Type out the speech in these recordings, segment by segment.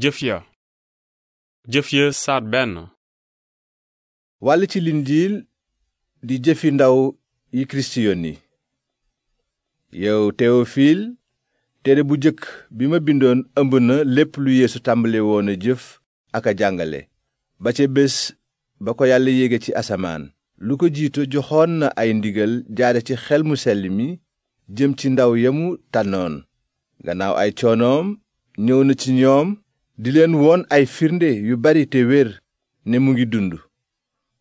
jëf ya jëf wàll ci lindiil di jëfi ndaw yi kirist yónni yow tewofiil téere bu jëkk bi ma bindoon ëmb na lépp lu yeesu tàmbali woon jëf ak a jàngale ba ca bés ba ko yàlla yéege ci asamaan lu ko jiitu joxoon na ay ndigal jaare ci xel mu sell mi jëm ci ndaw yamu tànnoon gannaaw ay coonoom ñëw na ci ñoom di leen woon ay firnde yu bari te wér ne mu ngi dund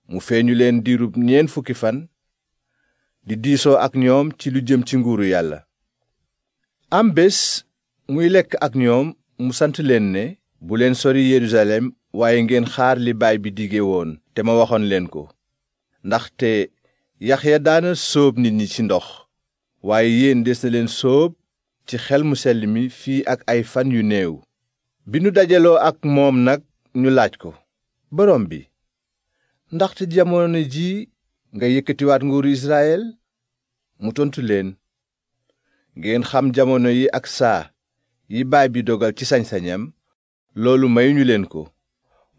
mu feeñu leen diirub ñeent fukki fan di diisoo ak ñoom ci lu jëm ci nguuru yàlla am bés muy lekk ak ñoom mu sant leen ne bu leen sori Yerusalem waaye ngeen xaar li baay bi dige woon te ma waxoon leen ko ndaxte Yaxya daana sóob nit ñi ci ndox waaye yéen des na leen sóob ci xel mu sell mi fii ak ay fan yu néew bi nu dajaloo ak moom nag ñu laaj ko borom bi ndaxte jamono ji nga yëkkatiwaat nguuru Israyel mu tontu leen ngeen xam jamono yi ak saa yi baay bi dogal ci sañsañam loolu mayuñu leen ko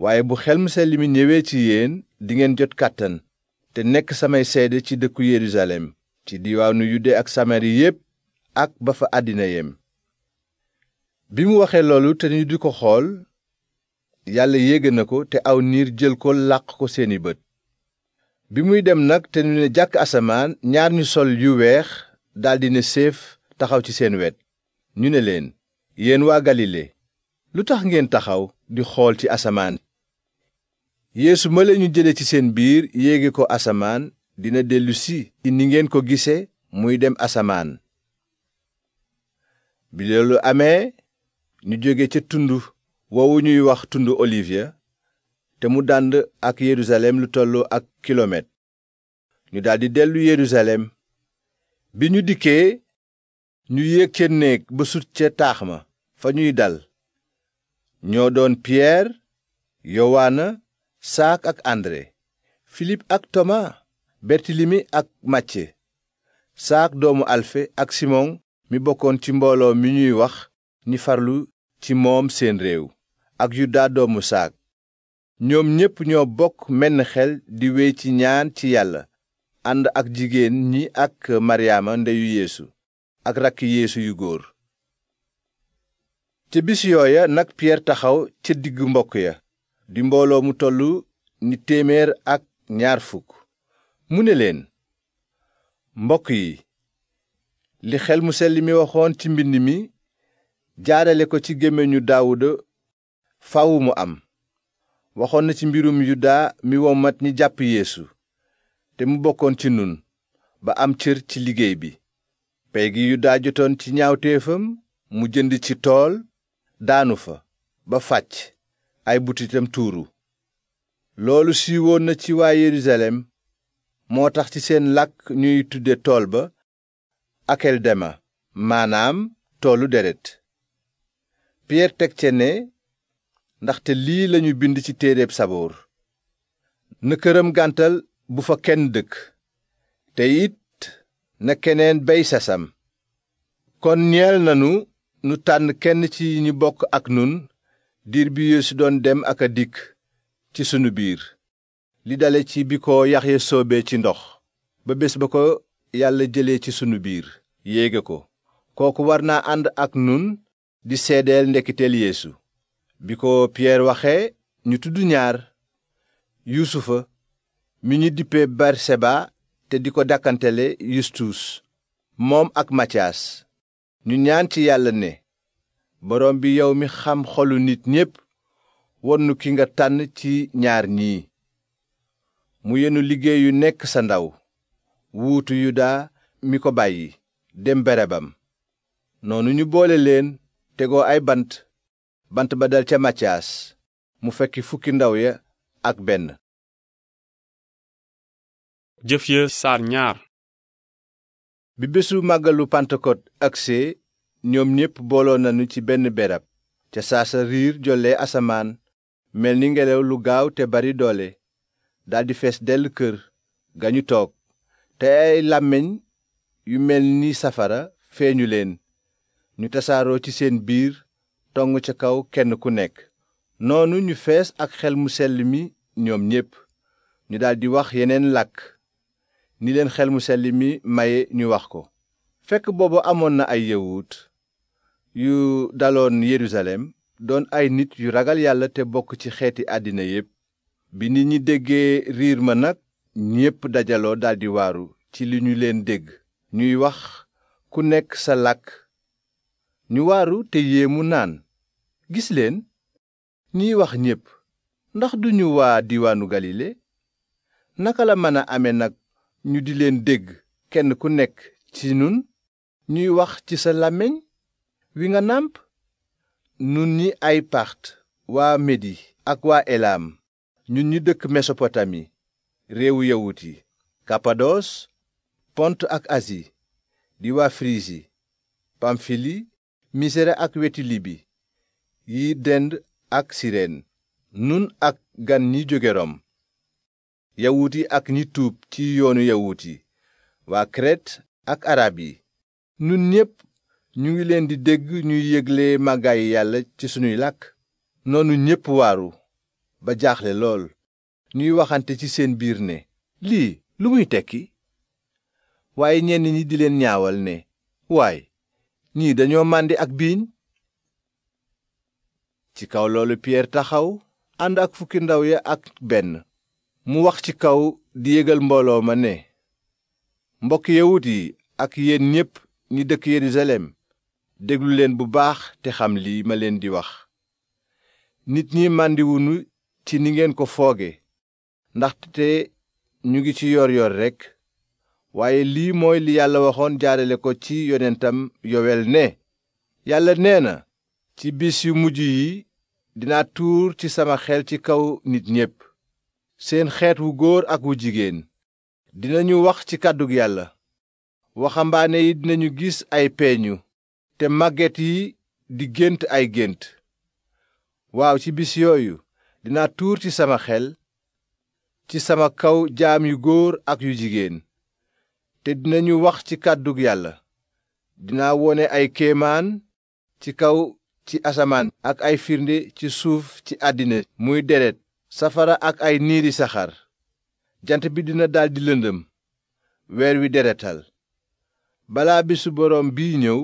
waaye bu xel mu sell mi ñëwee ci yéen dingeen jot kàttan te nekk samay seede ci dëkku Yerusalem ci diiwaanu Yude ak Samari yépp ak ba fa àddina yem bi mu waxee loolu te ñu di ko xool yàlla yéege na ko te aw niir jël ko làq ko seeni bët bi muy dem nag te ñu ne jàkk asamaan ñaar ñu sol yu weex daldi ne séef taxaw ci seen wet ñu ne leen yéen waa galile lu tax ngeen taxaw di xool ci asamaan yeesu ma ñu jële ci seen biir yéege ko asamaan dina dellusi ci ngeen ko gise muy dem asamaan ñu jóge ca tund woowu ñuy wax tund olivier te mu dànd ak yerusalem lu tolloo ak kilomètre ñu daldi dellu yerusalem bi ñu dikkee ñu yéeg ca néeg ba sut ca taax ma fa ñuy dal ñoo doon piyeer yowaana saak ak andre filip ak toma bertilimi ak macce saak doomu alfe ak simon mi bokkoon ci mbooloo mi ñuy wax ñi farlu ci moom seen réew ak yu daadoomu saak ñoom ñépp ñoo bokk menn xel di wéy ci ñaan ci yàlla ànd ak jigéen ñi ak maryaama ndeyu yéesu ak rakki yéesu yu góor ca bis ya nag piyeer taxaw ca diggu mbokk ya di mbooloo mu tollu ni téeméer ak ñaar fukk mu ne leen mbokk yi li xel mu sell mi waxoon ci mbind mi jaarale ko ci gémmiñu daawuda faaw mu am waxoon na ci mbirum yudaa mi womat ñi jàpp yéesu te mu bokkoon ci nun ba am cër ci liggéey bi pey gi yudaa jotoon ci ñaawteefam mu jënd ci tool daanu fa ba fàcc ay butitam tuuru loolu siiwoon na ci waa yerusalem moo tax ci seen lakk ñuy tudde tool ba akeldema maanaam toolu deret piyeer teg ce ne ndaxte lii lañu bind ci téereb saboor na këram gàntal bu fa kenn dëkk te it na keneen bey sasam kon ñeel nanu nu tànn kenn ci ñu bokk ak nun diir bi Yeesu doon dem ak a dikk ci sunu biir li dale ci bi ko Yaxya soobe ci ndox ba bés ba ko yàlla jële ci sunu biir yéege ko kooku war naa ànd ak nun di seedeel ndekkiteel yeesu bi ko piyeer waxe ñu tudd ñaar yusufa mi ñu dippe barseba te di ko dakkantele yustus moom ak matiyaas ñu ñaan ci yàlla ne borom bi yow mi xam xolu nit ñépp wonnu ki nga tànn ci ñaar ñii mu yenu liggéey yu nekk sa ndaw wuutu yuda mi ko bàyyi dem berebam noonu ñu boole leen tegoo ay bant bant ba dal ca Matiyaas mu fekki fukki ndaw ya ak benn jëf ya saar ñaar bi bésu màggalu Pantekot agsee ñoom ñépp booloo nañu ci benn berab ca saasa riir jollee asamaan mel ni ngelaw lu gaaw te bari doole daldi fees dell kër gañu toog te ay làmmiñ yu mel ni safara feeñu leen ñu tasaaroo ci seen biir tong ca kaw kenn ku nekk noonu ñu fees ak xel mu sell mi ñoom ñépp ñu daldi wax yeneen làkk ni leen xel mu sell mi maye ñu wax ko fekk boobu amoon na ay yawut yu daloon Yerusalem doon ay nit yu ragal yàlla te bokk ci xeeti àddina yépp bi ni ñi déggee riir ma nag ñépp dajaloo daldi waaru ci li ñu leen dégg ñuy wax ku nekk sa làkk ñu waaru te yéemu naan gis leen ñiy wax ñépp ndax duñu waa diwaanu galile naka la mën a ame nag ñu di leen dégg kenn ku nekk ci nun ñuy wax ci sa làmmiñ wi nga nàmp nun ñi ay part waa medi ak waa elaam ñun ñi dëkk mesopotami réewu yawut yi kapados pont ak asi di waa firisi pamfili misere ak weti libi yi dend ak sireen nun ak gan ñi jóge rom yawut yi ak ñi tuub ci yoonu yawut yi waa kret ak arab yi nun ñépp ñu ngi leen di dégg ñuy yégle màggaay yàlla ci sunuy làkk noonu ñépp waaru ba jaaxle lool ñuy waxante ci seen biir ne lii lu muy tekki waaye ñenn ñi di leen ñaawal ne waay ñii dañoo màndi ak biiñ ci kaw loolu piyeer taxaw ànd ak fukki ndaw ya ak benn mu wax ci kaw di yëgal mbooloo ma ne mbokk yawut yi ak yéen ñépp ñi dëkk yerusalem déglu leen bu baax te xam lii ma leen di wax nit ñi màndiwuñu ci ni ngeen ko fooge te ñu ngi ci yoor yoor rekk waaye lii mooy li yàlla waxoon jaarale ko ci yonentam yowel ne yàlla nee na ci bis yu mujj yi dinaa tuur ci sama xel ci kaw nit ñépp seen xeet wu góor ak wu jigéen dinañu wax ci kàddu yàlla waxambaane yi dinañu gis ay peeñu te màgget yi di gént ay gént waaw ci bis yooyu dinaa tuur ci sama xel ci sama kaw jaam yu góor ak yu jigéen te dina ñu wax ci kàddu yàlla dinaa wone ay kéemaan ci kaw ci asamaan ak ay firnde ci suuf ci àddina muy deret safara ak ay niiri saxaar jant bi dina daldi lëndëm weer wi deretal balaa bisu boroom bii ñëw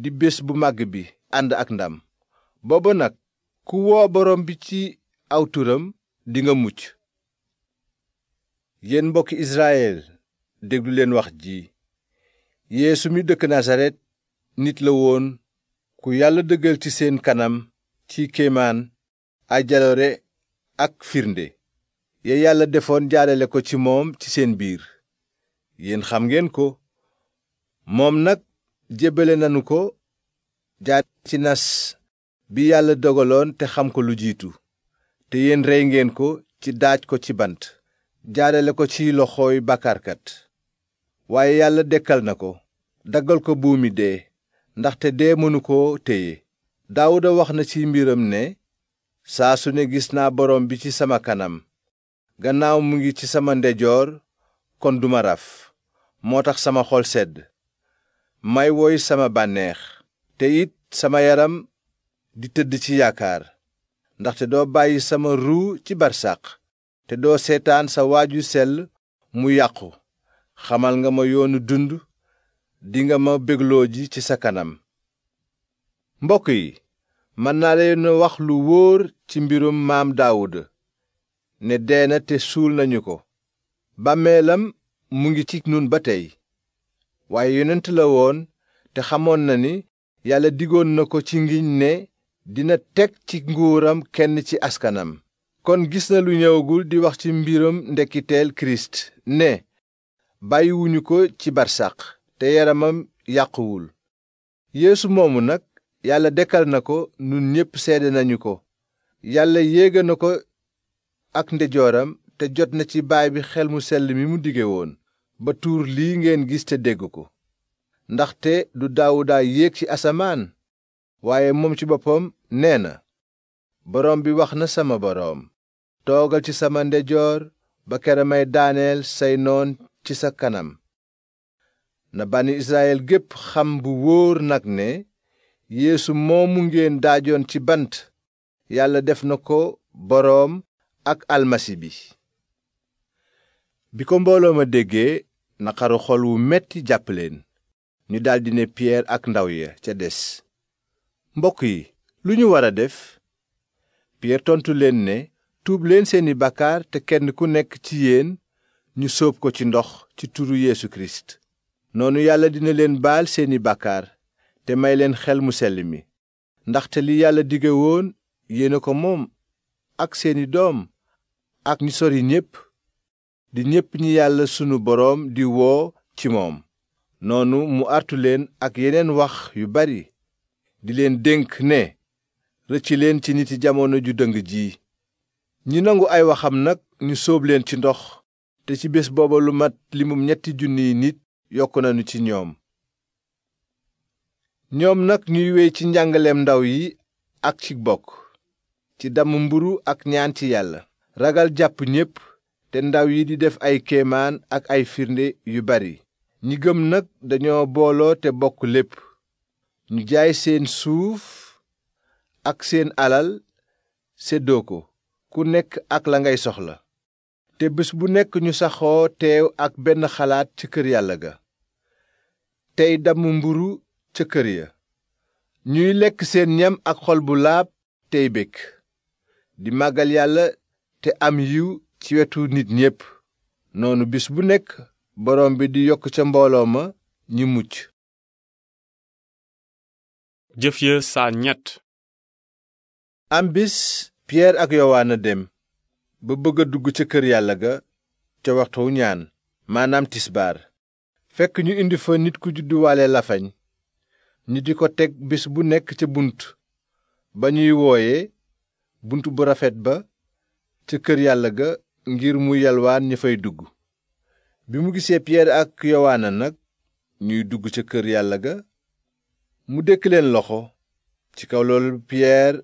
di bés bu màgg bi ànd ak ndam booba nag ku woo boroom bi ci aw turam dinga mucc yéen mbokki Israyel déglu leen wax ji yéesu mi dëkk nasaret nit la woon ku yàlla dëggal ci seen kanam ci kéemaan ay jaloore ak firnde ya yàlla defoon jaarale ko ci moom ci seen biir yéen xam ngeen ko moom nag jébbale nanu ko jaar ci nas bi yàlla dogaloon te xam ko lu jiitu te yéen rey ngeen ko ci daaj ko ci bant jaarale ko ci loxooy bàkkaarkat waaye yàlla dekkal na ko daggal ko buumi dee ndaxte dee mënu koo téye daawuda wax na ci mbiram ne saa su ne gis naa borom bi ci sama kanam gannaaw mu ngi ci sama ndejoor kon duma raf moo tax sama xol sedd may woy sama bànneex te it sama yaram di tëdd ci yaakaar ndaxte doo bàyyi sama ruu ci barsàq te doo seetaan sa waaju sel mu yàqu xamal nga ma yoonu dund dinga ma bégloo ji ci sa kanam mbokk yi mën naa leen wax lu wóor ci mbirum maam daawuda ne dee na te suul nañu ko bàmmeelam mu ngi ci nun ba tey waaye yonent la woon te xamoon na ni yàlla digoon na ko ci ngiñ ne dina teg ci nguuram kenn ci askanam kon gis na lu ñëwagul di wax ci mbirum ndekkiteel kirist ne bàyyiwuñu ko ci barsàq te yaramam yàquwul yéesu moomu nag yàlla dekkal na ko nun ñépp seede nañu ko yàlla yéega na ko ak ndejooram te jot na ci baay bi xel mu sell mi mu dige woon ba tuur lii ngeen gis te dégg ko ndaxte du daawudaa yéeg ci asamaan waaye moom ci boppam nee na boroom bi wax na sama boroom toogal ci sama ndejoor ba kera may daaneel say noon ci sa kanam na bani israyil gépp xam bu wóor nag ne yéesu moomu ngeen daajoon ci bant yàlla def na ko boroom ak almasi bi bi ko mbooloo ma déggee naqaru xol wu metti jàpp leen ñu daldi ne piyeer ak ndaw ya ca des mbokk yi lu ñu war a def piyeer tontu leen ne tuub leen seeni bàkkaar te kenn ku nekk ci yeen ñu soob ko ci ndox ci turu yéesu Kirist noonu yàlla dina leen baal seeni bàkkaar te may leen xel mu sell mi ndaxte li yàlla dige woon yéena ko moom ak seeni doom ak ñi sori ñépp di ñépp ñi yàlla sunu boroom di woo ci moom noonu mu artu leen ak yeneen wax yu bari di leen dénk ne rëcci leen ci niti jamono ju dëng ji ñi nangu ay waxam nag ñu sóob leen ci ndox te ci bés booba lu mat limum ñetti yi nit yokk nañu ci ñoom ñoom nag ñuy wéy ci njàngaleem ndaw yi ak ci bokk ci damm mburu ak ñaan ci yàlla ragal jàpp ñépp te ndaw yi di def ay kéemaan ak ay firnde yu bari ñi gëm nag dañoo booloo te bokk lépp ñu jaay seen suuf ak seen alal séddoo ko ku nekk ak la ngay soxla te bés bu nekk ñu saxoo teew ak benn xalaat ci kër yàlla ga tey damm mburu ca kër ya ñuy lekk seen ñam ak xol bu laab tey bég di màggal yàlla te am yiw ci wetu nit ñépp noonu bis bu nekk borom bi di yokk ca mbooloo ma ñi mucc jëf ya ñett am bis ak yowaana dem ba bëgg a dugg ca kër yàlla ga ca waxtu ñaan maanaam tisbaar fekk ñu indi fa nit ku judduwaale lafañ ñu di ko teg bés bu nekk ca bunt ba ñuy wooye bunt bu rafet ba ca kër yàlla ga ngir mu yalwaan ña fay dugg bi mu gisee piyeer ak yowaana nag ñuy dugg ca kër yàlla ga mu dékk leen loxo ci kaw loolu piyeer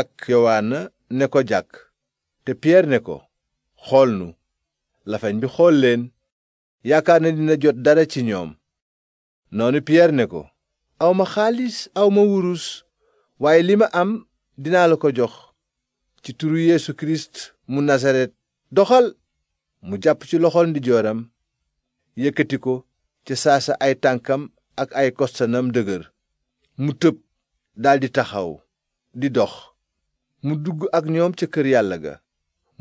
ak yowaana ne ko jàkk te piyeer ne ko xool nu lafañ bi xool leen yaakaar na dina jot dara ci ñoom noonu piyeer ne ko awma xaalis awma wurus waaye li ma am dinaa la ko jox ci turu yeesu kirist mu nasaret doxal mu jàpp ci loxol ndijooram yëkkati ko ca saasa ay tànkam ak ay kostanam dëgër mu tëb daldi taxaw di dox mu dugg ak ñoom ca kër yàlla ga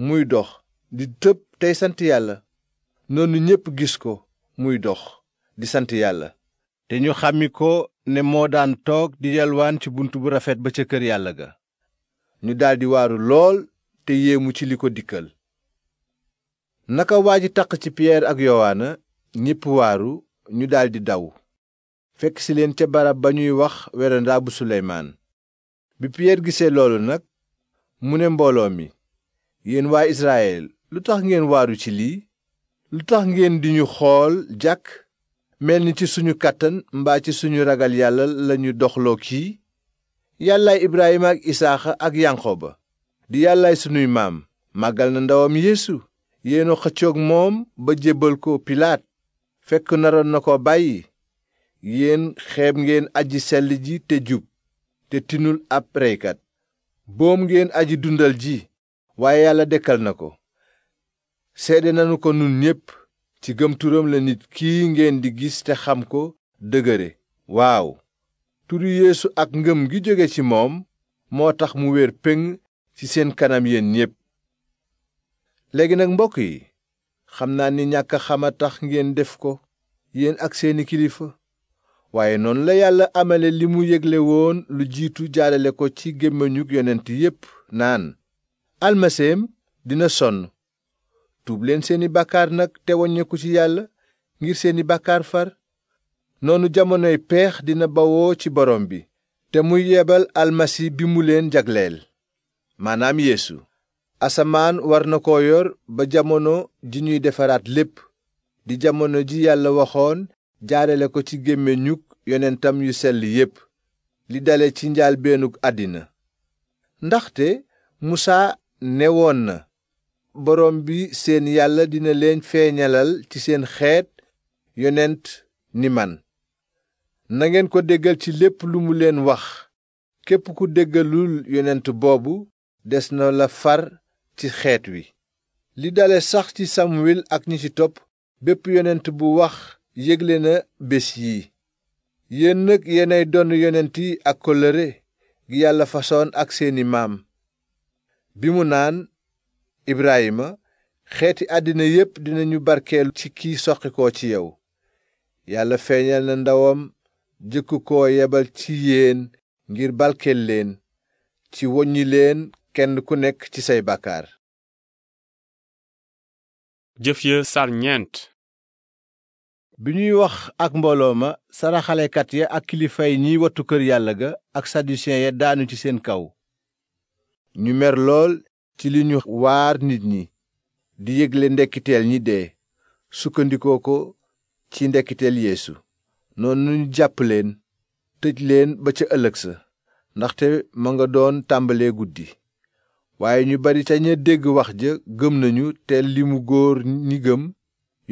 muy dox di tëb tey sant yàlla noonu ñépp gis ko muy dox di sant yàlla te ñu xàmmi ko ne moo daan toog di yalwaan ci bunt bu rafet ba ca kër yàlla ga ñu daldi waaru lool te yéemu ci li ko dikkal naka waa ji taq ci piyeer ak yowaana ñépp waaru ñu daldi daw fekk si leen ca barab ba ñuy wax werandaa bu suleymaan bi piyeer gisee loolu nag mu ne mbooloo mi yéen waa Israël lu tax ngeen waaru ci lii lu tax ngeen di ñu xool jàkk mel ni ci suñu kàttan mbaa ci suñu ragal yàlla lañu doxloo kii yàllaay Ibrahima ak Isaaxa ak Yanqoba di yàllaay sunuy maam màggal na ndawam yéesu yéen xëccook moom ba jébbal ko Pilaat fekk naroon na ko bàyyi yéen xeeb ngeen aji sell ji te jub te tinul ab reykat boom ngeen aji dundal ji waaye yàlla dekkal na ko seede nanu ko nun ñépp ci gëm turam la nit kii ngeen di gis te xam ko dëgëre waaw turu yéesu ak ngëm gi jóge ci moom moo tax mu wér pen ci seen kanam yéen ñépp léegi nag mbokk yi xam naa ni ñàkk xam a tax ngeen def ko yéen ak seeni kilifa waaye noonu la yàlla amale li mu yégle woon lu jiitu jaarale ko ci gémmiñu yonent yépp naan almaseem dina sonn tuub seeni bàkkaar nag te waññeeku ci yàlla ngir seeni bàkkaar far noonu jamonoy peex dina bawoo ci borom bi te muy yebal almasi bi mu leen jagleel maanaam yeesu asamaan war na ko yor ba jamono ji ñuy defaraat lépp di jamono ji yàlla waxoon jaarale ko ci gémmiñug yonentam yu sell yépp li dale ci njaalbeenug àddina ndaxte musaa newoon na borom bi seen yàlla dina leen feeñalal ci seen xeet yonent ni man nangeen ko déggal ci lépp lu mu leen wax képp ku déggalul yonent boobu des na la far ci xeet wi li dale sax ci Samuel ak ñu ci topp bépp yonent bu wax yégle na bés yi yéen yen yéenay donn yonent yi ak kóllëre gi yàlla fasoon ak seeni maam bi mu naan Ibrahima xeeti àddina yépp dinañu barkeelu ci kiy soqi ci yow yàlla feeñal na ndawam jëkk koo yebal ci yéen ngir barkeel leen ci woññi leen kenn ku nekk ci say bàkkaar jëf ya sar bi ñuy wax ak mbooloo ma saraxalekat ya ak kilifay ñiy wattu kër yàlla ga ak sadusiyen ya daanu ci seen kaw ñu mer lool ci li ñu waar nit ñi di yégle ndekkiteel ñi dee sukkandikoo ko ci ndekkiteel yeesu noonu ñu jàpp leen tëj leen ba ca ëllëg sa ndaxte mu nga doon tàmbalee guddi waaye ñu bari ca ña dégg wax ja gëm nañu te li mu góor ñi gëm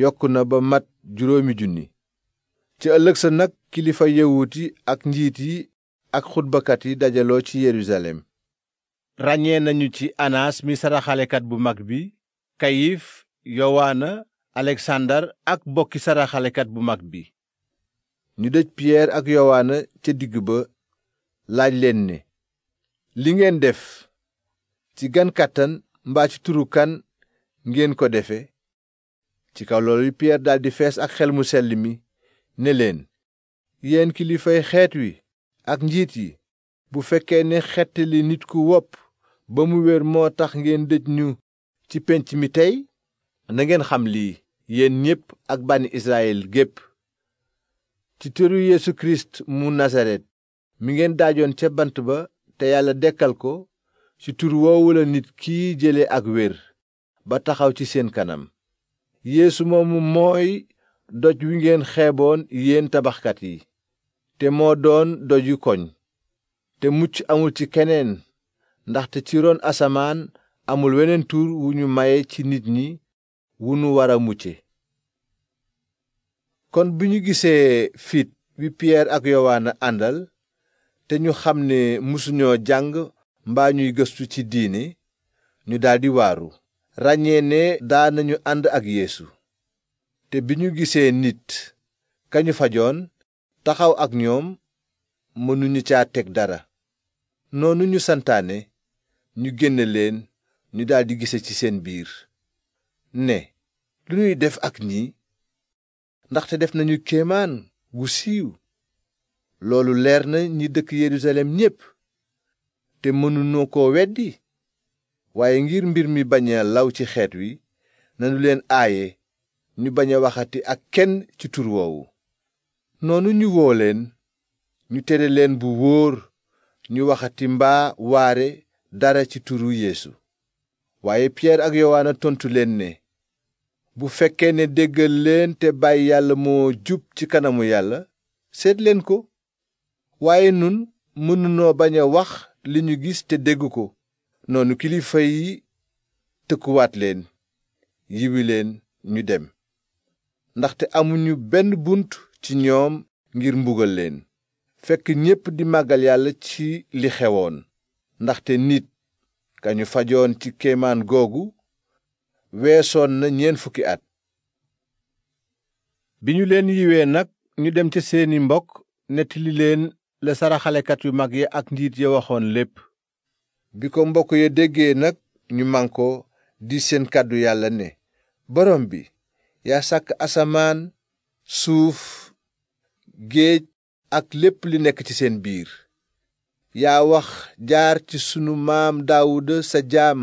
yokk na ba mat juróomi junni ci ëllëg sa nag kilifa yawut ak njiit yi ak xutbakat yi dajaloo ci Yerusalem ràññee nañu ci anaas mi saraxalekat bu mag bi kayif yowaana aleksandar ak bokki saraxalekat bu mag bi ñu dëj piyeer ak yowaana ca digg ba laaj leen ne li ngeen def ci gankàttan kàttan mbaa ci turu kan ngeen ko defe ci kaw loolu piyeer daldi fees ak xel mu sell mi ne leen yéen kilifay xeet wi ak njiit yi bu fekkee ne xettali nit ku wopp ba mu wér moo tax ngeen dëj ñu ci pénc mi tey nangeen xam lii yéen ñépp ak bànni Israyil gépp ci tëru Yeesu Kirist mu Nasaret mi ngeen daajoon ca bant ba te yàlla dekkal ko ci tur woowu la nit kii jële ak wér ba taxaw ci seen kanam Yeesu moomu mooy doj wi ngeen xeeboon yéen tabaxkat yi te moo doon doju koñ te mucc amul ci keneen ndaxte ci ron asamaan amul weneen tuur ñu maye ci nit ñi wu nu war a mucce kon bi ñu gisee fit wi piyeer ak yowaana àndal te ñu xam ne mësuñoo jàng mbaa ñuy gëstu ci diine ñu daldi waaru ràññee ne daanañu ànd ak yéesu te bi ñu gisee nit kañu fajoon taxaw ak ñoom mënuñu caa teg dara noonu ñu santaane ñu génne leen ñu daldi gise ci seen biir ne lu ñuy def ak nii ndaxte def nañu kéemaan gu siiw loolu leer na ñi dëkk Yerusalem ñépp te mënuñoo ko weddi waaye ngir mbir mi bañ a law ci xeet wi nanu leen aaye ñu bañ a waxati ak kenn ci tur woowu noonu ñu woo leen ñu tere leen bu wóor ñu waxati mbaa waare dara ci turu yeesu waaye piyeer ak yowaan tontu leen ne bu fekkee ne déggal leen te bàyyi yàlla moo jub ci kanamu yàlla seet leen ko waaye nun mënunoo bañ a wax li ñu gis te dégg ko noonu kilifa yi tëkkuwaat leen yiwi leen ñu dem ndaxte amuñu benn bunt ci ñoom ngir mbugal leen fekk ñépp di màggal yàlla ci li xewoon ndaxte nit kañu fajoon ci kemaan googu weesoon na ñeent fukki at bi ñu leen yiwee nag ñu dem ca seeni mbokk nettali leen la saraxalekat yu mag yi ak njiit ya waxoon lépp bi ko mbokk ya déggee nag ñu mànkoo di seen kàddu yàlla ne borom bi yaa sàkk asamaan suuf géej ak lépp li nekk ci seen biir yaa wax jaar ci sunu maam daawuda sa jaam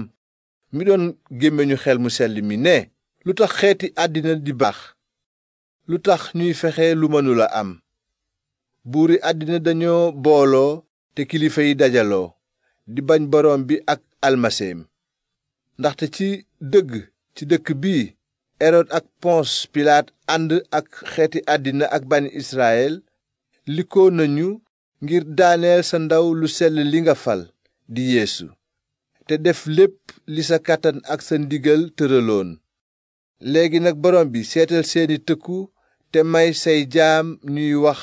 mi doon gémmiñu xel mu selli mi ne lu tax xeeti àddina di baax lu tax ñuy fexe lu mënula am buuri àddina dañoo booloo te kilifa yi dajaloo di bañ boroom bi ak almaseem ndaxte ci dëgg ci dëkk bi erod ak pons pilaat ànd ak xeeti àddina ak bani israyel likoo nañu ngir daaneel sa ndaw lu sell li nga fal di yéesu te def lépp li sa kàttan ak sa ndigal tëraloon léegi nag borom bi seetal seeni tëkku te may say jaam ñuy wax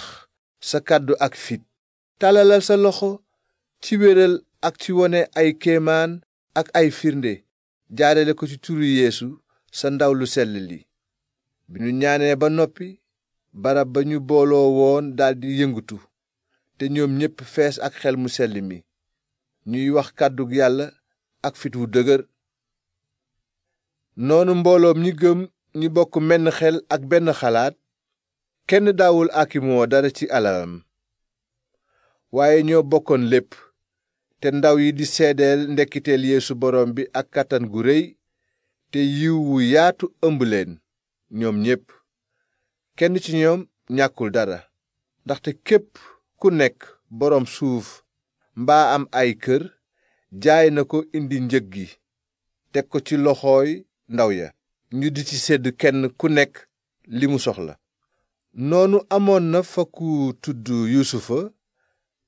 sa kàddu ak fit talalal sa loxo ci wéral ak ci wone ay kéemaan ak ay firnde jaarale ko ci turu yéesu sa ndaw lu sell li bi ñu ñaanee ba noppi barab ba ñu booloo woon daldi yëngutu te ñoom ñépp fees ak xel mu selli mi ñuy wax kàddu yàlla ak fit wu dëgër noonu mbooloom ñi gëm ñi bokk menn xel ak benn xalaat kenn daawul akimoo dara ci alalam waaye ñoo bokkoon lépp te ndaw yi di seedeel ndekkiteel yéesu borom bi ak kàttan gu réy te yiw wu yaatu ëmb leen ñoom ñépp kenn ci ñoom ñàkkul dara ndaxte képp ku nekk boroom suuf mbaa am ay kër jaay na ko indi njëg gi teg ko ci loxooy ndaw ya ñu di ci sedd kenn ku nekk li mu soxla noonu amoon na fa ku tudd yuusufa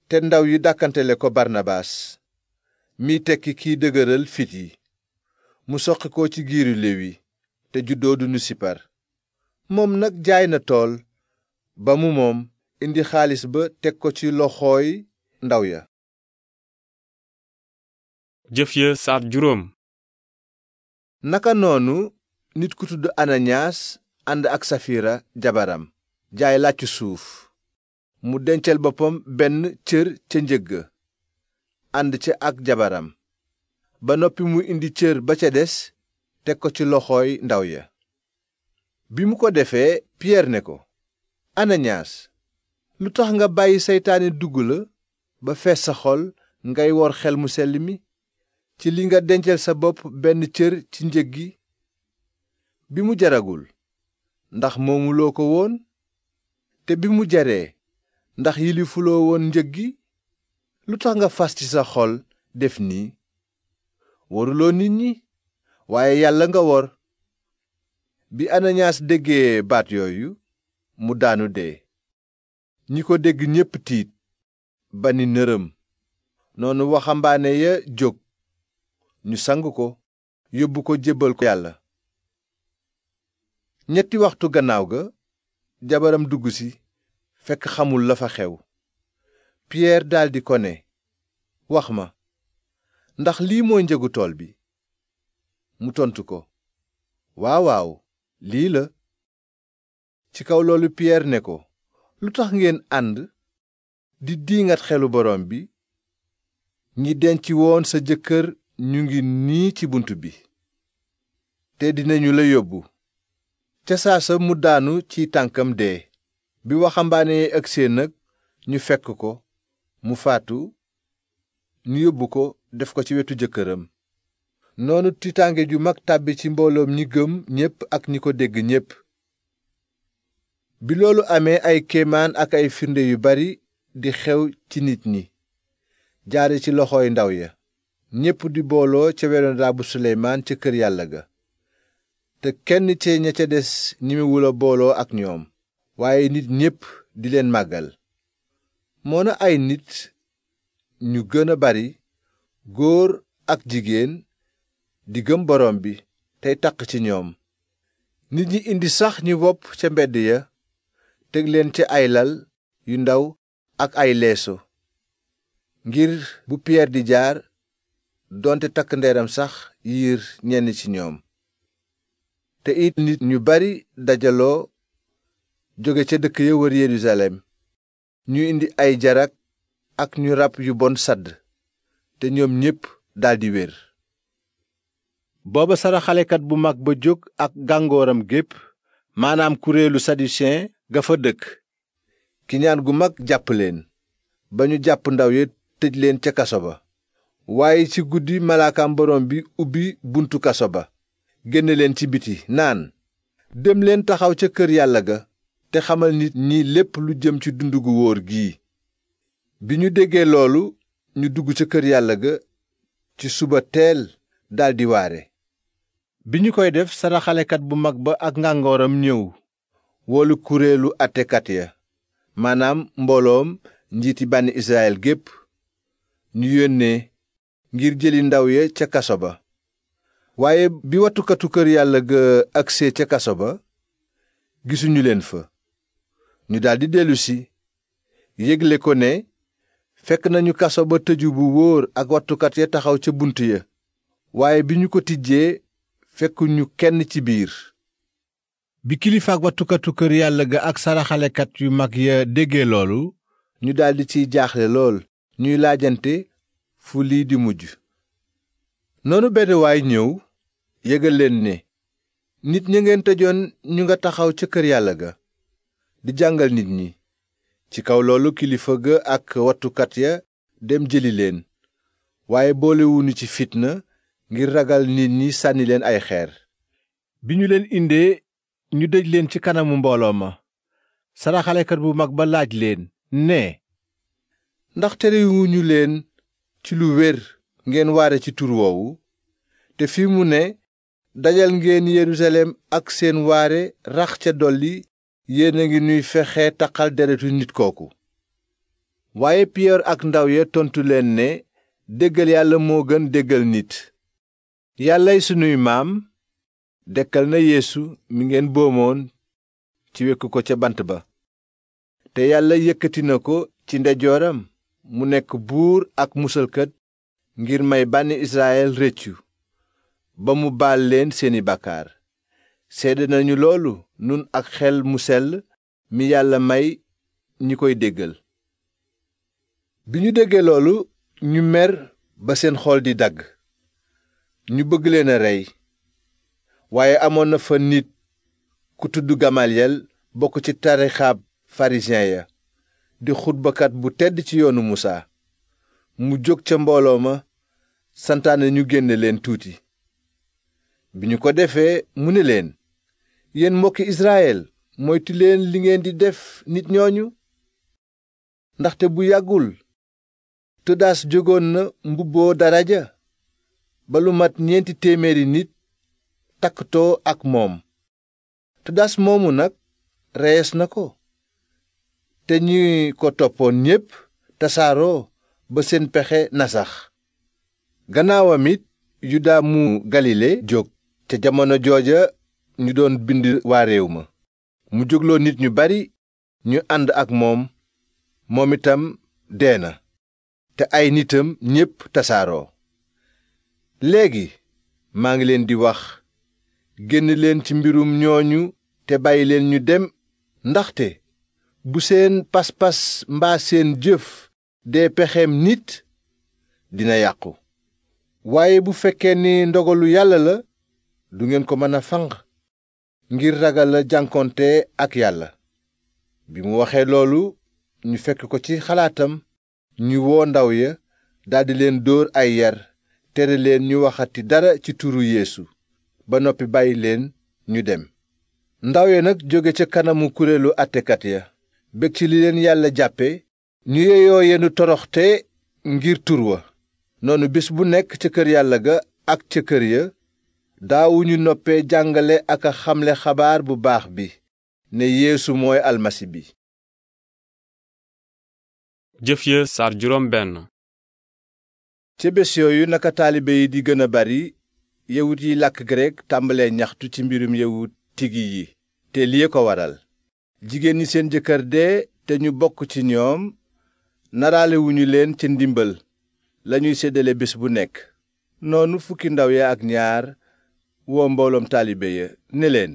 te ndaw yi dàkkantele ko barnabaas mi tekki kiy dëgëral fit yi mu soqi ko ci giiru lewi te juddoo dunu sipar moom nag jaay na tool ba mu moom indi xaalis ba teg ko ci loxooy ndaw ya jëf juróom naka noonu nit ku tudd ananiyaas ànd ak safiira jabaram jaay làccu suuf mu dencal boppam benn cër ca njëg ga ànd ca ak jabaram ba noppi mu indi cër ba ca des teg ko ci loxooy ndaw ya bi mu ko defee piyeer ne ko ananiyaas lu tax nga bàyyi seytaane dugg la ba fees sa xol ngay wor xel mu sell mi ci li nga dencal sa bopp benn cër ci njëg gi bi mu jaragul ndax moomuloo ko woon te bi mu jaree ndax yilifuloo woon njëg gi lu tax nga fas ci sa xol def nii waruloo nit ñi waaye yàlla nga wor bi ananiyaas déggee baat yooyu mu daanu dee ñi ko dégg ñépp tiit ba ni nërëm noonu waxambaane ya jóg ñu sang ko yóbbu ko jébbal ko yàlla ñetti waxtu gannaaw ga jabaram dugg si fekk xamul la fa xew piyeer daldi ko ne wax ma ndax lii mooy njëgu tool bi mu tontu ko waaw lii la ci kaw loolu piyeer ne ko lu tax ngeen ànd di diingat xelu borom bi ñi denc woon sa jëkkër ñu ngi nii ci bunt bi te dinañu la yóbbu ca saasa mu daanu ci tànkam dee bi waxambaane yi agsee nag ñu fekk ko mu faatu ñu yóbbu ko def ko ci wetu jëkkëram noonu tiitaange ju mag tàbbi ci mbooloom ñi gëm ñépp ak ñi ko dégg ñépp bi loolu amee ay kéemaan ak ay firnde yu bari di xew ci nit ñi jaare ci loxooy ndaw ya ñépp di booloo ca weloon raabu suleymaan ca kër yàlla ga te kenn cee ña ca des ñimiwula booloo ak ñoom waaye nit ñépp di leen màggal moona ay nit ñu gën a bari góor ak jigéen di gëm borom bi tey taq ci ñoom nit ñi indi sax ñi bopp ca mbedd ya teg leen ci ay lal yu ndaw ak ay leeso ngir bu piyeer di jaar doonte takk ndeeram sax yiir ñenn ci ñoom te it nit ñu bari dajaloo jóge ca dëkk ya wër Yerusalem ñu indi ay jarak ak ñu rab yu bon sadd te ñoom ñépp daldi wér booba saraxalekat bu mag ba jóg ak gàngooram gépp maanaam kuréelu saducéen gafa dëkk kiñaan gu mag jàpp leen ba ñu jàpp ndaw ya tëj leen ca kaso ba waaye ci guddi malaakam borom bi ubbi buntu kaso ba génne leen ci biti naan dem leen taxaw ca kër yàlla ga te xamal nit ñi lépp lu jëm ci dund gu wóor gi bi ñu déggee loolu ñu dugg ca kër yàlla ga ci suba teel daldi waare bi ñu koy def saraxalekat bu mag ba ak ngàngooram ñëw woolu kuréelu attekat ya maanaam mbooloom njiiti bànni Israyil gépp ñu yónnee ngir jëli ndaw ya ca kaso ba waaye bi wattukatu kër yàlla ga agsee ca kaso ba gisuñu leen fa ñu daldi dellusi yégle ko ne fekk nañu kaso ba tëju bu wóor ak wattukat ya taxaw ca bunt ya waaye bi ñu ko tijjee fekkuñu kenn ci biir bi kilifaak wattukatu kër yàlla ga ak saraxalekat yu mag ya dégge loolu ñu daldi ciy jaaxle lool ñuy laajante fu lii di mujj noonu benn waay ñëw yëgal leen ne nit ñi ngeen tëjoon ñu nga taxaw ca kër yàlla ga di jàngal nit ñi ci kaw loolu kilifa ga ak wattukat ya dem jëli leen waaye boolewuñu ci fitna ngir ragal nit ñi sànni leen ay xeer bi ñu leen indee ñu dëj leen ci kanamu mbooloo ma saraxalekat bu mag ba laaj leen ne ndax terewuñu leen ci lu wér ngeen waare ci tur woowu te fi mu ne dajal ngeen yerusalem ak seen waare rax ca dolli yéen a ngi nuy fexe taqal deretu nit kooku waaye piyeer ak ndaw ya tontu leen ne déggal yàlla moo gën déggal nit yàllay sunuy maam dekkal na yéesu mi ngeen boomoon ci wekk ko ca bant ba te yàlla yëkkati na ko ci ndejooram mu nekk buur ak musalkat ngir may bànn israel rëccu ba mu baal leen seeni bàkkaar seede nañu loolu nun ak xel mu sell mi yàlla may ñi koy déggal bi ñu déggee loolu ñu mer ba seen xol di dagg ñu bëgg leen a waaye amoon na fa nit ku tudd gamaliyel bokk ci tarixaab farisiyen ya di xutbakat bu tedd ci yoonu musaa mu jóg ca mbooloo ma santaane ñu génne leen tuuti bi ñu ko defee mu ne leen yéen mbokki israyel moytu leen li ngeen di def nit ñooñu ndaxte bu yàggul tëddaas jógoon na mbubboo daraja ba lu mat ñeenti téeméeri nit takktoo ak moom te moomu nag rees na ko te ñi ko toppoon ñépp tasaaroo ba seen pexe nasax gannaawam it yuda mu galile jóg te jamono jooja ñu doon bind waa réew ma mu jógloo nit ñu bari ñu ànd ak moom moom itam dee na te ay nitam ñépp tasaaroo léegi maa ngi leen di wax génn leen ci mbirum ñooñu te bàyyi leen ñu dem ndaxte bu seen pas-pas mbaa seen jëf dee pexeem nit dina yàqu waaye bu fekkee ni ndogalu yàlla la du ngeen ko mën a fanq ngir ragal la jànkonte ak yàlla bi mu waxee loolu ñu fekk ko ci xalaatam ñu woo ndaw ya daldi leen dóor ay yar tere leen ñu waxati dara ci turu yéesu ba noppi bàyyi leen ñu dem ndaw ya nag jóge ca kanamu kuréelu àttekat ya bég ci li leen yàlla jàppe ñu yeyoo yenu toroxte ngir tur wa noonu bés bu nekk ca kër yàlla ga ak ca kër ya daawuñu noppee jàngale ak a xamle xabaar bu baax bi ne yéesu mooy almasi bi jëf ya saar juróom gën a bari yawut yi làkk grek tàmbalee ñaxtu ci mbirum yawut tigi yi te lii ko waral jigéen ñi seen jëkkër dee te ñu bokk ci ñoom naraalewuñu leen ci ndimbal lañuy séddale bés bu nekk noonu fukki ndaw ya ak ñaar woo mbooloom taalibe ya ne leen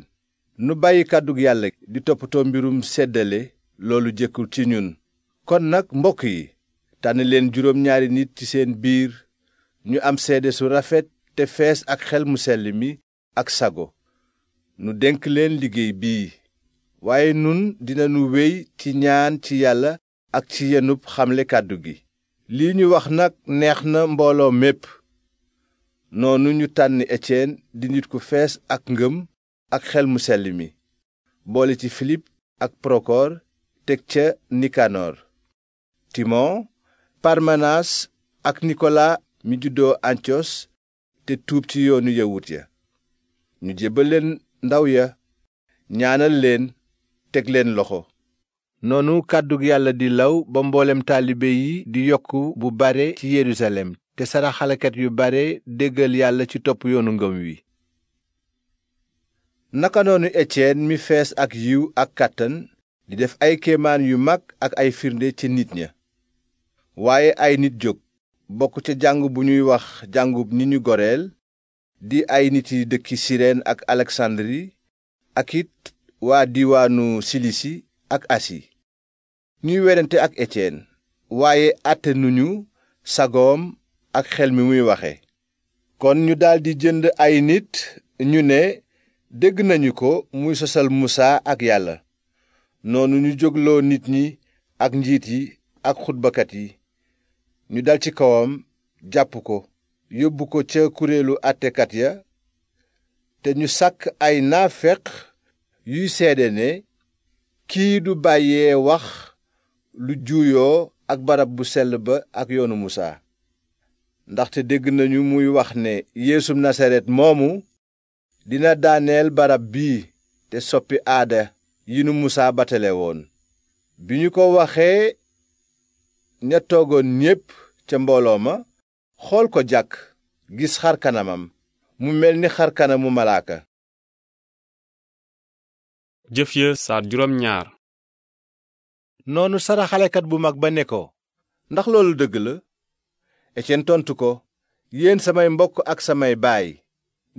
nu bàyyi kàddug yàlla di toppatoo mbirum seddale loolu jëkkul ci ñun kon nag mbokk yi tànn leen juróom ñaari nit ci seen biir ñu am seede su rafet te fees ak xel mu sell mi ak sago nu denk leen liggéey bii waaye nun dinanu wéy ci ñaan ci yàlla ak ci yenub xamle kàddu gi lii ñu wax nag neex na mbooloo mépp noonu ñu tànn Étienne di nit ku fees ak ngëm ak xel mu selli mi boole ci Filip ak Prokoor teg ca Nikanoor Timon Parmenas ak Nikola mi juddoo Antiyos te tuub ci yoonu yawut ya ñu jébbal leen ndaw ya ñaanal leen teg leen loxo noonu kàddug yàlla di law ba mboolem taalibe yi di yokk bu bare ci yerusalem te saraxalekat yu bare déggal yàlla ci topp yoonu ngëm wi naka noonu Etienne mi fees ak yiw ak kàttan di def ay kéemaan yu mag ak ay firnde ci nit ña waaye ay nit jóg bokk ca jàng bu ñuy wax jàngub ni ñu goreel di ay nit yi dëkki sireen ak aleksandri ak it waa diiwaanu silisi ak asi ñuy werante ak etiyen waaye àtte nuñu sagoom ak xel mi muy waxe kon ñu daldi jënd ay nit ñu ne dégg nañu ko muy sosal musaa ak yàlla noonu ñu jógloo nit ñi ak njiit yi ak xutbakat yi ñu dal ci kawam jàpp ko yóbbu ko ca kuréelu àttekat ya te ñu sàkk ay naafeq yuy seede ne kii du bàyyee wax lu juuyoo ak barab bu sell ba ak yoonu musa ndaxte dégg nañu muy wax ne yéesu nasaret moomu dina daaneel barab bii te soppi aada yi nu musaa batale woon bi ñu ko waxee ña ñépp ca mbooloo ma xool ko jàkk gis xar kanamam mu mel ni xar kanamu malaaka jëf ya saar noonu saraxalekat bu mag ba ne ko ndax loolu dëgg la Etiyen tontu ko yéen samay mbokk ak samay baay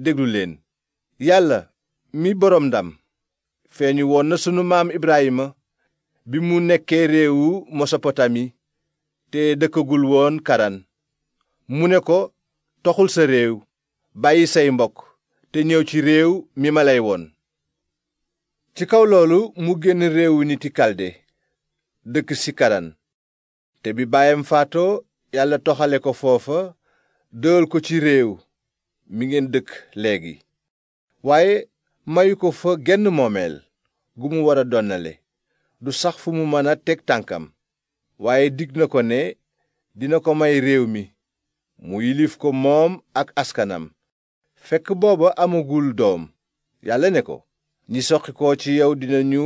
déglu leen yàlla mi boroom ndam feeñu woon na sunu maam Ibrahima bi mu nekkee réewu Mesopotami te dëkkagul woon karan mu ne ko toxul sa réew bàyyi say mbokk te ñëw ci réew mi ma lay woon ci kaw loolu mu génn réewu niti kalde dëkk si karan te bi baayam faatoo yàlla toxale ko foofa dëwal ko ci réew mi ngeen dëkk léegi waaye mayu ko fa genn moomeel gu mu war a donnale du sax fu mu mën a teg tànkam waaye dig na ko ne dina ko may réew mi mu yilif ko moom ak askanam fekk booba amagul doom yàlla ne ko ñi soqi ko ci yow dina dinañu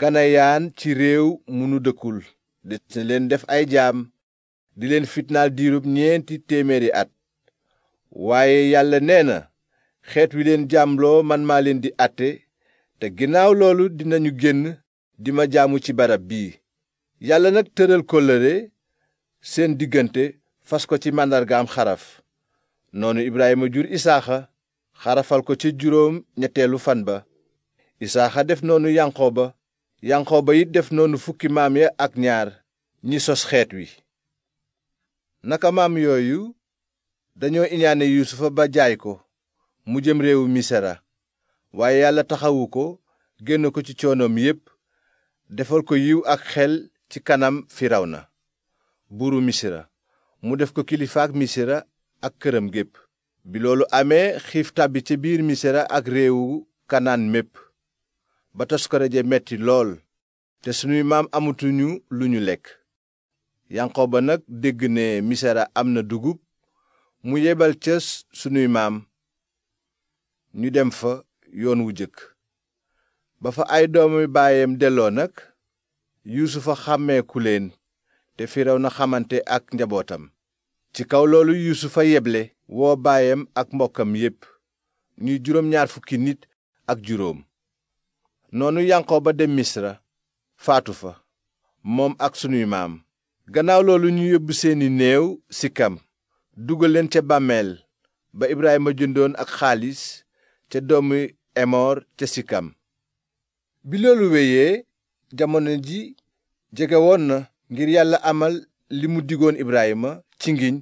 ganayaan ci réew mu nu dëkkul des na leen def ay jaam di leen fitnaal diirub ñeenti téeméeri at waaye yàlla nee na xeet wi leen jaamloo man maa leen di àtte te ginnaaw loolu dinañu génn di ma jaamu ci barab bii yàlla nag tëral kóllëre seen diggante fas ko ci màndargaam xaraf noonu Ibrahima jur Isaaxa xarafal ko ci juróom ñetteelu fan ba Isaaxa def noonu Yanqooba Yanqooba it def noonu fukki maam ya ak ñaar ñi sos xeet wi naka maam yooyu dañoo iñaane Yuusufa ba jaay ko mu jëm réewu Misra waaye yàlla taxawu ko génn ko ci coonoom yépp defal ko yiw ak xel ci kanam na buuru misira mu def ko kilifaak misira ak këram gépp bi loolu amee xiif tàbbi ci biir misira ak réewu kanaan mépp ba toskare ja metti lool te sunuy maam amatuñu lu ñu lekk ba nag dégg ne misira am na dugub mu yebal ca sunuy maam ñu dem fa yoon wu jëkk ba fa ay doomi baayam delloo nag yuusufa xàmmeeku leen te firawna xamante ak njabootam ci kaw loolu yuusufa yeble woo baayam ak mbokkam yépp ñuy juróom ñaar fukki nit ak juróom noonu yanqooba dem misra faatu fa moom ak sunuy maam gannaaw loolu ñu yóbbu seeni néew sikam dugal leen ca bàmmeel ba ibrahima jëndoon ak xaalis ca doomi emoor ca sikam bi loolu wéyee jamono ji jegewoon na ngir yàlla amal li mu digoon Ibrahima ci ngiñ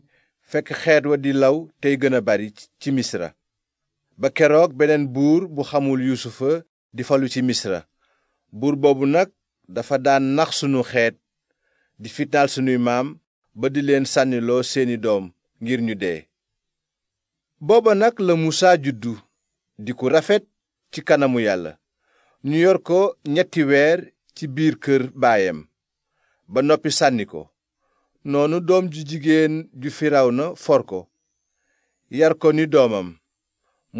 fekk xeet wa di law tey gën a bari ci misra ba keroog beneen buur bu xamul yuusufa di falu ci misra buur boobu nag dafa daan nax sunu xeet di fitnaal sunuy maam ba di leen sànniloo seeni doom ngir ñu dee booba nag la muusaa juddu di ku rafet ci kanamu yàlla ñu yor ko ñetti weer ci biir kër baayam ba noppi sànni ko noonu doom ju jigéen ju firawna for ko yar ko ni doomam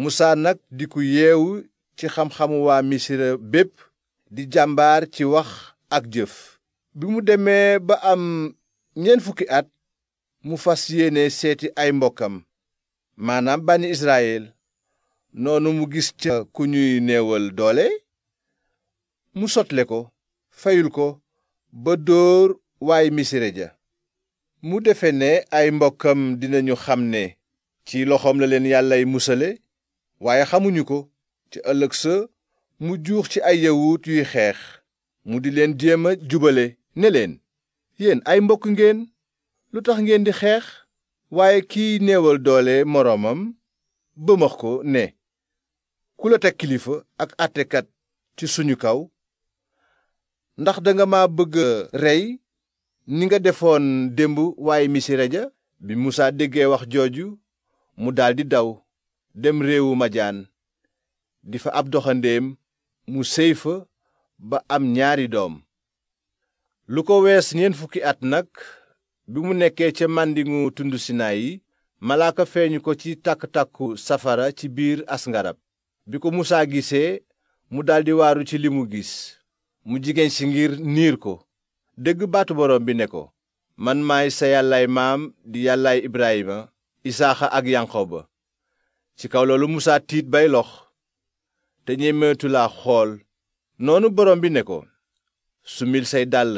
musaa nag di ku yeewu ci xam-xamu waa misira bépp di jàmbaar ci wax ak jëf bi mu demee ba am ñeent fukki at mu fas yéene seeti ay mbokkam maanaam bànni israyil noonu mu gis ca ku ñuy néewal doole mu sotle ko fayul ko ba dóor waay misire ja mu defe ne ay mbokkam dinañu xam ne ci loxoom la leen yàllay musale waaye xamuñu ko ci ëllëg sa mu juux ci ay yawut yuy xeex mu di leen jéem a jubale ne leen yéen ay mbokk ngeen lu tax ngeen di xeex waaye kiy néewal doole moroomam bëmax ko ne ku la teg kilifa ak àttekat ci suñu kaw ndax danga ma bëgg rey ni nga defoon démb waaye misira ja bi musaa déggee wax jooju mu daldi daw dem réewu Madian di fa ab doxandéem mu séy fa ba am ñaari doom lu ko wees ñeent fukki at nag bi mu nekkee ca màndingu tund Sinaay yi malaaka feeñu ko ci tàkk-tàkku safara ci biir asngarab bi ko musaa gisee mu daldi waaru ci li mu gis mu jigéen si ngir niir ko dégg baatu boroom bi ne ko man maay sa yàllaay maam di yàllaay Ibrahima Isaaxa ak ba ci kaw loolu musa tiit bay lox te ñemeetu xool noonu borom bi ne ko sumil say dàll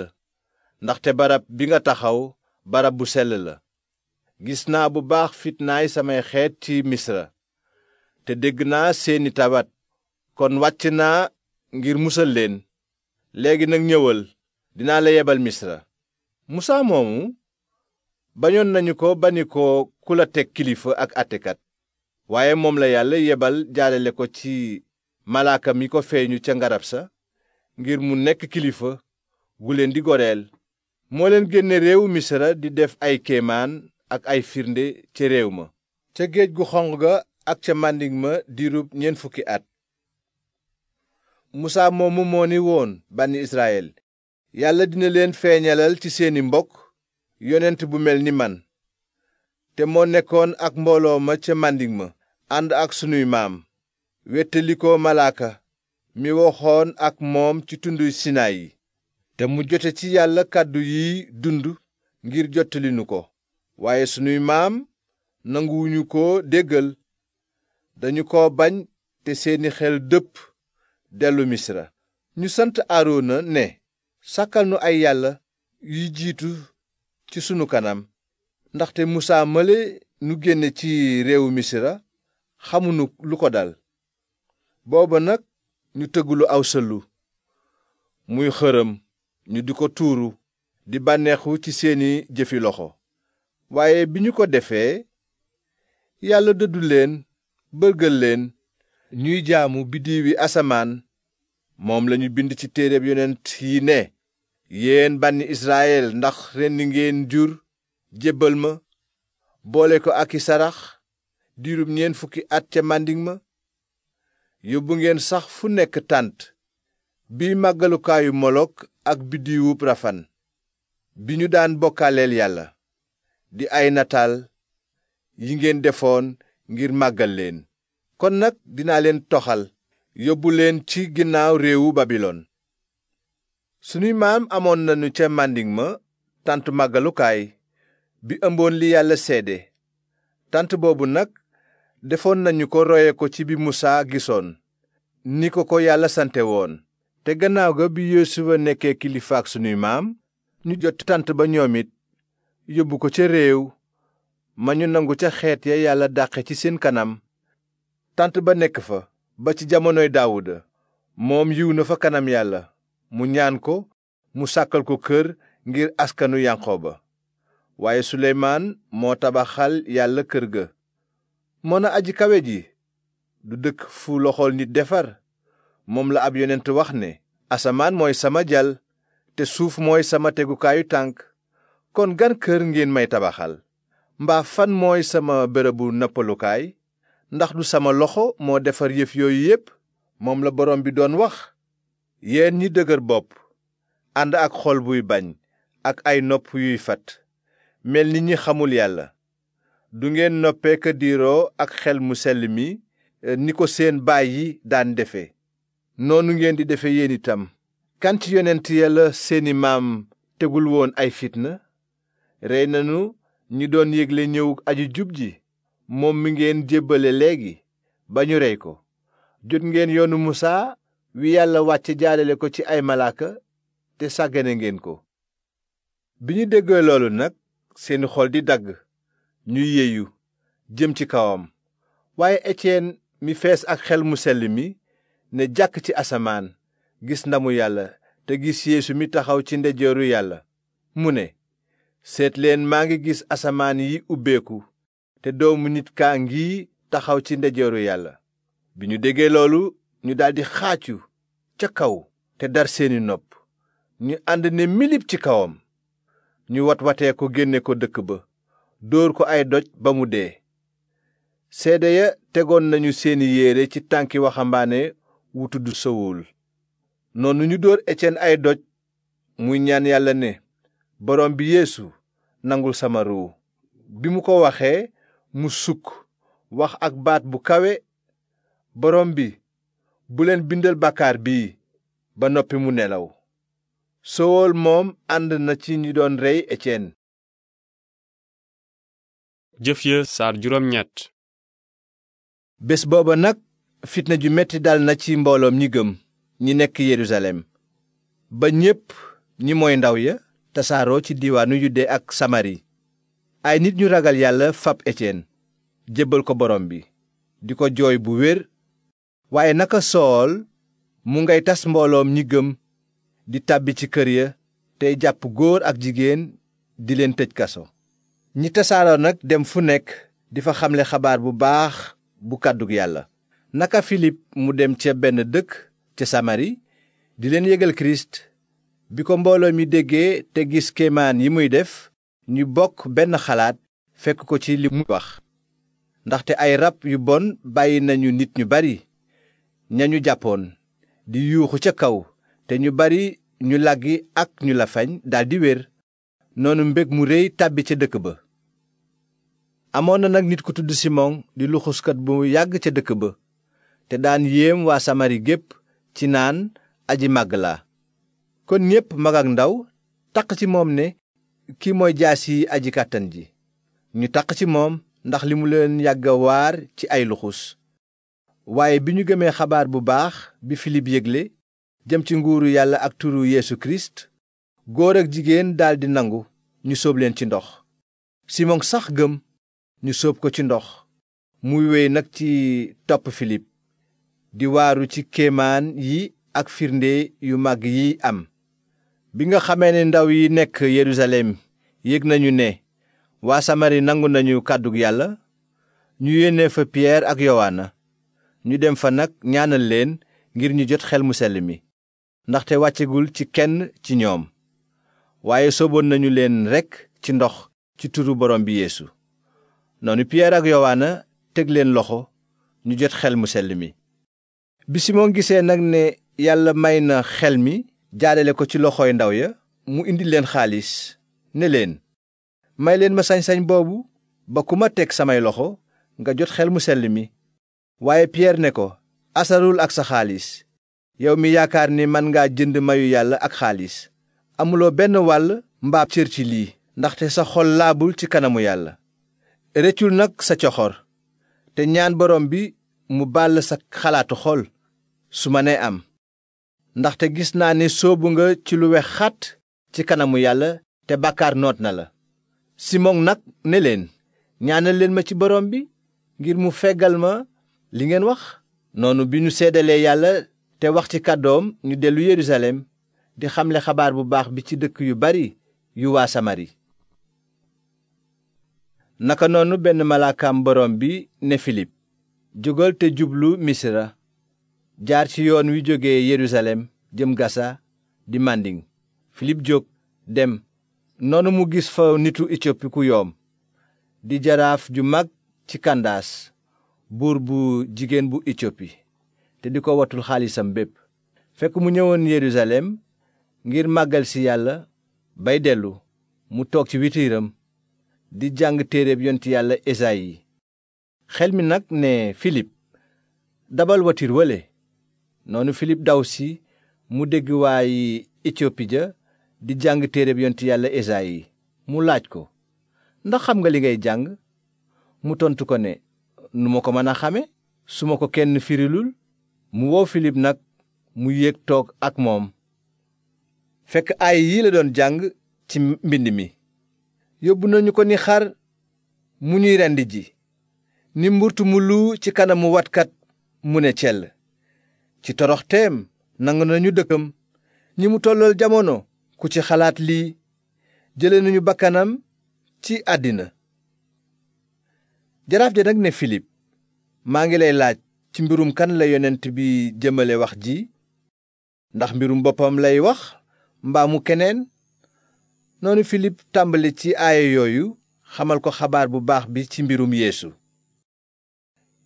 ndaxte barab bi nga taxaw barab bu sell la gis naa bu baax fitnaay samay xeet ci Misra te dégg naa seeni tabat kon wàcc naa ngir musal leen léegi nag ñëwal dinaa la yebal misra musaa moomu bañoon nañu ko bani ko ku la teg kilifa ak àttekat waaye moom la yàlla yebal jaarale ko ci malaaka mi ko feeñu ca ngarab sa ngir mu nekk kilifa gu leen di goreel moo leen génne réewu misra di def ay kéemaan ak ay firnde ca réew ma ca géej gu xonq ga ak ca màndiŋ ma diirub ñeent fukki at musaa moomu moo ni woon bànni israyil yàlla dina leen feeñalal ci seeni mbokk yonent bu mel ni man te moo nekkoon ak mbooloo ma ca màndiŋ ma ànd ak sunuy maam wettalikoo malaaka mi waxoon ak moom ci tund sinaay yi te mu jote ci yàlla kàddu yi dund ngir jottalinu ko waaye sunuy maam nanguwuñu ko déggal dañu ko bañ te seeni xel dëpp dellu misira ñu sant aarona ne sàkkal nu ay yàlla yuy jiitu ci sunu kanam ndaxte musaa male nu génne ci réewu misra xamunu lu ko dal booba nag ñu tëggulu aw sëllu muy xërëm ñu di ko tuuru di bànneexu ci seeni jëfi loxo waaye bi ñu ko defee yàlla dëddu leen bërgël leen ñuy jaamu biddiwi asamaan moom lañu bind ci téere yonent yi ne yéen bànni Israyel ndax rendi ngeen jur jébbal ma boole ko ak i sarax diirub ñeen fukki at ca màndiŋ ma yóbbu ngeen sax fu nekk tànt bi màggalukaayu molok ak biddiwub rafan bi ñu daan bokkaaleel yàlla di ay nataal yi ngeen defoon ngir màggal leen kon nag dinaa leen toxal yóbbu leen ci ginnaaw réewu babilon sunuy maam amoon nañu ca màndiŋ ma tànt màggalukaay bi ëmboon li yàlla seede tànt boobu nag defoon nañu ko roye ko ci bi musaa gisoon ni ko ko yàlla sante woon te gannaaw ga bi Yosuwa nekkee kilifaak sunuy maam ñu jot tànt ba ñoom it yóbbu ko ca réew ma ñu nangu ca xeet ya yàlla dàqe ci seen kanam tànt ba nekk fa ba ci jamonoy daawuda moom yiw na fa kanam yàlla mu ñaan ko mu sàkkal ko kër ngir askanu ba waaye suleymaan moo tabaxal yàlla kër ga moo na aji kawe ji du dëkk fu loxool nit defar moom la ab yonent wax ne asamaan mooy sama jal te suuf mooy sama tegukaayu tànk kon gan kër ngeen may tabaxal mba fan mooy sama bërëbu nappalukaay ndax du sama loxo moo defar yëf yooyu yépp moom la borom bi doon wax yéen ñi dëgër bopp ànd ak xol buy bañ ak ay nopp yuy fat mel ni ñi xamul yàlla du ngeen noppee ka diiroo ak xel mu sell mi eh, ni ko seen baay yi daan defe noonu ngeen di defe yéen itam kan ci yonent yàlla seeni maam tegul woon ay fitna rey nanu ñi doon yégle ñëw aju jub ji moom mi ngeen jébbale léegi ba ñu rey ko jot ngeen yoonu musaa wi yàlla wàcce jaarale ko ci ay malaaka te sàggane ngeen ko bi ñu déggee loolu nag seeni xool di dagg ñu yeeyu jëm ci kawam waaye Étienne mi fees ak xel mu selli mi ne jàkk ci asamaan gis ndamu yàlla te gis yéesu mi taxaw ci ndeyjooru yàlla mu ne seetleen maa ngi gis asamaan yi ubbiku te doomu nit kaa ngi taxaw ci ndejooru yàlla bi ñu déggee loolu ñu daldi xaacu ca kaw te dar seeni nopp ñu ànd ne milib ci kawam ñu watwatee ko génne ko dëkk ba dóor ko ay doj ba mu dee seede ya tegoon nañu seeni yéere ci tànki waxambaane wu tudd sowul noonu ñu dóor Étienne ay doj muy ñaan yàlla ne borom bi yéesu nangul sama ruu bi mu ko waxee mu sukk wax ak baat bu kawe borom bi bu leen bindal bàkkaar bii ba noppi mu nelaw sowol moom ànd na ci ñi doon rey Étienne jëf ya saar juróom ñett bés booba nag fitna ju metti dal na ci mbooloom ñi gëm ñi nekk Yerusalem ba ñépp ñi mooy ndaw ya tasaaroo ci diiwaanu Yude ak Samari ay nit ñu ragal yàlla fab Étienne jébbal ko borom bi di ko jooy bu wér waaye naka sool mu ngay tas mbooloom ñi gëm di tàbbi ci kër ya tey jàpp góor ak jigéen di leen tëj kaso ñi tasaaroo nag dem fu nekk di fa xamle xabaar bu baax bu kàddug yàlla naka filip mu dem ca benn dëkk ca samari di leen yégal kirist bi ko mbooloo mi déggee te gis kéemaan yi muy def ñu bokk benn xalaat fekk ko ci li mu wax ndaxte ay rab yu bon bàyyi nañu nit ñu bari ñañu jàppoon di yuuxu ca kaw te ñu bari ñu làggi ak ñu la fañ daldi wér noonu mbég mu réy tàbbi ca dëkk ba amoon na nag nit ku tudd Simon di luxuskat bu yàgg ca dëkk ba te daan yéem waa Samari gépp ci naan aji màgg la kon ñépp mag ak ndaw taq ci moom ne kii mooy jaas yi aji kàttan ji ñu taq ci moom ndax li mu leen yàgg waar ci ay luxus waaye bi ñu gëmee xabaar bu baax bi Filip yégle jëm ci nguuru yàlla ak turu yéesu Kirist góor ak jigéen daldi nangu ñu sóob leen ci ndox Simon sax gëm ñu sóob ko ci ndox muy wéy nag ci topp Filip di waaru ci kéemaan yi ak firnde yu màgg yi am bi nga xamee ne ndaw yi nekk Yerusalem yëg nañu ne waa Samari nangu nañu kàddu yàlla ñu yónnee fa Piyeer ak Yowaana ñu dem fa nag ñaanal leen ngir ñu jot xel mu sell mi ndaxte wàccegul ci kenn ci ñoom waaye sóoboon nañu leen rekk ci ndox ci turu borom bi yéesu noonu Piyeer ak Yowaana teg leen loxo ñu jot xel mu sell mi yàlla may na xel mi jaarale ko ci loxooy ndaw ya mu indi leen xaalis ne leen may leen ma sañ-sañ boobu ba ku ma teg samay loxo nga jot xel mu sell mi waaye Pierre ne ko asarul ak sa xaalis yow mi yaakaar ni man ngaa jënd mayu yàlla ak xaalis amuloo benn wàll mbaab cër ci lii ndaxte sa xol laabul ci kanamu yàlla rëccul nag sa coxor te ñaan borom bi mu bàll sa xalaatu xol su ma nee am ndaxte gis naa ne sóobu nga ci lu wex xat ci kanamu yàlla te bàkkaar noot na la simon nag ne leen ñaanal leen ma ci borom bi ngir mu feggal ma li ngeen wax noonu bi ñu seedalee yàlla te wax ci kàddoom ñu dellu yerusalem di xamle xabaar bu baax bi ci dëkk yu bari yu waa samari naka noonu benn malaakaam borom bi ne filip jógal te jublu misra jaar ci yoon wi jóge Yerusalem jëm Gasa di Manding Filip jóg dem noonu mu gis fa nitu Étiopi ku yoom di jaraaf ju mag ci Kandaas buur bu jigéen bu Étiopi te di ko watul xaalisam bépp fekk mu ñëwoon Yerusalem ngir màggal si yàlla bay dellu mu toog ci witiiram di jàng téereb yont yàlla Esayi xel mi nag ne Filip dabal watir wale noonu filip daw si mu dégg waayi etiopi ja di jàng téereb yonent yàlla esayi yi mu laaj ko ndax xam nga li ngay jàng mu tontu ko ne nu ma ko mën a xame su ma ko kenn firilul mu wow filip nag mu yéeg toog ak moom fekk aay yi la doon jàng ci mbind mi yóbbu nañu ko ni xar mu ñuy rendi ji ni mburtu mu luu ci kanamu watkat mu ne cell ci toroxteem nangu nañu dëkkam ñi mu tollal jamono ku ci xalaat lii jële nañu bakkanam ci àddina jaraaf ja nag ne Filip maa ngi lay laaj ci mbirum kan la yonent bi jëmale wax ji ndax mbirum boppam lay wax mbaa mu keneen noonu Filip tàmbali ci aaya yooyu xamal ko xabaar bu baax bi ci mbirum Yeesu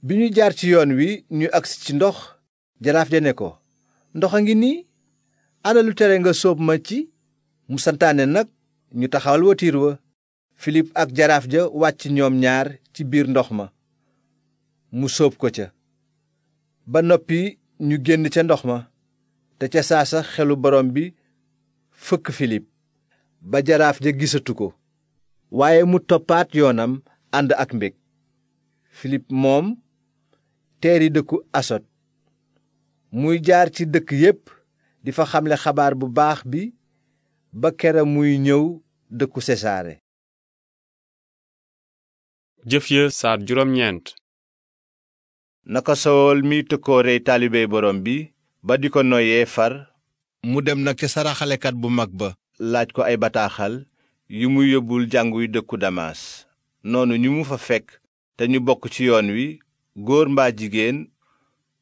bi ñu jaar ci yoon wi ñu agsi ci ndox jaraaf ja ne ko ndox a ngi nii ana lu tere nga sóob ma ci mu santaane nag ñu taxawal watiir wa filip ak jaraaf ja wàcc ñoom ñaar ci biir ndox ma mu soob ko ca ba noppi ñu génn ca ndox ma te ca saasa xelu borom bi fëkk filip ba jaraaf ja gisatu ko waaye mu toppaat yoonam ànd ak mbég filip moom teeri dëkku asot muy jaar ci dëkk yépp di fa xamle xabaar bu baax bi ba kera muy ñëw dëkku sesaare jëf ya saar juróom ñeent naka sowool mi tëkkoorey taalibe borom bi ba di ko noyee far mu dem nag ca saraxalekat bu mag ba laaj ko ay bataaxal yu mu yóbbul jànguy dëkku damaas noonu ñu mu fa fekk te ñu bokk ci yoon wi góor mbaa jigéen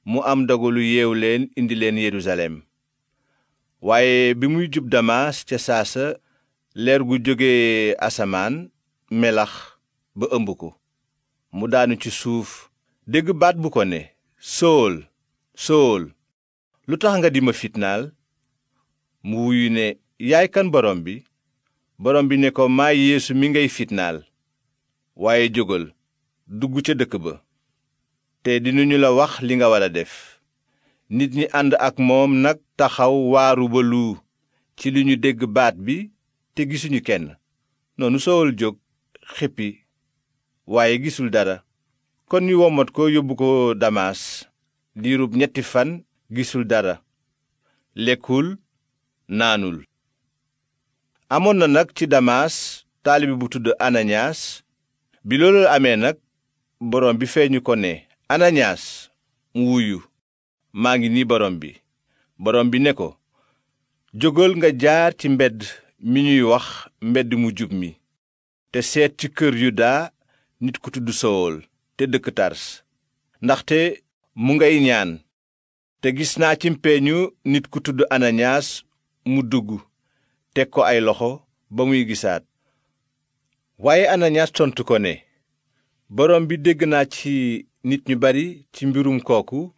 mu am dogalu yeew indi leen yerusalem waaye bi muy jub damaas ca saasa leer gu jóge asamaan melax ba ëmb ko mu daanu ci suuf dégg baat bu ko ne sool sool lu tax nga di ma fitnaal mu wuyu ne yaay kan borom bi borom bi ne ko maa yeesu mi ngay fitnaal waaye jógal dugg ca dëkk ba te dinañu la wax li nga war a def nit ñi ànd ak moom nag taxaw waaru ba luu ci li ñu dégg baat bi te gisuñu kenn noonu soowal jóg xippi waaye gisul dara kon ñu womat ko yóbbu ko damaas diirub ñetti fan gisul dara lekkul naanul amoon na nag ci damaas taalibe bu tudd ananiyaas bi loolu amee nag boroom bi feeñu ko ne ananiyaas mu wuyu maa ngi ni borom bi borom bi ne ko jógal nga jaar ci mbedd mi ñuy wax mbedd mu jub mi te seet ci kër yuda nit ku tudd sowool te dëkk tars ndaxte mu ngay ñaan te gis naa ci mpeeñu nit ku tudd ananiyaas mu dugg teg ko ay loxo ba muy gisaat waaye ananiyaas tontu ko ne borom bi dégg naa ci nit ñu bari ci mbirum kooku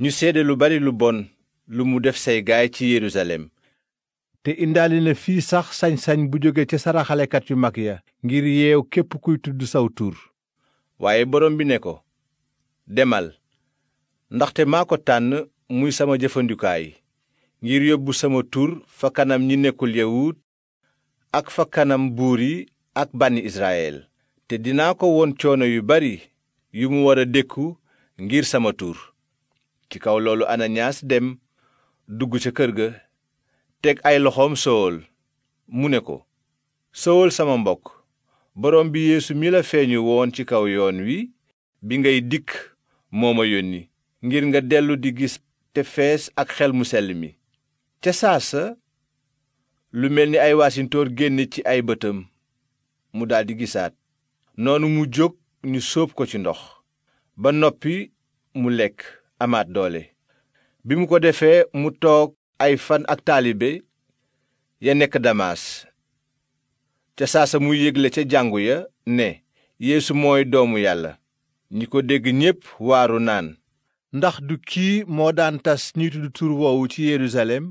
ñu seede lu bari lu bon lu mu def say gaay ci Yerusalem te indaali na fii sax sañ-sañ bu jóge ca saraxalekat yu mag ya ngir yeew képp kuy tudd saw tur waaye borom bi ne ko demal ndaxte maa ko tànn muy sama jëfandikaay ngir yóbbu sama tur fa kanam ñi nekkul yawut ak fa kanam buur yi ak bànni Israyel te dinaa ko won coono yu bari yu mu war a dékku ngir sama tur ci kaw loolu ananiyaas dem dugg ca kër ga teg ay loxoom sowal mu ne ko sowal sama mbokk borom bi yeesu mi la feeñu woon ci kaw yoon wi bi ngay dikk moo ma yónni ngir nga dellu di gis te fees ak xel mu sell mi ca saasa lu mel ni ay waasintóor génn ci ay bëtam mu daldi gisaat noonu mu jóg ñu sóob ko ci ndox ba noppi mu lekk amaat doole bi mu ko defee mu toog ay fan ak taalibe ya nekk damaas ca saasa mu yégle ca jàngu ya ne yéesu mooy doomu yàlla ñi ko dégg ñépp waaru naan ndax du kii moo daan tas ñi tudd tur woowu ci yerusalem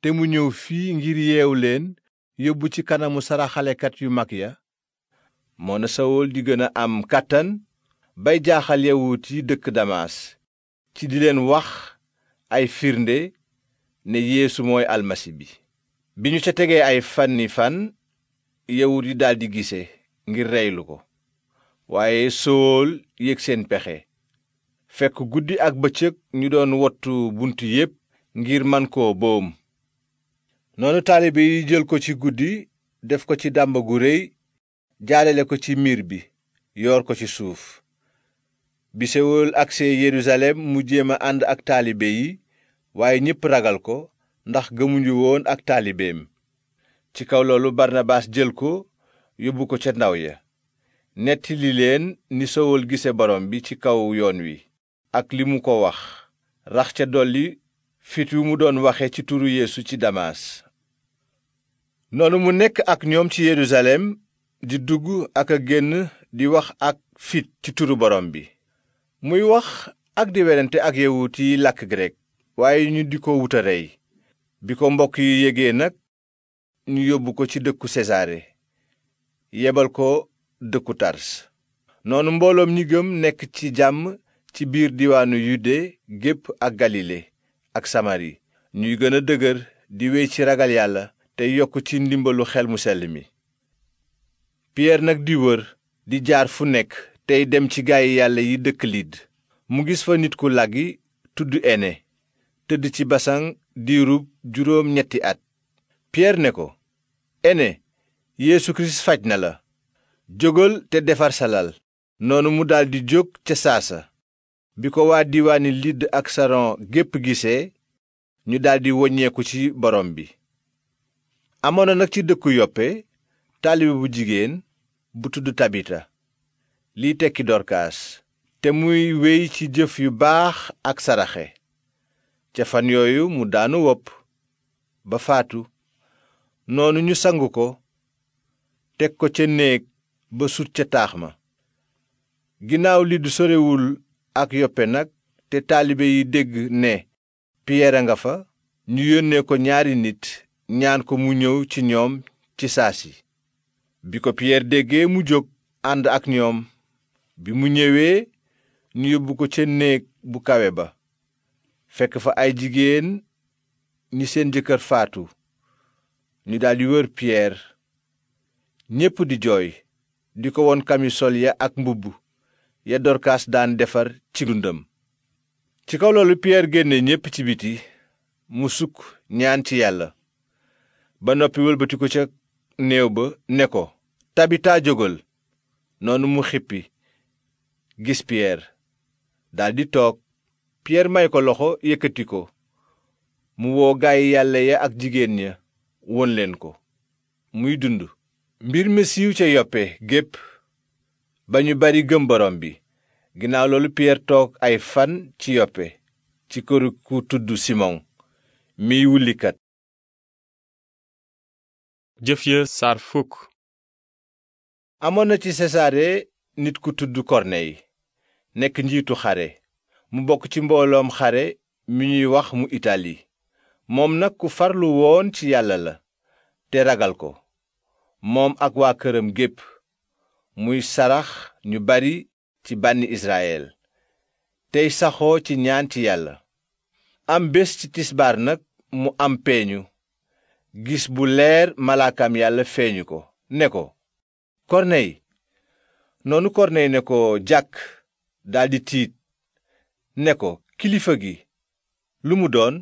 te mu ñëw fii ngir yeewu leen yóbbu ci kanamu saraxalekat yu mag ya na sawool di gën a am kàttan bay jaaxal yawut yi dëkk damaas ci di leen wax ay firnde ne yéesu mooy almasi bi bi ñu ca tegee ay fanni fan yawut yi daldi gise ngir reylu ko waaye sawool yëg seen pexe fekk guddi ak bëccëg ñu doon wottu bunt yépp ngir man koo boom noonu taalibe yi jël ko ci guddi def ko ci dàmba gu réy jaalale ko ci miir bi yoor ko ci suuf bi sewul agsee yerusalem mu jéem a ànd ak taalibe yi waaye ñépp ragal ko ndax gëmuñu woon ak taalibeem ci kaw loolu barnabaas jël ko yóbbu ko ca ndaw ya nettali leen ni sowal gise borom bi ci kaw yoon wi ak li mu ko wax rax ca dolli fit wi mu doon waxe ci turu yéesu ci damaas noonu mu nekk ak ñoom ci yerusalem di dugg ak a génn di wax ak fit ci turu borom bi muy wax ak di werante ak yawut yi làkk grek waaye ñu di ko wuta rey bi ko mbokk yi yégee nag ñu yóbbu ko ci dëkku sesaare yebal ko dëkku tars noonu mbooloom ñi gëm nekk ci jàmm ci biir diwaanu yude gépp ak galile ak samari ñuy gën a dëgër di wéy ci ragal yàlla te yokk ci ndimbalu xel mu sell mi piyeer nag di wër di jaar fu nekk tey dem ci gaayi yàlla yi dëkk lidd mu gis fa nit ku làggi tudd ene tëdd ci basan diirub juróom ñetti at piyeer ne ko ene yeesu kirist faj na la jógal te defar salal noonu mu daldi jóg ca saasa bi ko waa diwaani lidd ak saron gépp gisee ñu daldi woññeeku ci borom bi amoon na nag ci dëkku yoppe taalibe bu jigéen bu tudd tabita liy tekki dorkaas te muy wéy ci jëf yu baax ak saraxe ca fan yooyu mu daanu wopp ba faatu noonu ñu sangu ko teg ko ca néeg ba sut ca taax ma ginnaaw li du sorewul ak yoppe nag te taalibe yi dégg ne piyeer a nga fa ñu yónnee ko ñaari nit ñaan ko mu ñëw ci ñoom ci saa si bi ko piyeer déggee mu jóg ànd ak ñoom bi mu ñëwee ñu yóbbu ko ca néeg bu kawe ba fekk fa ay jigéen ñi seen jëkkër faatu ñu daldi wër piyeer ñépp di jooy di ko won kamisol ya ak mbubb ya dorkaas daan defar ci dundam ci kaw loolu piyeer génne ñépp ci biti mu sukk ñaan ci yàlla ba noppi wëlbatiku ca néew ba ne ko tabitaa jógal noonu mu xippi gis piyeer daldi toog piyeer may ko loxo yëkkati ko mu woo gaay yàlla ya ak jigéen ña won leen ko muy dund mbir mi siiw ca yoppe gépp ba ñu bari gëm borom bi ginnaaw loolu piyeer toog ay fan ci yoppe ci këru ku tudd simon miy wullikat jëf ya amoon na ci sesaare nit ku tudd korney nekk njiitu xare mu bokk ci mbooloom xare mi ñuy wax mu itali moom nag ku farlu woon ci yàlla la te ragal ko moom ak waa këram gépp muy sarax ñu bari ci bànni israyel tey saxoo ci ñaan ci yàlla am bés ci tisbaar nag mu am peeñu gis bu leer malaakam yàlla feeñu ko né ko korney noonu korney ne ko jàkk daldi tiit ne ko kilifa gi lu mu doon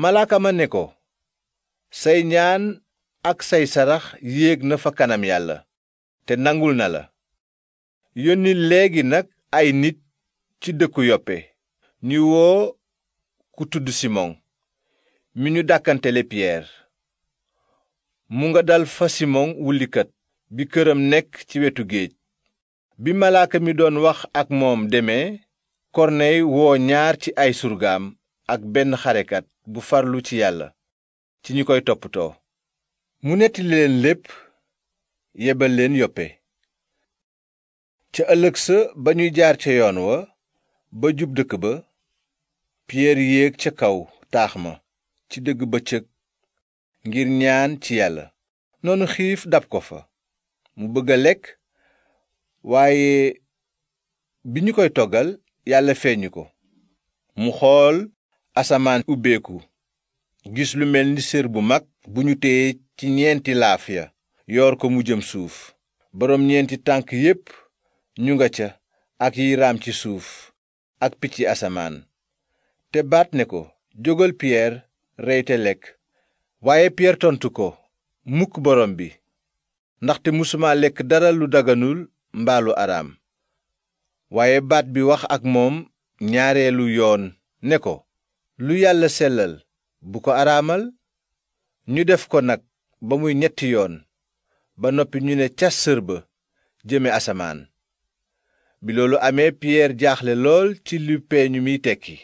malaaka ma ne ko say ñaan ak say sarax yéeg na fa kanam yàlla te nangul na la yónni léegi nag ay nit ci dëkku yoppe ñu woo ku tudd Simon mi dàkkantele piyeer mu nga dal fa simon wullikat bi këram nekk ci wetu géej bi malaaka mi doon wax ak moom demee korney woo ñaar ci ay surgaam ak benn xarekat bu farlu ci yàlla ci ñi koy toppatoo mu nettali leen lépp yebal leen yoppe ca ëllëg sa ba ñuy jaar ca yoon wa ba jub dëkk ba piyeer yéeg ca kaw taax ma ci dëgg bëccëg ngir ñaan ci yàlla noonu xiif dab ko fa mu bëgg a lekk waaye bi ñu koy toggal yàlla feeñu ko mu xool asamaan ubbeeku gis lu mel ni sér bu mag bu ñu téye ci ñeenti laaf ya yoor ko mu jëm suuf boroom ñeenti tànk yépp ñu nga ca ak yi raam ci suuf ak picc asamaan te baat ne ko jógal piyeer reyte lekk waaye piyeer tontu ko mukk borom bi ndaxte musuma lekk dara lu daganul mbaalu araam waaye baat bi wax ak moom ñaareelu yoon ne ko lu yàlla sellal bu ko araamal ñu def ko nag ba muy ñetti yoon ba noppi ñu ne cas sër ba jëme asamaan bi loolu amee piyeer jaaxle lool ci lu miy tekki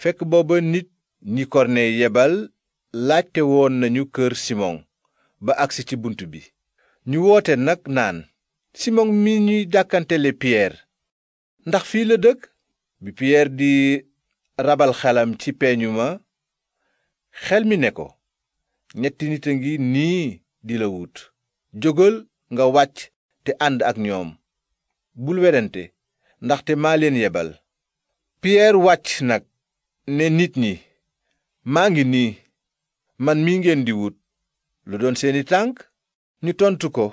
fekk booba nit ñi korne yebal laajte woon nañu kër simoŋ ba agsi ci bunt bi ñu woote nag naan simoŋ mi ñuy dàkkantele piyeer ndax fii la dëkk bi piyeer di rabal xelam ci peeñu ma xel mi ne ko ñetti nit a ngi nii di la wut jógal nga wàcc te ànd ak ñoom bul werante ndaxte maa leen yebal piyeer wàcc nag ne nit ñi maa ngi nii man mi ngeen di wut lu doon seeni tànk ñu tontu ko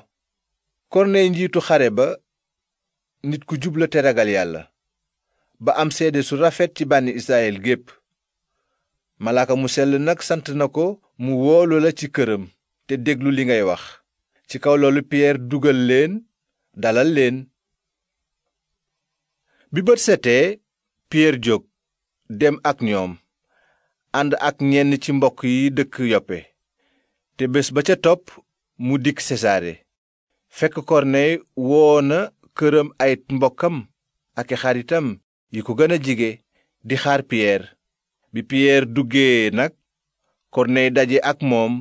korney njiitu xare ba nit ku jubla te ragal yàlla ba am seede su rafet ci bànni israyil gépp malaaka mu sell nag sant na ko mu woolu la ci këram te déglu li ngay wax ci kaw loolu piyeer dugal leen dalal leen bi bët setee piyeer jóg dem ak ñoom ànd ak ñenn ci mbokk yi dëkk yoppe te bés ba ca topp mu dikk sesaare fekk korney woo na këram ay mbokkam ak xaritam yi ko gën a jige di xaar piyeer bi piyeer duggee nag korney daje ak moom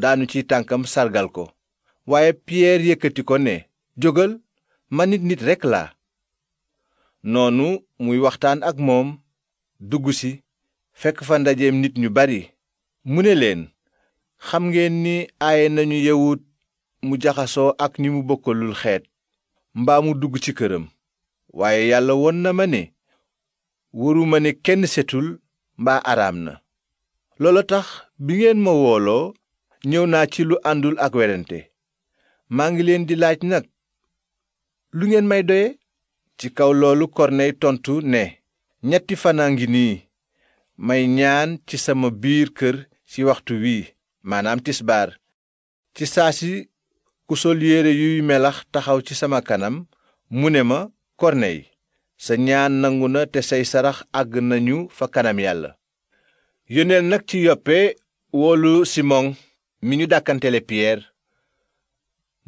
daanu ci tànkam sargal ko waaye piyeer yëkkati ko ne jógal ma nit nit rekk laa noonu muy waxtaan ak moom dugg si fekk fa ndajeem nit ñu bari mu ne leen xam ngeen ni aaye nañu yawut mu jaxasoo ak ñi mu bokkalul xeet mbaa mu dugg ci këram waaye yàlla won na ma ne waruma ne kenn setul mbaa araam na loola tax bi ngeen ma wooloo ñëw naa ci lu àndul ak werante maa ngi leen di laaj nag lu ngeen may doye ci kaw loolu korney tontu ne ñetti fanaa ngi nii may ñaan ci sama biir kër ci waxtu wii maanaam tisbaar ci saa si ku sol yére yuy melax taxaw ci sama kanam mu ne ma korney sa ñaan nangu na te say sarax àgg nañu fa kanam yàlla yónneel nag ci yoppe woolu simon mi ñu dàkkantele piyeer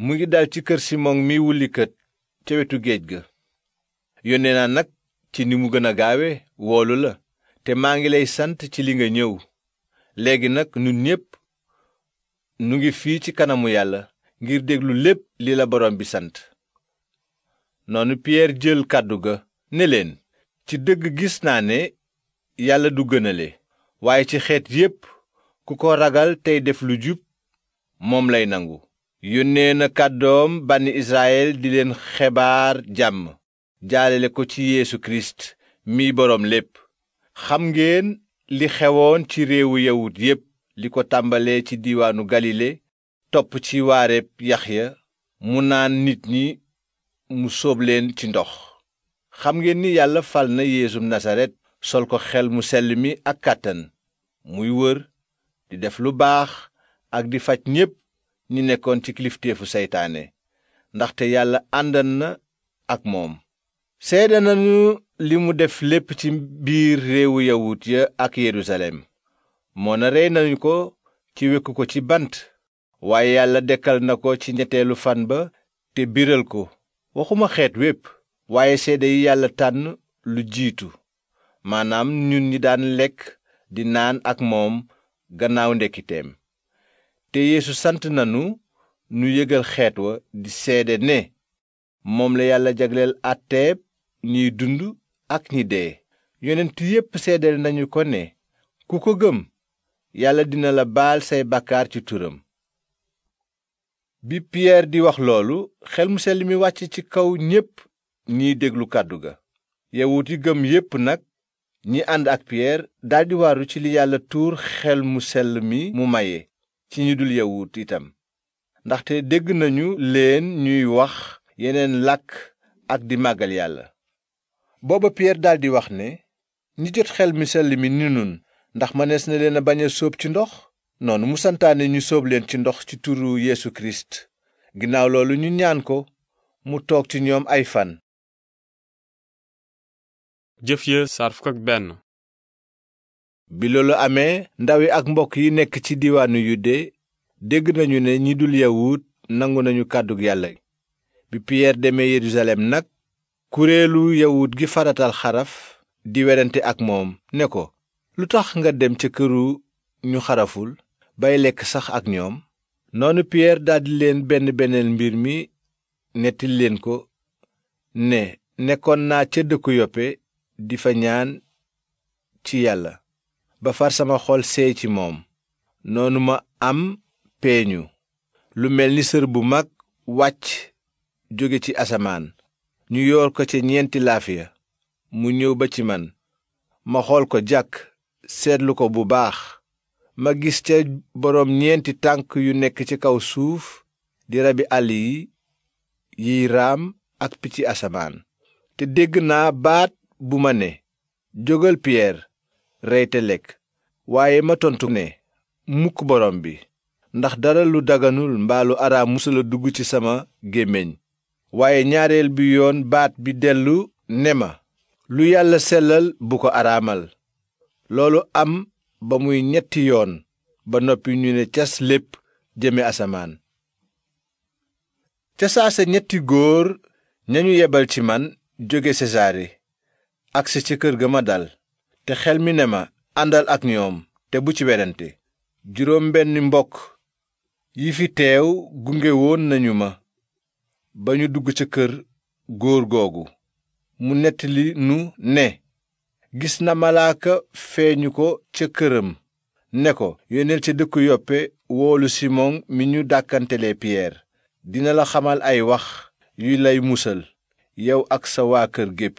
mu ngi dal ci kër simon mi wullikat ca wetu géej ga yónnee naa nag ci ni mu gën a gaawe woolu la te maa ngi lay sant ci li nga ñëw léegi nag ñun ñépp nu ngi fii ci kanamu yàlla ngir déglu lépp li la borom bi sant noonu Pierre jël kàddu ga ne leen ci dëgg gis naa ne yàlla du gënale waaye ci xeet yépp ku ko ragal tey def lu jub moom lay nangu yónnee na kàddoom bànni Israyel di leen xebaar jàmm jaalale ko ci yéesu Kirist mii borom lépp xam ngeen li xewoon ci réewu yawut yépp li ko tàmbalee ci diiwaanu galile topp ci waareeb yaxya mu naan nit ñi mu sóob leen ci ndox xam ngeen ni yàlla fal na yéesu nasaret sol ko xel mu sell mi ak kàttan muy wër di def lu baax ak di faj ñépp ñi nekkoon ci kilifteefu seytaane ndaxte yàlla àndan na ak moom seede nañu li mu def lépp ci biir réewu yawut ya ak yerusalem moonaree nañu ko ci wekku ko ci bant waaye yàlla dekkal na ko ci ñetteelu fan ba te biral ko waxuma xeet wépp waaye seede yi yàlla tànn lu jiitu maanaam ñun ñi daan lekk di naan ak moom gannaaw ndekkiteem te yéesu sant nanu ñu yëgal xeet wa di seede ne moom la yàlla jagleel àtteeb ñiy dund ak ñi dee yonent yépp nañu ko ne ku ko gëm yàlla dina la baal say ci turam bi piyeer di wax loolu xel mu sell mi wàcc ci kaw ñépp ñiy déglu kàddu ga yawut yi gëm yépp nag ñi ànd ak piyeer daldi waaru ci li yàlla tuur xel mu sell mi mu maye ci ñi dul yawut itam ndaxte dégg nañu leen ñuy wax yeneen làkk ak di màggal yàlla booba piyeer daldi wax ne ñi jot xel mi sell mi ni nun ndax mënees na leen a bañ a sóob ci ndox noonu mu santaane ñu soob leen ci ndox ci turu yeesu kirist ginnaaw loolu ñu ñaan ko mu toog ci ñoom ay fan jëf ya benn bi loolu amee ndaw ak mbokk yi nekk ci diwaanu yude dégg nañu ne ñi dul yawut nangu nañu kàddu yàlla bi piyeer demee yerusalem nag kuréelu yawut gi faratal xaraf di werante ak moom ne ko lu tax nga dem ca këru ñu xaraful bay lekk sax ak ñoom noonu piyeer daldi leen benn beneen mbir mi nettali leen ko ne nekkoon naa ca dëkku yoppe di fa ñaan ci yàlla ba far sama xol seey ci moom noonu ma am peeñu lu mel ni sër bu mag wàcc jóge ci asamaan ñu yoor ko ca ñeenti laafiya mu ñëw ba ci man ma xool ko jàkk seetlu ko bu baax ma gis ca boroom ñeenti tànk yu nekk ci kaw suuf di rabi àll yi yiy raam ak picc asamaan te dégg naa baat bu ma ne jógal piyeer rey te lekk waaye ma tontu ne mukk borom bi ndax dara lu daganul mbaalu araam musula dugg ci sama gémmiñ waaye ñaareel bi yoon baat bi dellu ne ma lu yàlla sellal bu ko araamal loolu am ba muy ñetti yoon ba noppi ñu ne cas lépp jëme asamaan ca saasa ñetti góor ñañu yebal ci man jóge sesaari agsi ci kër ga ma dal te xel mi ne ma àndal ak ñoom te bu ci werante juróom benn mbokk yi fi teew gunge woon nañu ma ba ñu dugg ca kër góor googu mu nettali nu ne gis na malaaka feeñu ko ca këram ne ko yónneel ca dëkku yoppe woolu simon mi ñu dàkkantele piyeer dina la xamal ay wax yu lay musal yow ak sa waa kër gépp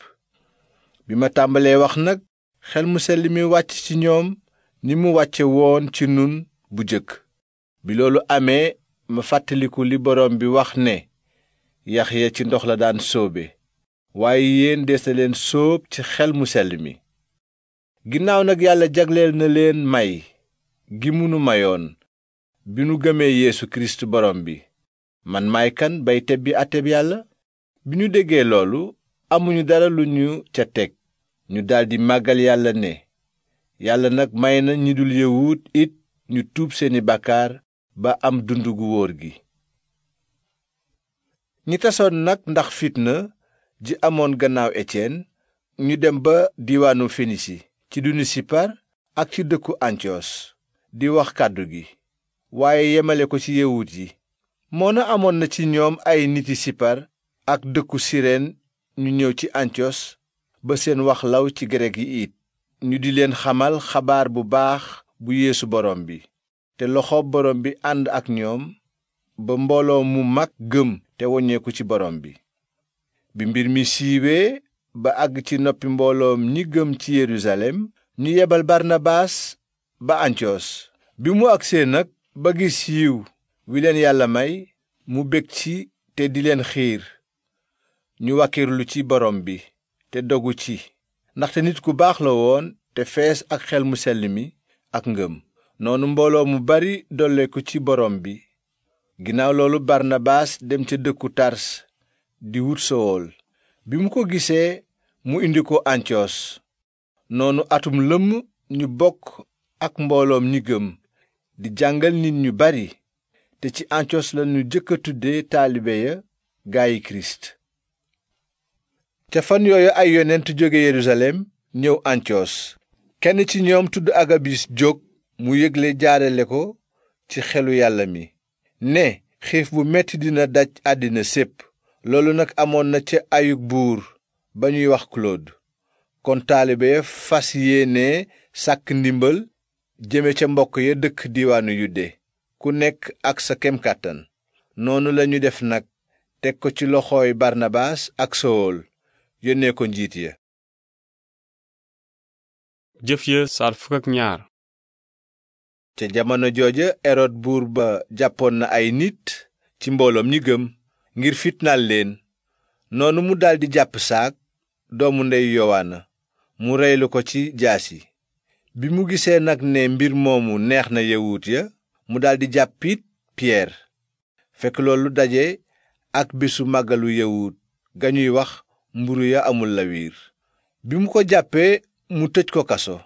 bi ma tàmbalee wax nag xel mu li mi wàcc ci ñoom ni mu wàcce woon ci nun bu jëkk bi loolu amee ma fàttaliku li borom bi wax ne yax Yaxya ci ndox la daan sóobe waaye yeen des na leen sóob ci xel mu sell mi ginnaaw nag yàlla jagleel na leen may gi mënu mayoon bi nu gëmee Yeesu Kirist borom bi man maay kan bay tebbi àtteb yàlla bi ñu déggee loolu amuñu dara lu ñu ca teg ñu daldi màggal yàlla ne yàlla nag may na ñi dul yëwut it ñu tuub seeni bàkkaar ba am dund gu wóor gi ñi tasoon nag ndax fitna ji amoon gannaaw Étienne ñu dem ba diwaanu Fenisi ci duni Sipar ak ci dëkku Antiyos di wax kàddu gi waaye yemale ko ci yewut yi moo na amoon na ci ñoom ay nit niti sippar ak dëkku Sireen ñu ñëw ci Antiyos ba seen wax law ci grek yi it ñu di leen xamal xabaar bu baax bu yéesu borom bi te loxo borom bi ànd ak ñoom ba mbooloo mu mag gëm te woññeeku ci borom bi bi mbir mi siiwee ba àgg ci noppi mbooloom ñi gëm ci Yerusalem ñu yebal Barnabaas ba Antiyos bi mu agsee nag ba gis yiw wi leen yàlla may mu beg ci te di leen xiir ñu wàkkirlu ci borom bi te dogu ci ndaxte nit ku baax la woon te fees ak xel mu selli mi ak ngëm noonu mbooloo mu bari dolleeku ci borom bi ginnaaw loolu barnabaas dem ca dëkku tars di wut sowool bi mu ko gisee mu indi ko antiyos noonu atum lëmm ñu bokk ak mbooloom ñi gëm di jàngal nit ñu bari te ci antiyos lañu jëkk a tudde taalibe ya gaayi kirist ca fan yooyu ay yonent jóge yerusalem ñëw antiyos kenn ci ñoom tudd agabis jóg mu yégle jaarale ko ci xelu yàlla mi ne xiif bu metti dina daj àddina sépp loolu nag amoon na ca ayuk buur ba ñuy wax Claude kon taalibe ya fas yéene sàkk ndimbal jëme ca mbokk ya dëkk diwaanu yudde ku nekk ak sa kem kàttan noonu lañu def nag teg ko ci loxooy Barnabaas ak Sowol yónnee ko njiit ya jëf te jamono jooja erod buur ba jàppoon na ay nit ci mbooloom ñi gëm ngir fitnaal leen noonu mu daldi jàpp saak doomu ndeyu yowaana mu reylu ko ci jaasi bi mu gisee nag ne mbir moomu neex na yawut ya mu daldi jàppit piyeer fekk loolu daje ak bésu màggalu yawut ga ñuy wax mburu ya amul lawiir bi mu ko jàppee mu tëj ko kaso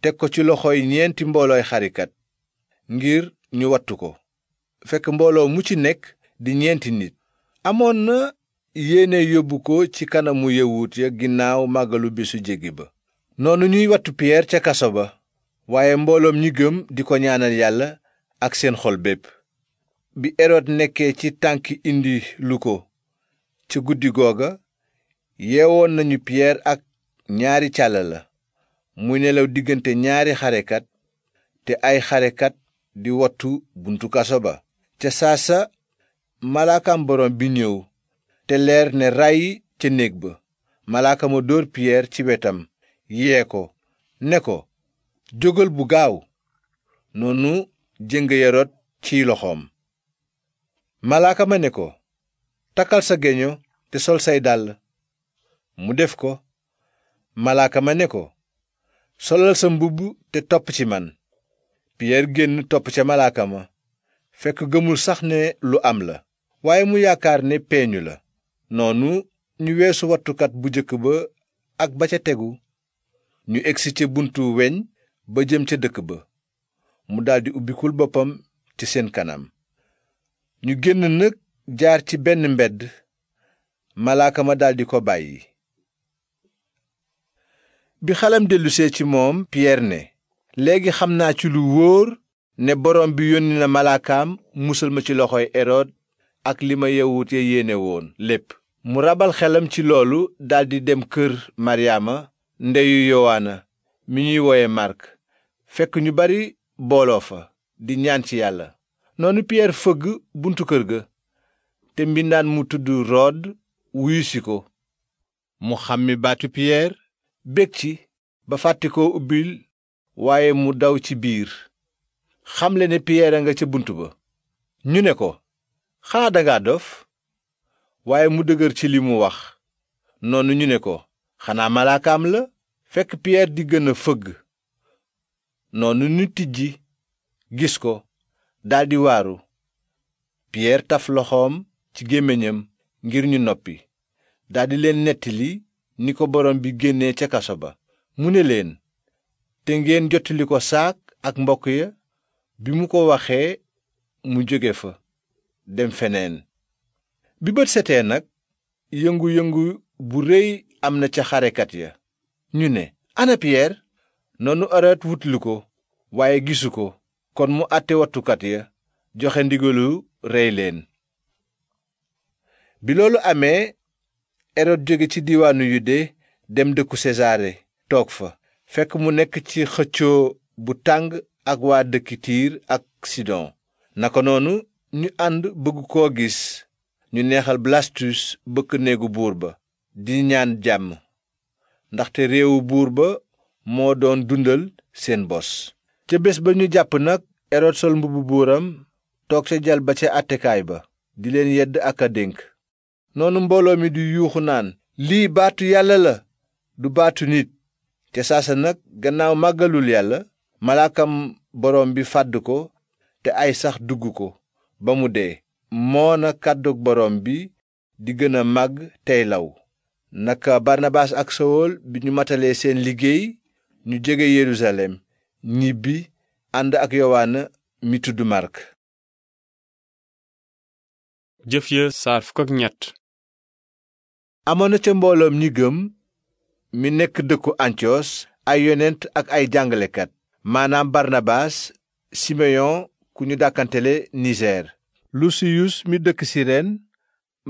teg ko ci loxoy ñeenti mboolooy xarikat ngir ñu wattu ko fekk mbooloo mu ci nekk di ñeenti nit amoon na yéene yóbbu ko ci kanamu yawut ya ginnaaw màggalu bésu jéggi ba noonu ñuy wattu piyeer ca kaso ba waaye mbooloom ñi gëm di ko ñaanal yàlla ak seen xol bépp bi erod nekkee ci tànki indi lu ko ci guddi googa yeewoon nañu piyeer ak ñaari càlla la mu nelaw diggante ñaari xarekat te ay xarekat di wattu buntu kaso ba ca saasa malaakam borom bi ñëw te leer ne ray ca néeg ba malaaka ma dóor piyeer ci wetam yee ko ne ko jógal bu gaaw noonu jëng yarot ciy loxoom malaaka ma ne ko takkal sa geño te sol say dàll mu def ko malaaka ma ne ko solal sa mbubb te topp ci man piyeer génn topp ca malaaka ma fekk gëmul sax ne lu am la waaye mu yaakaar ne peeñu la noonu ñu weesu wattukat bu jëkk ba ak ba ca tegu ñu egsi ca buntu weñ ba jëm ca dëkk ba mu daldi ubbikul boppam ci seen kanam ñu génn nag jaar ci benn mbedd malaaka ma daldi ko bàyyi bi xelam dellusee ci moom piyeer ne léegi xam naa ci lu wóor ne borom bi yónni na malaakaam musal ma ci loxoy erod ak li ma yawut ya yéene woon lépp mu rabal xelam ci loolu daldi dem kër maryaama ndeyu yowaana mi ñuy wooye màrk fekk ñu bari booloo fa di ñaan ci yàlla noonu piyeer fëgg buntu kër ga te mbindaan mu tudd rood wuyusi ko mu xàmmi baatu piyeer bég ci ba fàtte koo ubbil waaye mu daw ci biir xamle ne piyeer a nga ca bunt ba ñu ne ko xanaa dangaa dof waaye mu dëgër ci li mu wax noonu ñu ne ko xanaa malaakaam la fekk piyeer di gën fëgg noonu ñu tijji gis ko daldi waaru piyeer taf loxoom ci gémmiñam ngir ñu noppi daldi leen nettali ni ko borom bi génnee ca kaso ba mu ne leen te ngeen jottali ko saak ak mbokk ya bi mu ko waxee mu jóge fa dem feneen bi bët setee nag yëngu-yëngu bu réy am na ca xarekat ya ñu ne ana piyeer noonu araat wutlu ko waaye gisu ko kon mu àtte wattukat ya joxe ndigalu rey leen bi loolu amee erod jóge ci diiwaanu yude dem dëkku sesaare toog fa fekk mu nekk ci xëccoo bu tàng ak waa dëkki tiir ak sidon naka noonu ñu ànd bëgg koo gis ñu neexal blastus bëkk néegu buur ba di ñaan jàmm ndaxte réewu buur ba moo doon dundal seen bos ca bés ba ñu jàpp nag erod sol mbubbu buuram toog ca jal ba ca àttekaay ba di leen yedd ak a dénk noonu mbooloo mi du yuuxu naan lii baatu yàlla la du baatu nit te saasa nag gannaaw màggalul yàlla malaakam boroom bi fàdd ko te ay sax dugg ko ba mu dee moona kàddug boroom bi di gëna màgg tey law naka barnabaas ak sowol bi ñu matalee seen liggéey ñu jege yerusalem ñibbi ànd ak yowaan mi tudd màrk jëf amoon na ca mbooloom ñi gëm mi nekk dëkku antiyos ay yonent ak ay jàngalekat maanaam barnabaas simeyon ku ñu dàkkantele niseer lusiyus mi dëkk sireen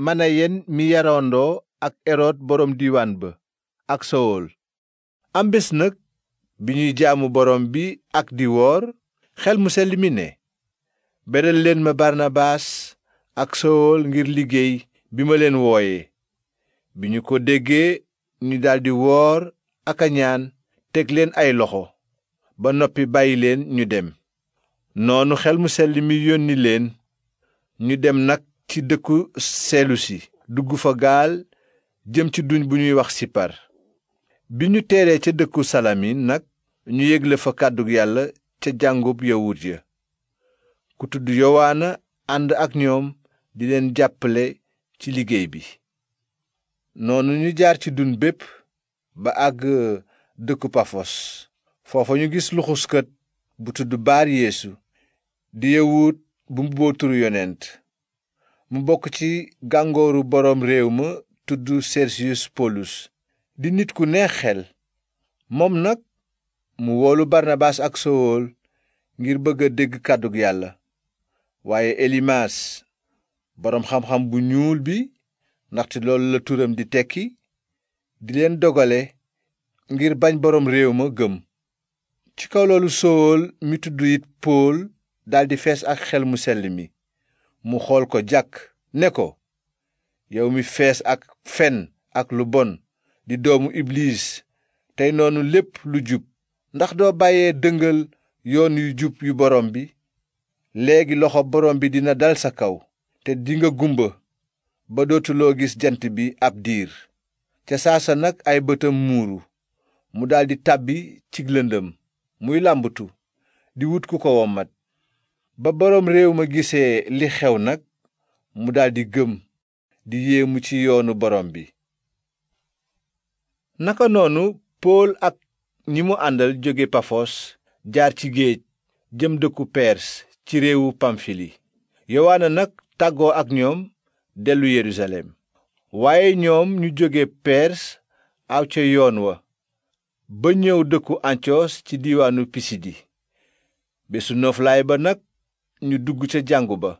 manayen mi yarandoo ak erod boroom diiwaan ba ak sawol am bés nag bi ñuy jaamu boroom bi ak di woor xel mu sell mi ne beral leen ma barnabaas ak sawol ngir liggéey bi ma leen wooye bi ñu ko déggee ñu daldi woor ak a ñaan teg leen ay loxo ba noppi bàyyi leen ñu dem noonu xel mu sell mi yónni leen ñu dem nag ci dëkku selusi dugg fa gaal jëm ci duñ bu ñuy wax sipar bi ñu teeree ca dëkku salamin nag ñu yégle fa kàddu yàlla ca jàngub yawut ya ku tudd yowaana ànd ak ñoom di leen jàppale ci liggéey bi noonu ñu jaar ci dun bépp ba àgg euh, dëkku pafos foofa ñu gis luxuskat bu tudd baar yeesu di yawut bu mbubboo turu yonent mu bokk ci gàngooru boroom réew ma tudd sersiyus polus di nit ku neex xel moom nag mu woolu barnabaas ak sowool ngir bëgg a dégg kàddug yàlla waaye elimaas boroom xam-xam bu ñuul bi ndaxte loolu la turam di tekki di leen dogale ngir bañ boroom réew ma gëm ci kaw loolu soowool mi tudd it pool daldi fees ak xel mu selli mi mu xool ko jàkk ne ko yow mi fees ak fenn ak lu bon di doomu ibliis tey noonu lépp lu jub ndax doo bàyyee dëngal yoon yu jub yu boroom bi léegi loxo borom bi dina dal sa kaw te dinga gumba ba dootuloo gis jant bi ab diir ca saasa nag ay bëtam muuru mu daldi tàbbi cig lëndëm muy làmbatu di wut ku ko wommat ba boroom réew ma gisee li xew nag mu daldi gëm di yéemu ci yoonu boroom bi naka noonu pool ak ñi mu àndal jóge pafos jaar ci géej jëm dëkku pers ci réewu pamfili yowaane nag tàggoo ak ñoom dellu yerusalem waaye ñoom ñu jóge pers aw ca yoon wa ba ñëw dëkku antiyos ci diiwaanu pisidi bésu noflaay ba nag ñu dugg ca jàngu ba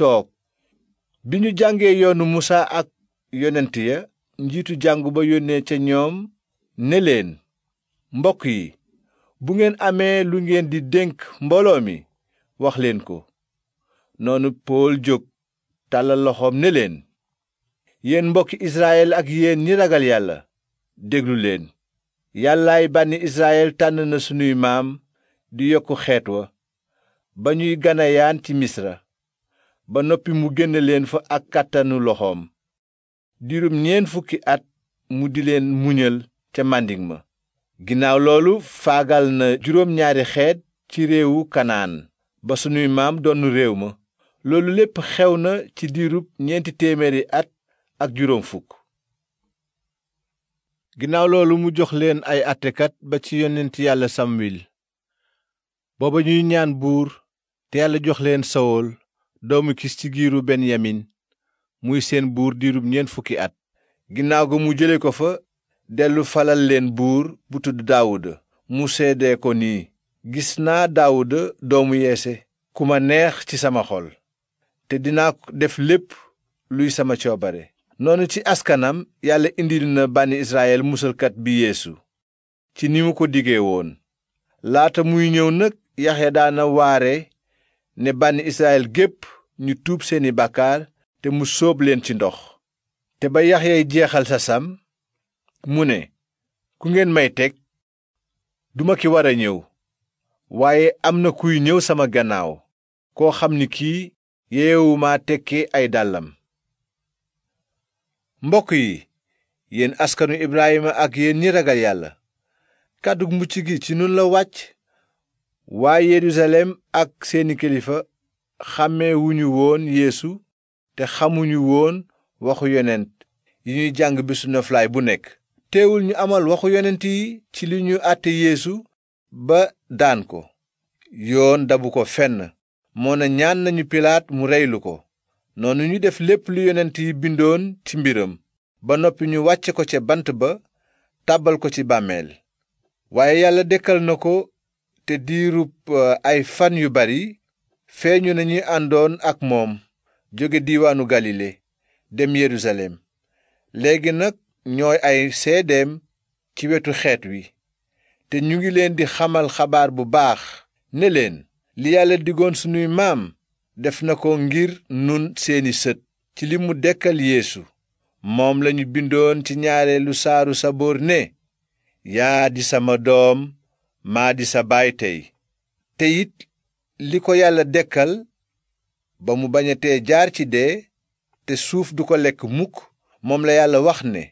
toog bi ñu jàngee yoonu musaa ak yonent ya njiitu jàngu ba yónnee ca ñoom ne leen mbokk yi bu ngeen amee lu ngeen di dénk mbooloo mi wax leen ko noonu pool jóg tàllal loxoom ne leen yéen mbokki israyel ak yéen ñi ragal yàlla déglu leen yàllaay bànni israyel tànn na sunuy maam di yokku xeet wa ba ñuy ganayaan ci misra ba noppi mu génn leen fa ak kattanu loxoom dirum ñeen fukki at mu di leen muñal ca màndiŋ ma ginnaaw loolu faagal na juróom ñaari xeet ci réewu kanaan ba sunuy maam donn réew ma loolu lépp xew na ci diirub ñeenti téeméeri at ak juróom fukk ginnaaw loolu mu jox leen ay àttekat ba ci yonent yàlla samwil booba ñuy ñaan buur te yàlla jox leen sawool doomu kis ci giiru benyamin muy seen buur diirub ñeent fukki at ginnaaw ga mu jële ko fa dellu falal leen buur bu tudd daawuda mu seede ko nii gis naa daawuda doomu yeese ku ma neex ci sama xol te dinaa def lépp luy sama coobare noonu ci askanam yàlla indil na bànni israyel musalkat bi yeesu ci ni mu ko digee woon laata muy ñëw nag yaxya daana waare ne bànni israyel gépp ñu tuub seeni bàkkaar te mu soob leen ci ndox te ba yaxyay jeexal sasam mu ne ku ngeen may teg duma ki war a ñëw waaye am na kuy ñëw sama gannaaw koo xam ni kii yeewuma tekki ay dàllam mbokk yi yéen askanu Ibrahima ak yéen ñi ragal yàlla kàddug mucc gi ci nun la wàcc waa Yerusalem ak seeni kilifa xàmmewuñu woon yéesu te xamuñu woon waxu yonent yi ñuy jàng bésu noflaay bu nekk teewul ñu amal waxu yonent yi ci li ñu àtte Yeesu ba daan ko yoon dabu ko fenn moo na ñaan nañu pilaat mu reylu ko noonu ñu def lépp lu yonent yi bindoon ci mbiram ba noppi ñu wàcce ko ca bant ba tàbbal ko ci bàmmeel waaye yàlla dekkal na ko te diirub eh, ay fan yu bari feeñu na ñi àndoon ak moom jóge diiwaanu galile dem yerusalem léegi nag ñooy ay seedeem ci wetu xeet wi te ñu ngi leen di xamal xabaar bu baax ne leen li yàlla digoon sunuy maam def na ko ngir nun seeni sët ci li mu dekkal yéesu moom lañu bindoon ci ñaareelu saaru saboor ne yaa di sama doom maa di sa baay tey te it li ko yàlla dekkal ba mu bañatee jaar ci dee te suuf du ko lekk mukk moom la yàlla wax ne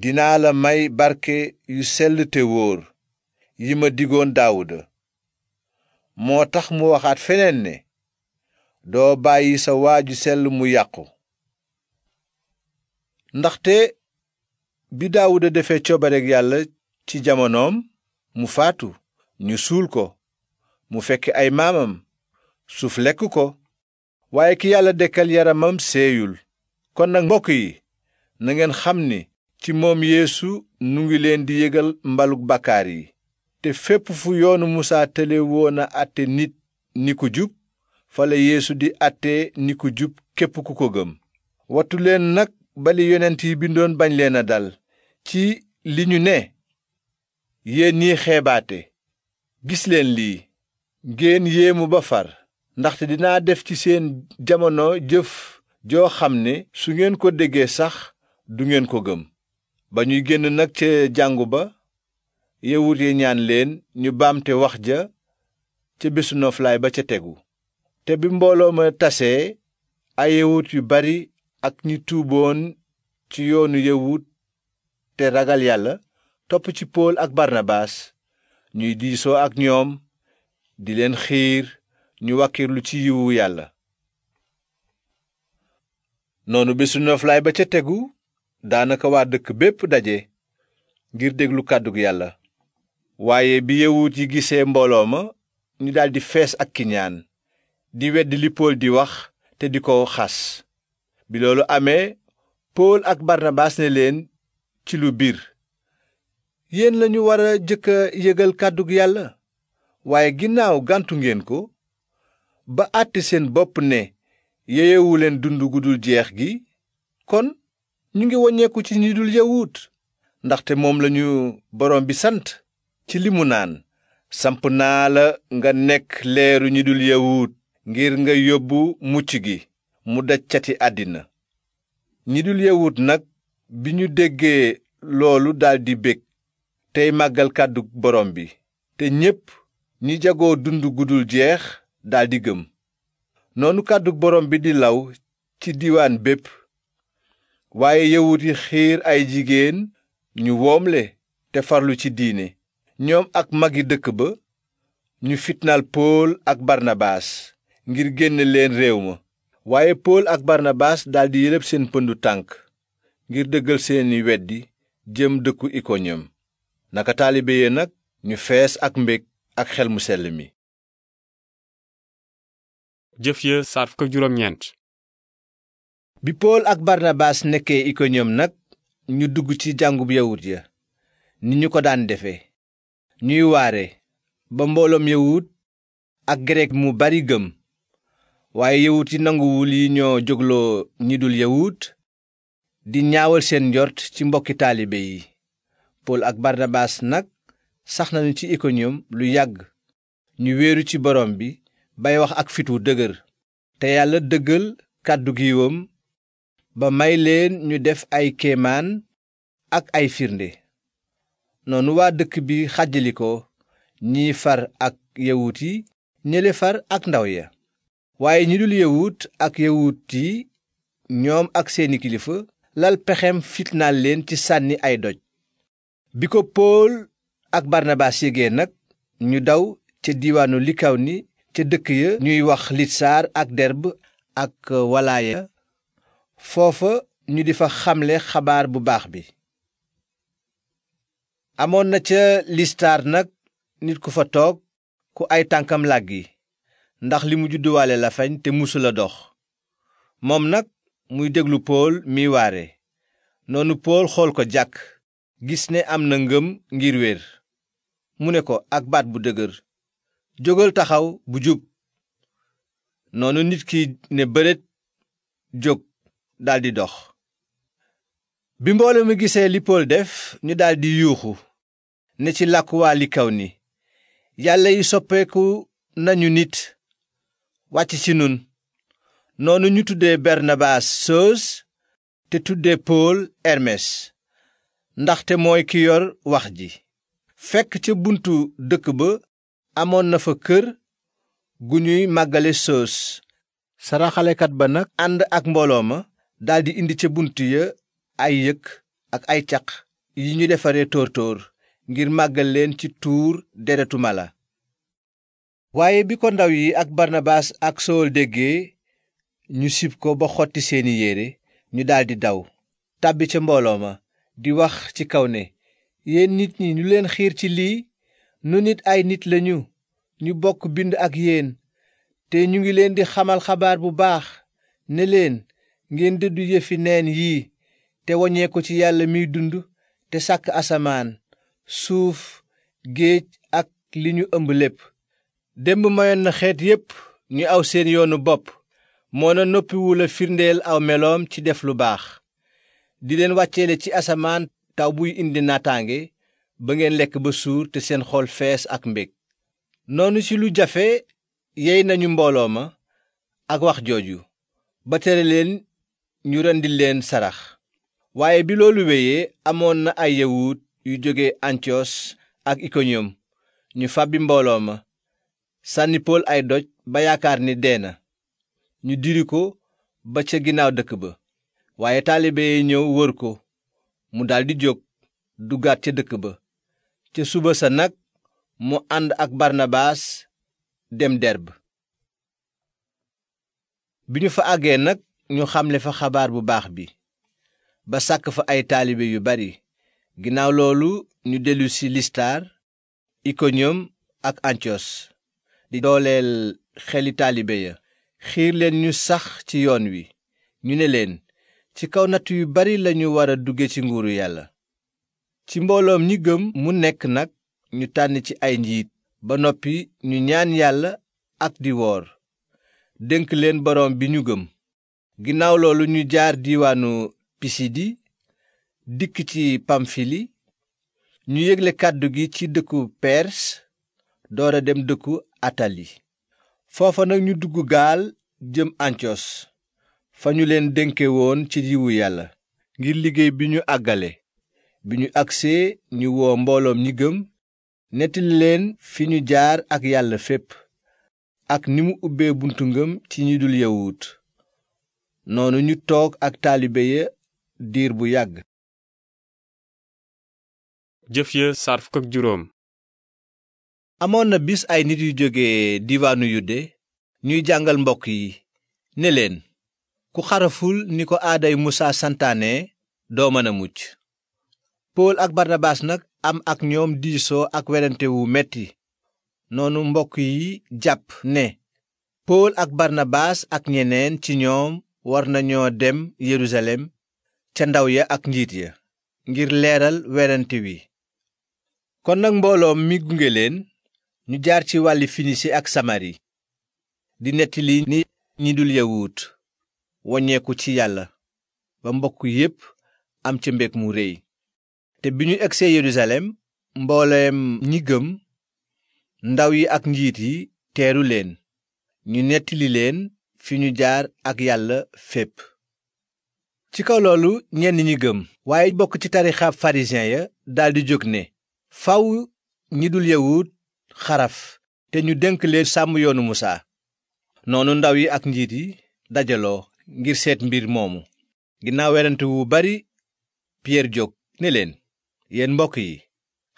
dinaa la may barke yu sell te wóor yi ma digoon daawuda moo tax mu waxaat feneen doo bàyyi sa waaju sell mu yàqu ndaxte bi daawuda defee coobareg yàlla ci jamonoom mu faatu ñu suul ko mu fekk ay maamam suuf lekk ko waaye ki yàlla dekkal yaramam seeyul kon nag mbokk yi na ngeen xam ni ci moom yeesu nu ngi leen di yégal mbalug bàkkaar yi te fépp fu yoonu musaa tële woon a àtte nit ni ku jub fa la di àtte ni ku jub képp ku ko gëm wattu leen nag bali yonent yi bindoon bañ leen a dal ci li ñu ne yéen ñi xeebaate gis leen lii ngeen yéemu ba far ndaxte dinaa def ci seen jamono jëf joo xam ne su ngeen ko déggee sax du ngeen ko gëm ba ñuy génn nag ca jàngu ba yawut yi ñaan leen ñu baamte wax ja ca bésu noflaay ba ca tegu te bi mbooloo ma tasee ay yawut yu bari ak ñu tuuboon ci yoonu yawut te ragal yàlla topp ci pool ak barnabaas ñuy diisoo ak ñoom di leen xiir ñu wàkkirlu ci yiwu yàlla noonu bésu noflaay ba ca tegu daanaka waa dëkk bépp daje ngir déglu kàddug yàlla waaye bi yawut yi gisee mbooloo ma ñu daldi fees ak kiñaan di wedd li pool di wax te di ko xas bi loolu amee pool ak barnabaas ne leen ci lu biir yéen lañu war a jëkk a yëgal kàddug yàlla waaye ginnaaw gàntu ngeen ko ba àtte seen bopp ne yeyewu leen dund gu jeex gi kon ñu ngi waññeeku ci ñi dul yawut ndaxte moom lañu borom bi sant ci li mu naan samp naa la nga nekk leeru ñi dul yawut ngir nga yóbbu mucc gi mu daj àddina ñi dul yawut nag bi ñu déggee loolu daldi bég tey màggal kàddu borom bi te ñépp ñi jagoo dund gudul jeex daldi gëm noonu kàddu borom bi di law ci diiwaan bépp waaye yawut yi xiir ay jigéen ñu woomle te farlu ci diine ñoom ak magi dëkk ba ñu fitnaal pool ak barnabaas ngir génne leen réew ma waaye pool ak barnabaas daldi yëlëb seen pëndu tànk ngir dëggal seeni weddi jëm dëkku ikoniyom naka taalibe ya nag ñu fees ak mbég ak xel mu sell mi jëf ya saar ak barnabaas nekkee ikoniyom nag ñu dugg ci jàngub yawut ya ni ñu ko daan defe ñuy waare ba mbooloom yawut ak grek mu bari gëm waaye yawut yi nanguwul yi ñoo jógloo ñi dul yawut di ñaawal seen njort ci mbokki taalibe yi pool ak barnabaas nag sax nañu ci ikoniyom lu yàgg ñu wéeru ci borom bi bay wax ak fit wu dëgër te yàlla dëggal kàddu giiwam ba may leen ñu def ay kéemaan ak ay firnde noonu waa dëkk bi xàjjalikoo ñii far ak yawut yi ñële far ak ndaw ya waaye ñi dul yawut ak yawut yi ñoom ak seeni kilifa lal pexem fitnaal leen ci sànni ay doj bi ko pool ak barnabaas yégee nag ñu daw ca diiwaanu likaw ni ca dëkk ya ñuy wax litsaar ak derb ak wallaaya foofa ñu di fa xamle xabaar bu baax bi amoon na ca listaar nag nit ku fa toog ku ay tànkam làggi ndax li mu judduwaale la fañ te musula dox moom nag muy déglu pool miy noonu pool xool ko jàkk gis ne am na ngëm ngir wér mu ne ko ak baat bu dëgër jógal taxaw bu jub noonu nit ki ne bëret jóg daldi dox bi mbooloo mi gisee li def ñu daldi yuuxu ne ci làkku waa likaw ni yàlla yi soppeeku nañu nit wàcc ci nun noonu ñu tuddee Barnabaas Soos te tuddee Pool Hermes ndaxte mooy ki yor wax ji fekk ca buntu dëkk ba amoon na fa kër gu ñuy màggale soos saraxalekat ba nag ànd ak mbooloo ma daldi indi ca bunt ya ay yëkk ak ay caq yi ñu defaree tóor-tóor ngir màggal leen ci tuur deretu mala waaye bi ko ndaw yi ak barnabaas ak sowol déggee ñu sib ko ba xotti seeni yére ñu daldi daw tàbbi ca mbooloo ma di wax ci kaw ne yéen nit ñi ñu leen xiir ci lii nu nit ay nit lañu ñu bokk bind ak yéen te ñu ngi leen di xamal xabaar bu baax ne leen ngeen dëddu yëfi neen yii te woññeeku ci yàlla miy dund te sàkk asamaan suuf géej ak li ñu ëmb lépp démb mayoon na xeet yépp ñu aw seen yoonu bopp moona noppiwula firndeel aw meloom ci def lu baax di leen wàcceele ci asamaan taw buy indi naataange ba ngeen lekk ba suur te seen xool fees ak mbég noonu ci lu jafe yey nañu mbooloo ma ak wax jooju ba tere leen ñu rendi leen sarax waaye bi loolu wéyee amoon na ay yawut yu jóge antiyos ak ikoniyom ñu fàbbi mbooloo ma sànni pool ay doj ba yaakaar ni dee na ñu diri ko ba ca ginnaaw dëkk ba waaye taalibe yi ñëw wër ko mu daldi jóg duggaat ca dëkk ba ca suba sa nag mu ànd ak barnabaas dem derb bi ñu fa àggee nag ñu xamle fa xabaar bu baax bi ba sàkk fa ay taalibe yu bari ginnaaw loolu ñu dellusi listar listaar ikoniyom ak antiyos di dooleel xeli taalibe ya xiir leen ñu sax ci yoon wi ñu ne leen ci kaw natt yu bari lañu war a dugge ci nguuru yàlla ci mbooloom ñi gëm mu nekk nag ñu tànn ci ay njiit ba noppi ñu ñaan yàlla ak di woor dénk leen boroom bi ñu gëm ginnaaw loolu ñu jaar diiwaanu pisidi dikk ci pamfili ñu yégle kàddu gi ci dëkku pers doora dem dëkku atali foofa nag ñu dugg gaal jëm antiyos fa ñu leen dénke woon ci yiwu yàlla ngir liggéey bi ñu àggale bi ñu agsee ñu woo mbooloom ñi gëm nettali leen fi ñu jaar ak yàlla fépp ak ni mu ubbee buntu ngëm ci ñi dul yawut noonu ñu toog ak taalibe ya diir bu yàgg jëf ya juróom amoon na bis ay nit yu jóge diiwaanu yudde ñuy jàngal mbokk yi ne leen ku xaraful ni ko aaday musaa santaane doo mën a mujj pool ak barnabaas nag am ak ñoom diisoo ak werante wu metti noonu mbokk yi jàpp ne pool ak barnabaas ak ñeneen ci ñoom war nañoo dem yerusalem ca ndaw ya ak njiit ya ngir leeral werante wi kon nag mbooloo mi gunge leen ñu jaar ci wàlli finisi ak samari di nettali ni ñi dul yawut woññeeku ci yàlla ba mbokk yépp am ca mbég mu réy te bi ñu egsee yerusalem mbooleem ñi gëm ndaw yi ak njiit yi teeru leen ñu nettali leen fi ñu jaar ak yàlla fépp ci kaw loolu ñenn ñi gëm waaye bokk ci tarixaab farisiyen ya daldi jóg né faw ñi dul yawut xaraf te ñu dénk leen sàmm yoonu musaa noonu ndaw yi ak njiit yi dajaloo ngir seet mbir moomu ginnaaw werante wu bari piyeer jóg ni leen yéen mbokk yi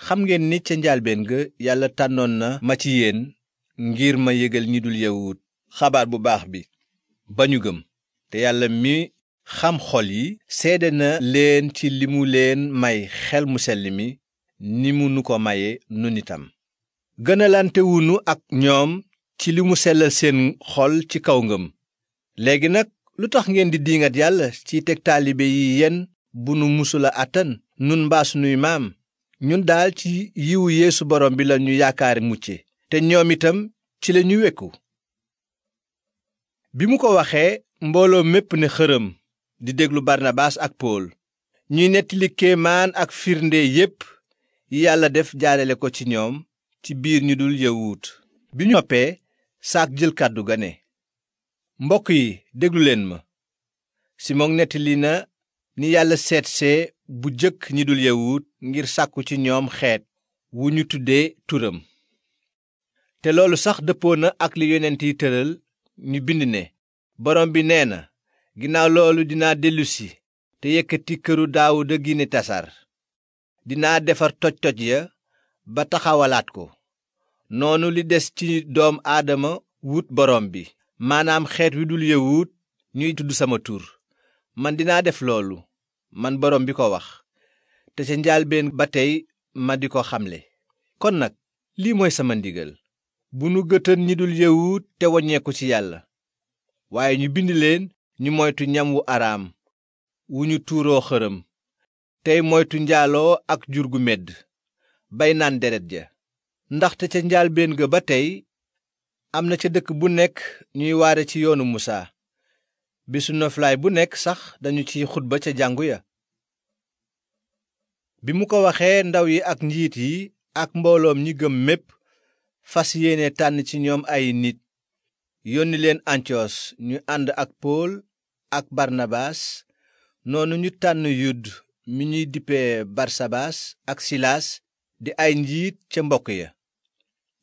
xam ngeen ni ca njaalbeen ga yàlla tànnoon na ma ci yéen ngir ma yégal ñi dul yawut xabaar bu baax bi ba ñu gëm te yàlla mi xam xol yi seede na leen ci li mu leen may xel mu sell mi ni mu nu ko maye nun itam gënalante wunu ak ñoom ci li mu sellal seen xol ci kaw ngëm léegi nag lu tax ngeen di diingat yàlla ci teg taalibe yi yéen bu nu musula attan nun mbaa sunuy maam ñun daal ci yiwu yéesu borom bi lañu yaakaar mucce te ñoom itam ci lañu wekku bi mu ko waxee mbooloo mépp ne xërëm di déglu barnabaas ak pool ñuy nettali kéemaan ak firnde yépp yi yàlla def jaarale ko ci ñoom ci biir ñu dul yawut bi ñoppee noppee saak jël kàddu ga ne mbokk yi déglu leen ma simon nettali na ni yàlla seetse bu jëkk ñi dul yawut ngir sàkku ci ñoom xeet wu ñu tuddee turam te loolu sax dëppoo na ak li yonent yi tëral ñu bind ne borom bi nee na ginnaaw loolu dinaa dellusi te yëkkati këru daawuda gi ne tasar dinaa defar toj-toj ya ba taxawalaat ko noonu li des ci doom aadama wut borom bi maanaam xeet wi dul yëwut ñuy tudd sama tur man dinaa def loolu man borom bi ko wax te ca njaalbeen ba tey ma di ko xamle kon nag lii mooy sama ndigal bu nu gëtën ñi dul yëwut te waññeeku ci yàlla waaye ñu bind leen ñu moytu ñam wu araam wu ñu tuuroo xërëm tey moytu njaaloo ak jur gu medd bay naan deret ja ndaxte ca njaalbéen ga ba tey am na ca dëkk bu nekk ñuy waare ci yoonu musaa bisu noflaay bu nekk sax dañu ciy xutba ca jàngu ya bi mu ko waxee ndaw yi ak njiit yi ak mbooloom ñi gëm mépp fas yéene tànn ci ñoom ay nit yónni leen antiyos ñu ànd ak pool ak barnabaas noonu ñu tànn yudd mi ñuy dippee barsabaas ak silaas di ay njiit ca mbokk ya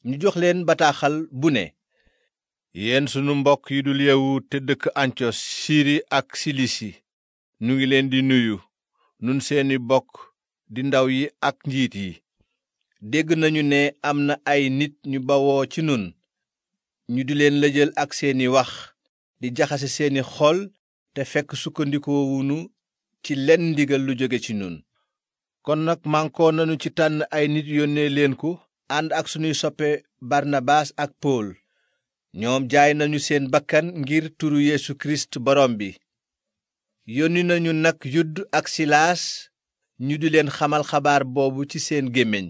ñu jox leen bataaxal bu ne yéen sunu mbokk yi dul yawut te dëkk antiyos siri ak silisi ñu ngi leen di nuyu nun seeni bokk di ndaw yi ak njiit yi dégg nañu ne am na ay nit ñu bawoo ci nun ñu di leen lëjal ak seeni wax di jaxase seeni xol te fekk sukkandikoowunu ci lenn ndigal lu jóge ci nun kon nag mànkoo nanu ci tànn ay nit yónnee leen ko ànd ak sunuy soppe barnabaas ak pool ñoom jaay nañu seen bakkan ngir turu yeesu kirist borom bi yónni nañu nag yudd ak silaas ñu di leen xamal xabaar boobu ci seen gémmiñ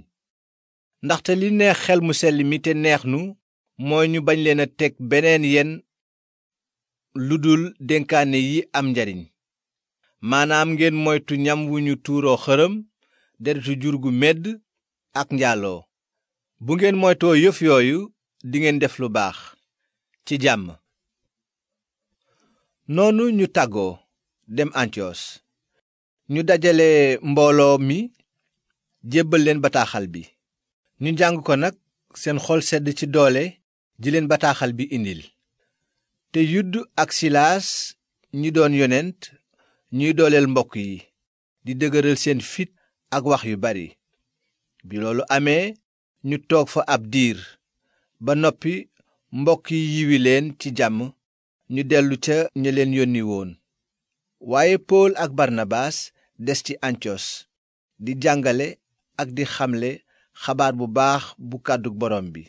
ndaxte li neex xel mu selli mi te neex nu mooy ñu bañ leen a teg beneen yen lu dul dénkaane yi am njariñ maanaam ngeen moytu ñam wu ñu tuuroo xërëm deretu jur gu medd ak njaaloo bu ngeen moytoo yëf yooyu dingeen def lu baax ci jàmm noonu ñu tàggoo dem antiyos ñu dajale mbooloo mi jébbal leen bataaxal bi ñu jàng ko nag seen xol sedd ci doole ji leen bataaxal bi indil te yudd ak silaas ñi doon yonent ñuy dooleel mbokk yi di dëgëral seen fit ak wax yu bari bi loolu amee ñu toog fa ab diir ba noppi mbokk yi yiwi leen ci jàmm ñu dellu ca ña leen yónniwoon waaye pool ak barnabaas des ci antiyos di jàngale ak di xamle xabaar bu baax bu kàddu borom bi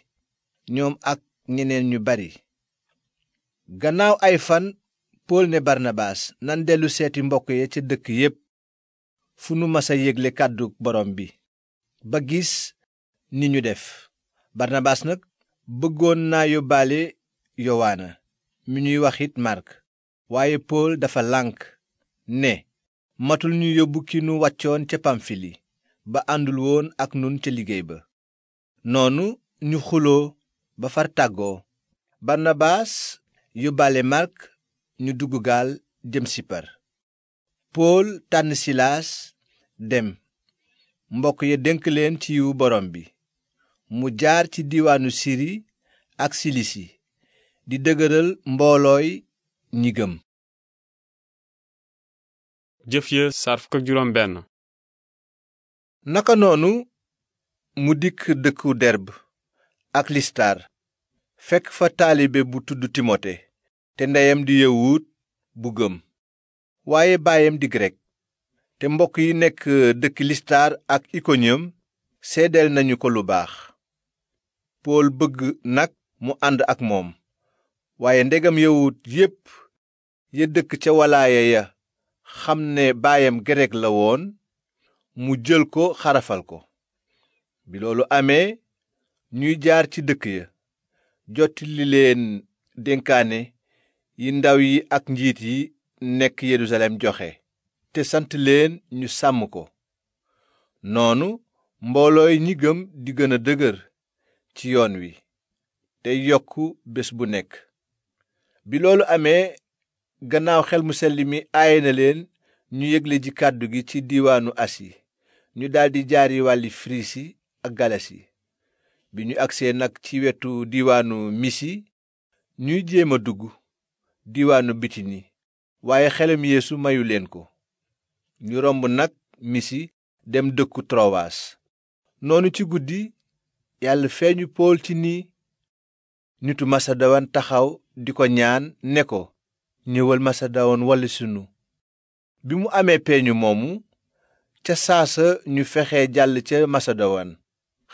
ñoom ak ñeneen ñu bari pool ne barnabaas nan dellu seeti mbokk ya ca dëkk yépp fu nu masa yégle kàddu borom bi ba gis ni ñu def barnabaas nag bëggoon naa yóbbaale yowaana mi ñuy waxit màrk waaye pool dafa lànk ne matul ñu yóbbu ki nu wàccoon ca pamfili ba àndul woon ak nun ca liggéey ba noonu ñu xuloo ba far tàggoo barnabaas yóbbaale màrk ñu dugg gaal jëm sipar pool tànn silaas dem mbokk ya denk leen ci yiwu borom bi mu jaar ci diwaanu siri ak silisi di dëgëral mboolooy ñi gëm jëf ya juróom benn naka noonu mu dikk dëkku derb ak listar fekk fa taalibe bu tudd timote te ndeyam di yawut bu gëm waaye baayam di grek te mbokk yi nekk dëkk listar ak ikoniyom seedeel nañu ko lu baax pool bëgg nag mu ànd ak moom waaye ndegam yawut yépp ya dëkk ca walaaya ya xam ne baayam grek la woon mu jël ko xarafal ko bi loolu amee ñuy jaar ci dëkk ya jottali leen dénkaane yi ndaw yi ak njiit yi nekk Yerusalem joxe te sant leen ñu sàmm ko noonu mboolooy ñi gëm di gëna dëgër ci yoon wi te yokk bés bu nekk bi loolu amee gannaaw xel mu sell mi aaye na leen ñu yégle ji kàddu gi ci diiwaanu asi ñu daldi jaari wàlli firisi ak galasi bi ñu agsee nag ci wetu diiwaanu misi ñuy jéem a dugg diwaanu bitini waaye xelam yéesu mayu leen ko ñu romb nag misi dem dëkku trowaas noonu ci guddi yàlla feeñu pool ci nii nitu masedowan taxaw di ko ñaan ne ko ñëwal masedowan walli sunu bi mu amee peeñu moomu ca saasa ñu fexe jàll ca masedowan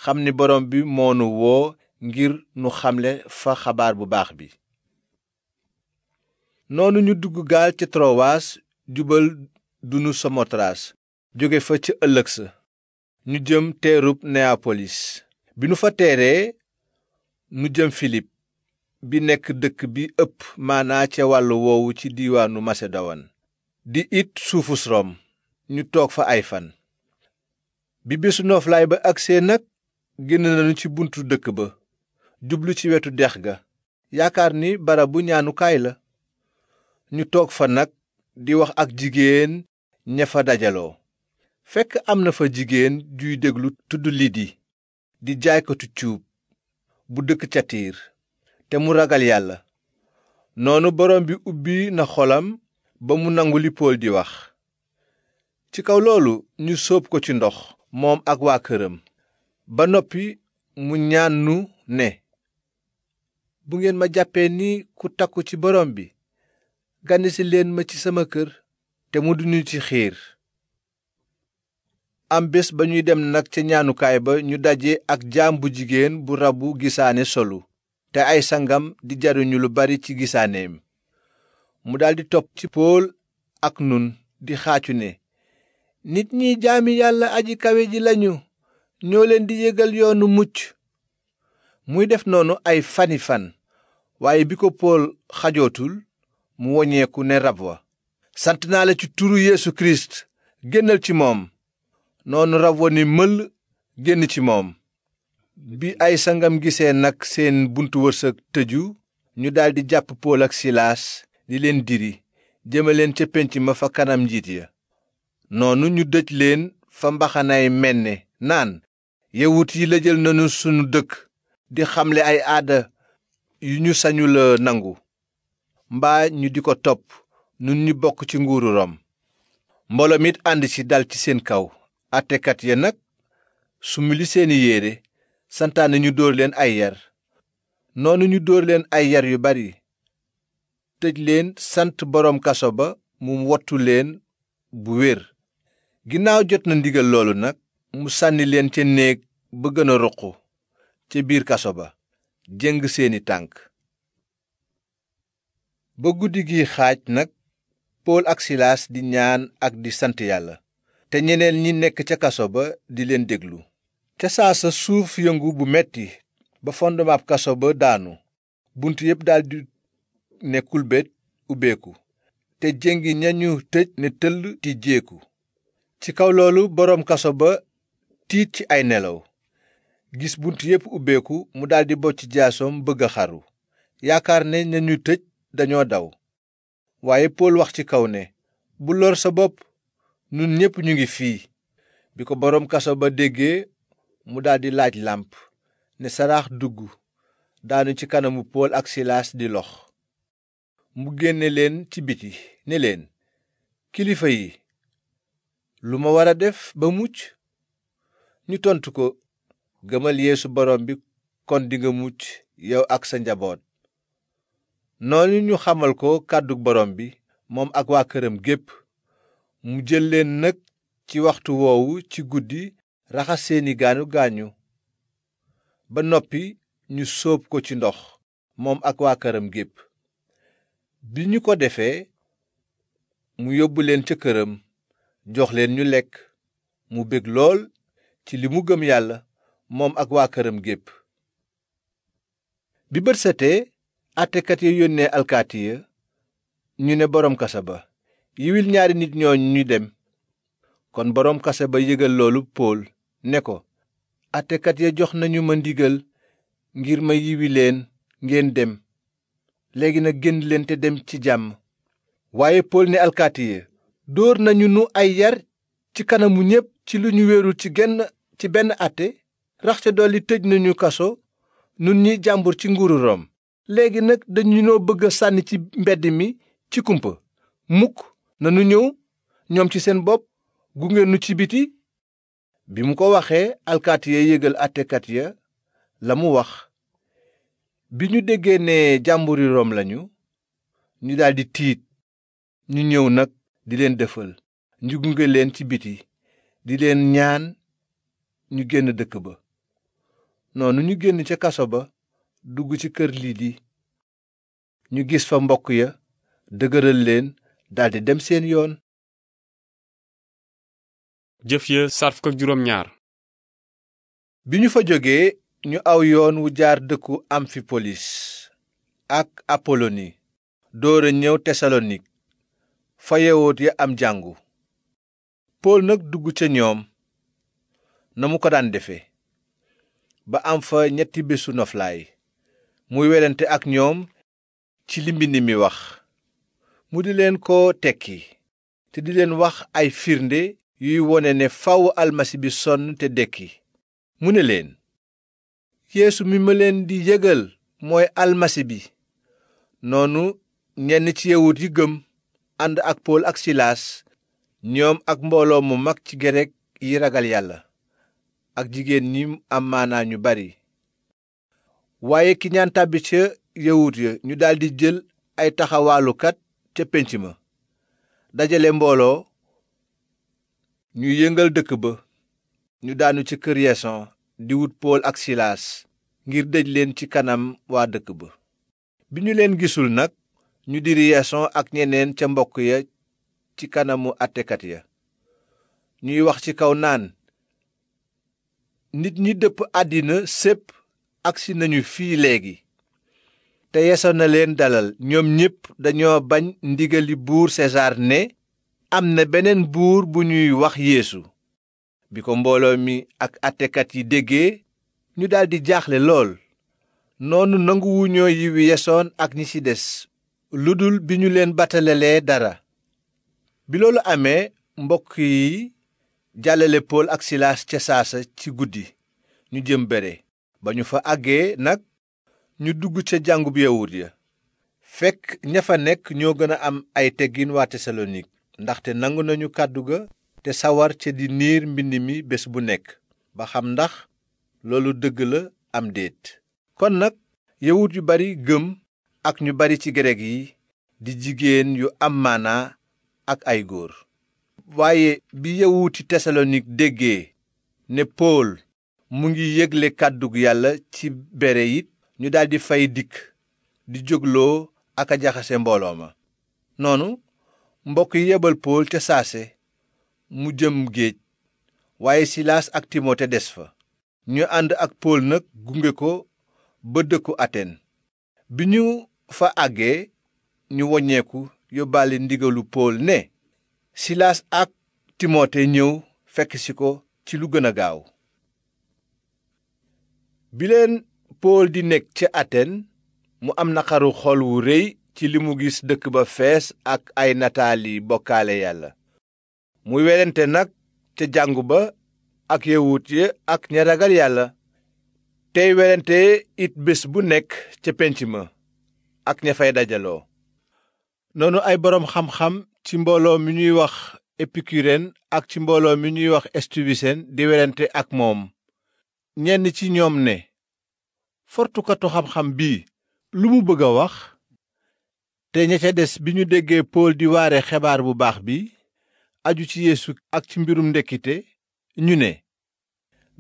xam ni borom bi moonu woo ngir nu xamle fa xabaar bu baax bi noonu ñu dugg gaal ca trowaas jubal dunu samotraas jóge fa ca ëllëg sa ñu jëm teerub neapolis bi nu fa teeree nu jëm filip bi nekk dëkk bi ëpp maanaa ca wàll woowu ci diiwaanu masedowan di it suufu rom ñu toog fa ay fan bi bésu nooflaay ba agsee nag génn nañu ci buntu dëkk ba jublu ci wetu dex ga yaakaar ni barabu ñaanukaay la ñu toog fa nag di wax ak jigéen ña fa dajaloo fekk am na fa jigéen juy déglu tudd Lidi di jaaykatu cuub bu dëkk ca Tiir te mu ragal yàlla noonu borom bi ubbi na xolam ba mu nangu li Pool di wax ci kaw loolu ñu sóob ko ci ndox moom ak waa këram ba noppi mu ñaan nu ne bu ngeen ma jàppee ni ku takku ci borom bi ganisi leen ma ci sama kër te mu duñu ci xiir am bés ba ñuy dem nag ca ñaanukaay ba ñu daje ak jaam bu jigéen bu rabu gisaane solu te ay sangam di jaruñu lu bari ci gisaaneem mu daldi topp ci pool ak nun di xaacu ne nit ñiy jaami yàlla aji kawe ji lañu ñoo leen di yëgal yoonu mucc muy def noonu ay fani fan waaye bi ko pool xajootul mu woññeeku ne rab wa sant naa la ci turu Yeesu Kirist génnal ci moom noonu rab wa ni mëll génn ci moom bi ay sangam gisee nag seen buntu wërsëg tëju ñu daldi jàpp Pool ak Silaas di leen diri jëmaleen ca pénc ma fa kanam njiit ya noonu ñu dëj leen fa mbaxanay menne naan yawut yi la jël nañu sunu dëkk di xamle ay aada yu ñu sañu la nangu mbaa ñu di ko topp nu ñu bokk ci nguuru Rom mbooloo mi it ànd ci dal ci seen kaw àttekat ya nag sumuli seeni yéere santaane ñu dóor leen ay yar noonu ñu dóor leen ay yar yu bari tëj leen sant boroom kaso ba mu wottu leen bu wér ginnaaw jot na ndigal loolu nag mu sànni leen ca néeg ba gën a ruq ca biir kaso ba jëng seeni tànk ba guddi gi xaaj nag pool ak silaas di ñaan ak di sant yàlla te ñeneen ñi nekk ca kaso ba di leen déglu ca saa sa suuf yëngu bu metti ba fondamaab kaso ba daanu bunt yépp daldi ne kulbét ubbeeku te jéngi ñañu tëj ne tëll di jeeku ci kaw loolu boroom kaso ba tiit ci ay nelaw gis bunt yépp ubbeeku mu daldi bocc jaasoom bëgg a xaru yaakaar ne ñañu tëj dañoo daw waaye Pool wax ci kaw ne bu lor sa bopp nun ñépp ñu ngi fii bi ko boroom kaso ba déggee mu daldi laaj làmp ne saraax dugg daanu ci kanamu Pool ak Silaas di lox mu génne leen ci biti ne leen kilifa yi lu ma war a def ba mucc ñu tontu ko gëmal yéesu boroom bi kon dinga mucc yow ak sa njaboot noonu ñu xamal ko kàddu borom bi moom ak waa këram gépp mu jël leen nag ci waxtu woowu ci guddi raxas seeni gaañu gaañu ba noppi ñu sóob ko ci ndox moom ak waa këram gépp bi ñu ko defee mu yóbbu leen ca këram jox leen ñu lekk mu bég lool ci li mu gëm yàlla moom ak waa këram gépp àttekat ya yónnee alkaati ya ñu ne boroom kasa ba yiwil ñaari nit ñoo ñu dem kon boroom kasa ba yëgal loolu pool ne ko àttekat ya jox nañu ma ndigal ngir ma yiwi leen ngeen dem léegi nag génn leen te dem ci jàmm waaye pool ne alkaati ya dóor nañu nu ay yar ci kanamu ñépp ci lu ñu wéerul ci genn ci benn àtte rax ca dolli tëj nañu kaso nun ñi jàmbur ci nguuru Room léegi nag dañu noo bëgg sànni ci mbedd mi ci kumpa mukk nanu ñëw ñoom ci seen bopp gunge nu ci biti bi mu ko waxee alkaati ya yëgal àttekat ya la mu wax bi ñu déggee ne jàmburi Room lañu ñu daldi tiit ñu ñëw nag di leen dëfal ñu gunge leen ci biti di leen ñaan ñu génn dëkk ba noonu ñu génn ca kaso ba dugg ci kër Lidi ñu gis fa mbokk ya dëgëral leen daldi dem seen yoon jëf ya saar bi ñu fa jógee ñu aw yoon wu jaar dëkku amfipolis ak apoloni doora ñëw tesalonik fa yewoot ya am jàngu pool nag dugg ca ñoom na mu ko daan defe ba am fa ñetti bésu noflaay muy welante ak ñoom ci li mi wax mu di leen koo tekki te di leen wax ay firnde yuy wone ne faw almasi bi sonn te dekki mu ni leen yéesu mi ma leen di yëgal mooy almasi bi noonu ñenn ci yawut yi gëm ànd ak pool ak silaas ñoom ak mbooloo mu mag ci gereg yi ragal yàlla ak jigéen ñi am maanaa ñu bari waaye ki ñaan tàbbi ca yawut ya ñu daldi jël ay taxawaalukat ca pénc ma dajale mbooloo ñu yëngal dëkk ba ñu daanu ci kër Yason di wut Pool ak Silaas ngir dëj leen ci kanam waa dëkk ba bi ñu leen gisul nag ñu diri Yason ak ñeneen ca mbokk ya ci kanamu àttekat ya ñuy wax ci kaw naan nit ñi dëpp àddina sépp agsi nañu fii léegi te yesoon na leen dalal ñoom ñépp dañoo bañ ndigali buur sesaar ne am na beneen buur bu ñuy wax yéesu bi ko mbooloo mi ak àttekat yi déggee ñu daldi jaaxle lool noonu nanguwuñoo yiwi yesoon ak ñi ci des lu dul bi ñu leen batalelee dara bi loolu amee mbokk yi jàllale pool ak silaas ca saasa ci guddi ñu jëm bere ba ñu fa àggee nag ñu dugg ca jàngub yawut ya fekk ña fa nekk ñoo gën a am ay teggin waa tesalonik ndaxte nangu nañu kàdduga te sawar ca di niir mbind mi bés bu nekk ba xam ndax loolu dëgg la am déet kon nag yawut yu bari gëm ak ñu bari ci grek yi di jigéen yu am maanaa ak ay góor waaye bi yawuti tesalonik déggee ne pool mu ngi yégle kàddu yàlla ci bere yit ñu daldi fay dikk di jógloo ak a jaxase mbooloo ma noonu mbokk yi yebal pool te saase mu jëm géej waaye silaas ak timote des fa ñu ànd ak pool nag gunge ko ba dëkku aten bi ñu fa àggee ñu woññeeku yóbbaale ndigalu pool ne silaas ak timote ñëw fekk si ko ci lu gën a gaaw bi pool di nekk ca aten mu am naqaru xol wu rëy ci li mu gis dëkk ba fees ak ay nataali bokkaale yàlla muy werante nag ca jàngu ba ak yawut ya ak ña ragal yàlla tey werante it bés bu nekk ca pénc ma ak ña fay dajaloo noonu ay boroom xam-xam ci mbooloo mi ñuy wax épicurien ak ci mbooloo mi ñuy wax estuwiseen di werante ak moom ñenn ci ñoom ne fortukatu xam-xam bii lu mu bëgg a wax te ña ca des bi ñu déggee pool di waare xebaar bu baax bi aju ci yeesu ak ci mbirum ndekkite ñu ne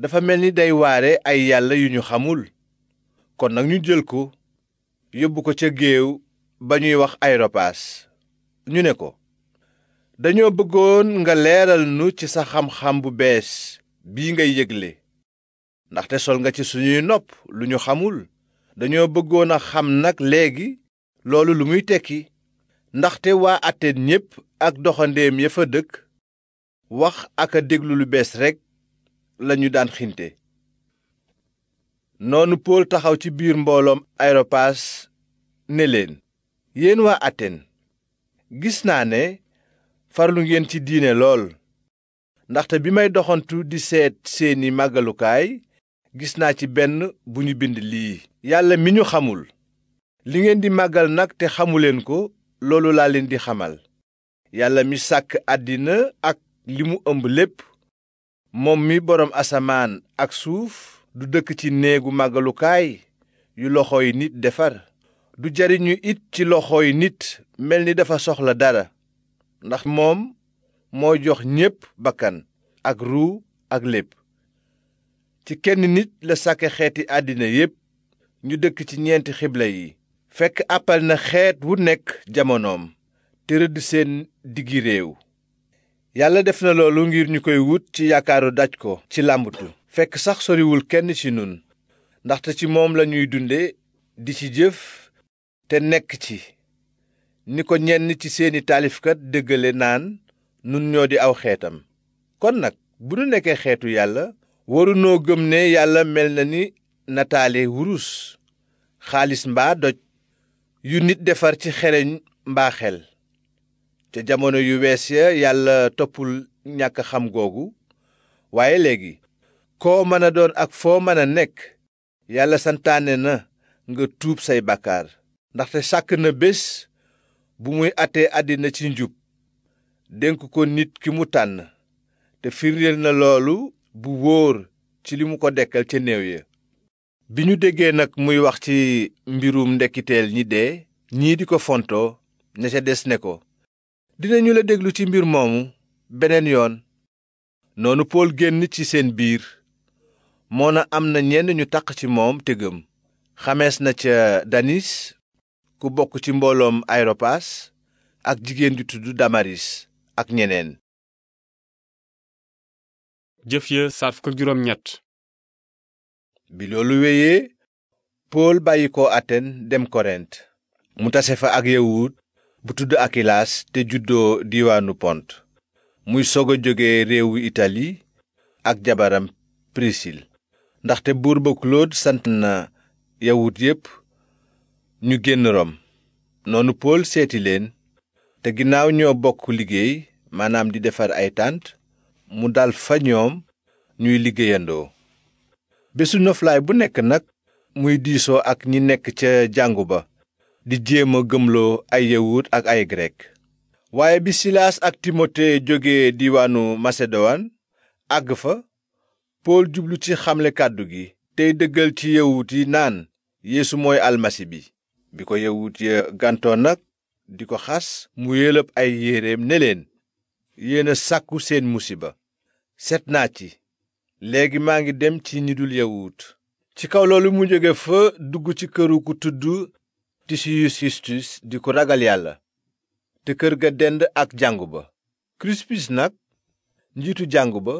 dafa mel ni day waare ay yàlla yu ñu xamul kon nag ñu jël ko yóbbu ko ca géew ba ñuy wax ayropaas ñu ne ko dañoo bëggoon nga leeral nu ci sa xam-xam bu bees bii ngay yégle ndaxte sol nga ci suñuy nopp lu ñu xamul dañoo bëggoon a xam nag léegi loolu lu muy tekki ndaxte waa Aten ñépp ak doxandeem ya fa dëkk wax ak a déglu lu bees rekk lañu daan xinte noonu Pool taxaw ci biir mbooloom Areopaas ne leen yéen waa Aten gis naa ne farlu ngeen ci diine lool ndaxte bi may doxantu di seet seeni màggalukaay gis naa ci benn bu ñu bind lii yàlla mi ñu xamul li ngeen di màggal nag te xamuleen ko loolu laa leen di xamal yàlla mi sàkk àddina ak li mu ëmb lépp moom mi boroom asamaan ak suuf du dëkk ci néegu màggalukaay yu loxooy nit defar du jariñu it ci loxooy nit mel ni dafa soxla dara ndax moom moo jox ñépp bakkan ak ruu ak lépp ci kenn nit la sàkke xeeti àddina yépp ñu dëkk ci ñeenti xibla yi fekk appal na xeet wu nekk jamonoom te rëdd seen diggi réew yàlla def na loolu ngir ñu koy wut ci yaakaaru daj ko ci làmbatu fekk sax soriwul kenn ci nun ndaxte ci moom lañuy dunde di ci jëf te nekk ci ni ko ñenn ci seeni taalifkat dëggale naan nun ñoo di aw xeetam kon nag bu nu nekkee xeetu yàlla warunoo gëm ne yàlla mel na ni nataale wurus xaalis mbaa doj yu nit defar ci xereñ mbaa xel te jamono yu wees ya yàlla toppul ñàkk xam googu waaye léegi koo mën a doon ak foo mën a nekk yàlla santaane na nga tuub say bàkkaar ndaxte sàkk na bés bu muy àttee àddina ci njub dénk ko nit ki mu tànn te firndeel na loolu bu wóor ci li mu ko dekkal ca néew ya bi ñu déggee nag muy wax ci mbirum ndekkiteel ñi dee ñii di ko fontoo ña ca des ne ko dinañu la déglu ci mbir moomu beneen yoon noonu pool génn ci seen biir moona am na ñenn ñu taq ci moom te xamees na ca danis ku bokk ci mbooloom areopaas ak jigéen di tudd damaris ak ñeneen jëf ya saar fukk ak bi loolu wéyee pool bàyyi ko aten dem korent mu tase fa ak yawut bu tudd akilaas te juddoo diwaanu pont muy sog a jóge réewu itali ak jabaram prisil ndaxte buur ba Claude sant na yawut yépp ñu génn rom noonu pool seeti leen te ginnaaw ñoo bokk liggéey maanaam di defar ay tànt mu dal fa ñoom ñuy liggéeyandoo bésu noflaay bu nekk nag muy diisoo ak ñi nekk ca jàngu ba di jéem a gëmloo ay yawut ak ay grek waaye bi silaas ak timote jóge diiwaanu masedowan àgg fa pool jublu ci xamle kàddu gi tey dëggal ci yawut yi naan yéesu mooy almasi bi bi ko yawut ya gàntoon nag di ko xas mu yëlëb ay yéereem ne leen yéena sàkku seen musiba seet naa ci léegi maa ngi dem ci ñi dul yawut ci kaw loolu mu jóge fa dugg ci këru ku tudd tisiyus yustus di ko ragal yàlla te kër ga dend ak jàngu ba krispus nag njiitu jàngu ba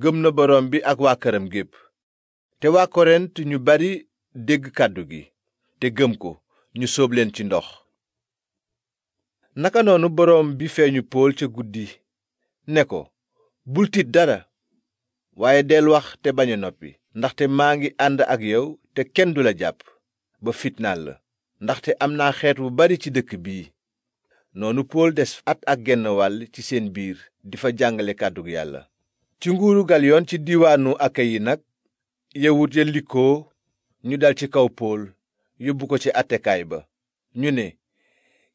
gëm na boroom bi ak waa këram gépp te waa korent ñu bari dégg kàddu gi te gëm ko ñu soob leen ci ndox naka noonu boroom bi feeñu pool ca guddi ne ko bul tiit dara waaye del wax te bañ noppi ndaxte maa ngi ànd ak yow te kenn du la jàpp ba fitnaal la ndaxte am naa xeet wu bari ci dëkk bii noonu pool des at ak genn wàll ci seen biir di fa jàngale kàddug yàlla ci nguuru galyoon ci diiwaanu akayi nag yawut ya likkoo ñu dal ci kaw pool yóbbu ko ci attekaay ba ñu ne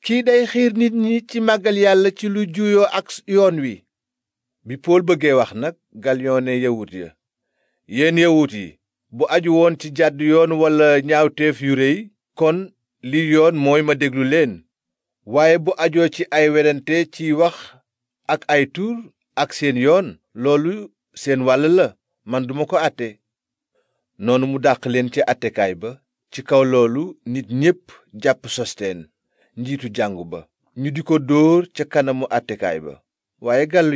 kii day xiir nit ñi ci màggal yàlla ci lu juyoo ak yoon wi bi pool bëggee wax nag galiyon ne yawut ya yéen yawut yi bu aju woon ci jàdd yoon walla ñaawteef yu réy kon li yoon mooy ma déglu leen waaye bu ajoo ci ay werante ciy wax ak ay tuur ak seen yoon loolu seen wàll la man duma ko àtte noonu mu dàq leen ci àttekaay ba ci kaw loolu nit ñépp jàpp sosteen njiitu jàngu ba ñu di ko dóor ca kanamu àttekaay ba waaye gàll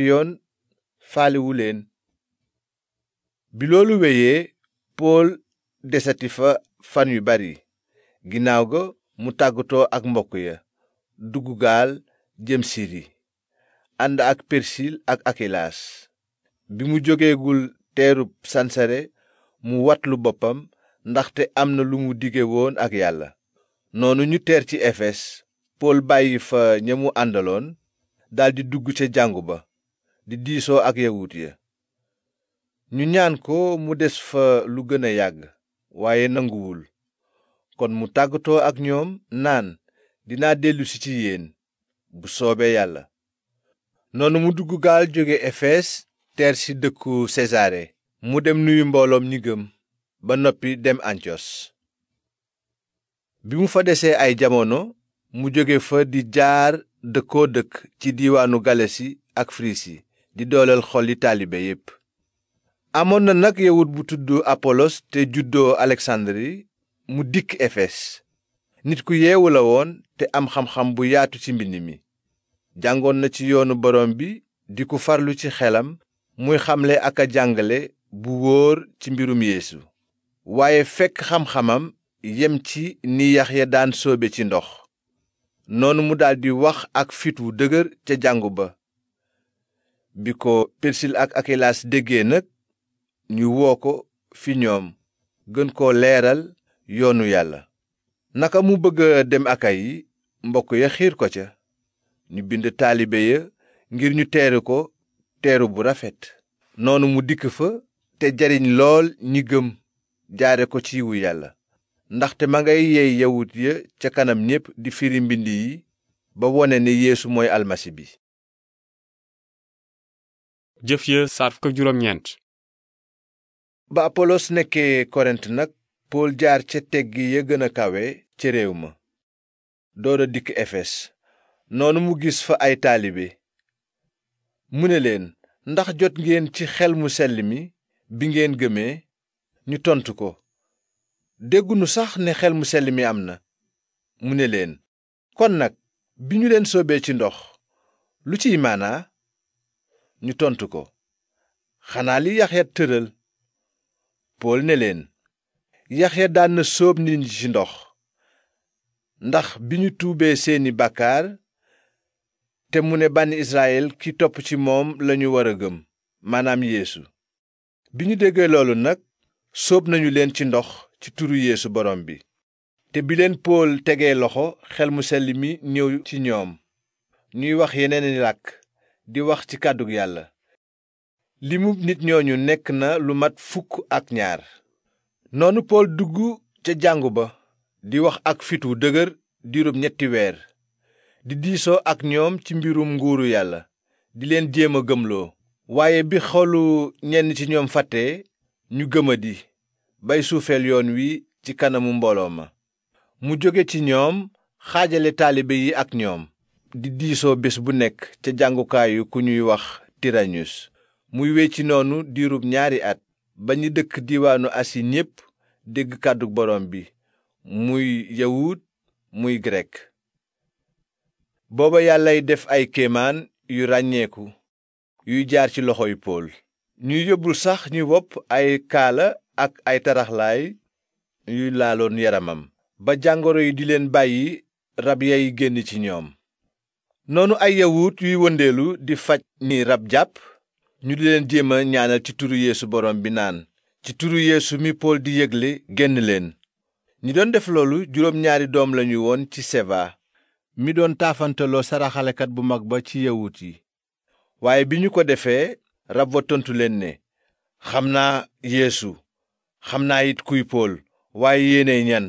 faalewu leen bi loolu wéyee pool desati fa fan yu bari ginnaaw ga mu tàggatoo ak mbokk ya dugg gaal jëm siri ànd ak persil ak akilaas bi mu jógeegul teerub sansare mu watlu boppam ndaxte am na lu mu dige woon ak yàlla noonu ñu teer ci efes pool bàyyi fa ñamu mu àndaloon daldi dugg ca jàngu ba di diisoo ak yawut ya ñu ñaan ko mu des fa lu gën a yàgg waaye nanguwul kon mu tàggatoo ak ñoom naan dinaa dellusi ci yéen bu soobee yàlla noonu mu dugg gaal jóge efees teer si dëkku sesaare mu dem nuyu mbooloom ñi gëm ba noppi dem antiyos bi mu fa desee ay jamono mu jóge fa di jaar dëkkoo dëkk ci diiwaanu galasi ak firisi di dooleel xoli taalibe yépp amoon na nag yawut bu tudd apolos te juddoo aleksandri mu dikk efes nit ku yeewu la woon te am xam-xam bu yaatu ci mbind mi jàngoon na ci yoonu borom bi di ku farlu ci xelam muy xamle ak a jàngale bu wóor ci mbirum yéesu waaye fekk xam-xamam yem ci ni ya daan soobe ci ndox noonu mu daldi wax ak fit wu dëgër ca jàngu ba bi ko pirsil ak akilaas déggee nag ñu woo ko fi ñoom gën koo leeral yoonu yàlla naka mu bëgg a dem akayi mbokk ya xiir ko ca ñu bind taalibe ya ngir ñu teeru ko teeru bu rafet noonu mu dikk fa te jariñ lool ñi gëm jaare ko ci yiwu yàlla ndaxte ma ngay yey yawut ya ca kanam ñépp di firi mbind yi ba wone ne yéesu mooy almasi bi jëf ya saar fukk ak juróom ñeent ba apolos nekkee korent nag pool jaar ca teggi ya gën a kawe ca réew ma door dikk efes noonu mu gis fa ay taalibe mu ne leen ndax jot ngeen ci xel mu sell mi bi ngeen gëmee ñu tontu ko nu sax ne xel mu selli mi am na mu ne leen kon nag bi ñu leen soobee ci ndox lu ciy maanaa ñu tontu ko xanaa li yaxya tëral pool ne leen yax ya daan na sóob nit ñi ci ndox ndax bi ñu tuubee seeni bàkkaar te mu ne bànni israyil ki topp ci moom lañu war a gëm maanaam yéesu bi ñu déggee loolu nag sóob nañu leen ci ndox ci turu yeesu borom bi te bi leen pool tegee loxo xel mu selli mi ñëw ci ñoom ñuy wax yeneeni ràkk di wax ci kàddug yàlla limub nit ñooñu nekk na lu mat fukk ak ñaar noonu pool dugg ca jàngu ba di wax ak fit wu dëgër diirub ñetti weer di diisoo ak ñoom ci mbirum nguuru yàlla di leen jéem a gëmloo waaye bi xoolu ñenn ci ñoom fàtte ñu gëmadi bay suufeel yoon wi ci kanamu mbooloo ma mu jóge ci ñoom xaajale taalibe yi ak ñoom di diisoo bés bu nekk ca jàngukaayu ku ñuy wax tirañus muy wecci noonu diirub ñaari at ba ñu dëkk diiwaanu asi ñépp dégg kàddu boroom bi muy yawut muy grek booba yàllay def ay kéemaan yu ràññeeku yuy jaar ci loxoy pool ñuy yóbbul sax ñuy wopp ay kaala ak ay taraxlaay yuy laaloon yaramam ba jàngoro yi di leen bàyyi rab yay génn ci ñoom noonu ay yawut yuy wëndeelu di faj ni rab jàpp ñu di leen jéem a ñaanal ci turu yeesu borom bi naan ci turu yéesu mi pool di yëgle génn leen ñi doon def loolu juróom ñaari doom lañu woon ci seva mi doon taafantaloo saraxalekat bu mag ba ci yawut yi waaye bi ñu ko defee rab wa tontu leen ne xam naa yéesu xam naa it kuy pool waaye yéene ñan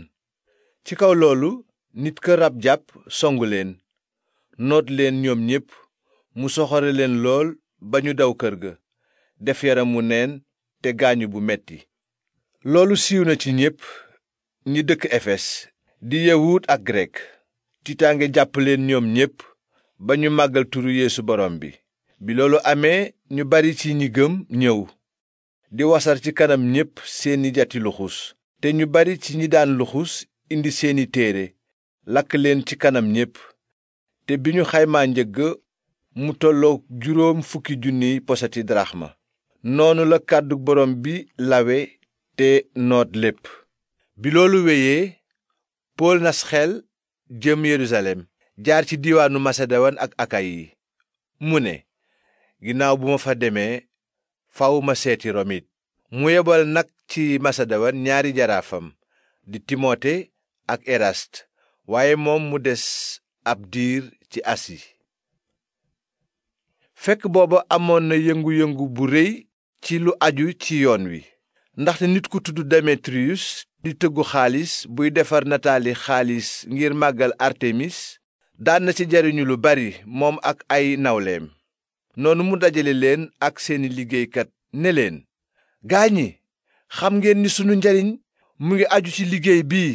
ci kaw loolu nit ka rab jàpp songu leen noot leen ñoom ñépp mu soxore leen lool ba ñu daw kër ga def yaram mu neen te gaañu bu metti loolu siiw na ci ñépp ñi dëkk efes di yawut ak grek tiitaange jàpp leen ñoom ñépp ba ñu màggal turu yeesu borom bi bi loolu amee ñu bari ci ñi gëm ñëw di wasar ci kanam ñépp seeni jati luxus te ñu bari ci ñi daan luxus indi seeni téere lakk leen ci kanam ñépp te bi ñu xaymaa njëg mu tollook juróom fukki junniy posati daraxma noonu la kàddu borom bi lawe te noot lépp bi loolu wéyee pool nas xel jëm yerusalem jaar ci diiwaanu maseduwaan ak akayi mu ne ginnaaw bu ma fa demee faw seeti rom mu yebal nag ci maseduwaan ñaari jaraafam di timote ak erast waaye moom mu des ab diir ci asi fekk booba amoon na yëngu-yëngu bu rëy ci lu aju ci yoon wi ndaxte nit ku tudd demetriyus di tëggu xaalis buy defar nataali xaalis ngir màggal artemis daan ci jariñu lu bari moom ak ay nawleem noonu mu dajale leen ak seeni liggéeykat ne leen gaañi xam ngeen ni sunu njariñ mu ngi aju ci liggéey bii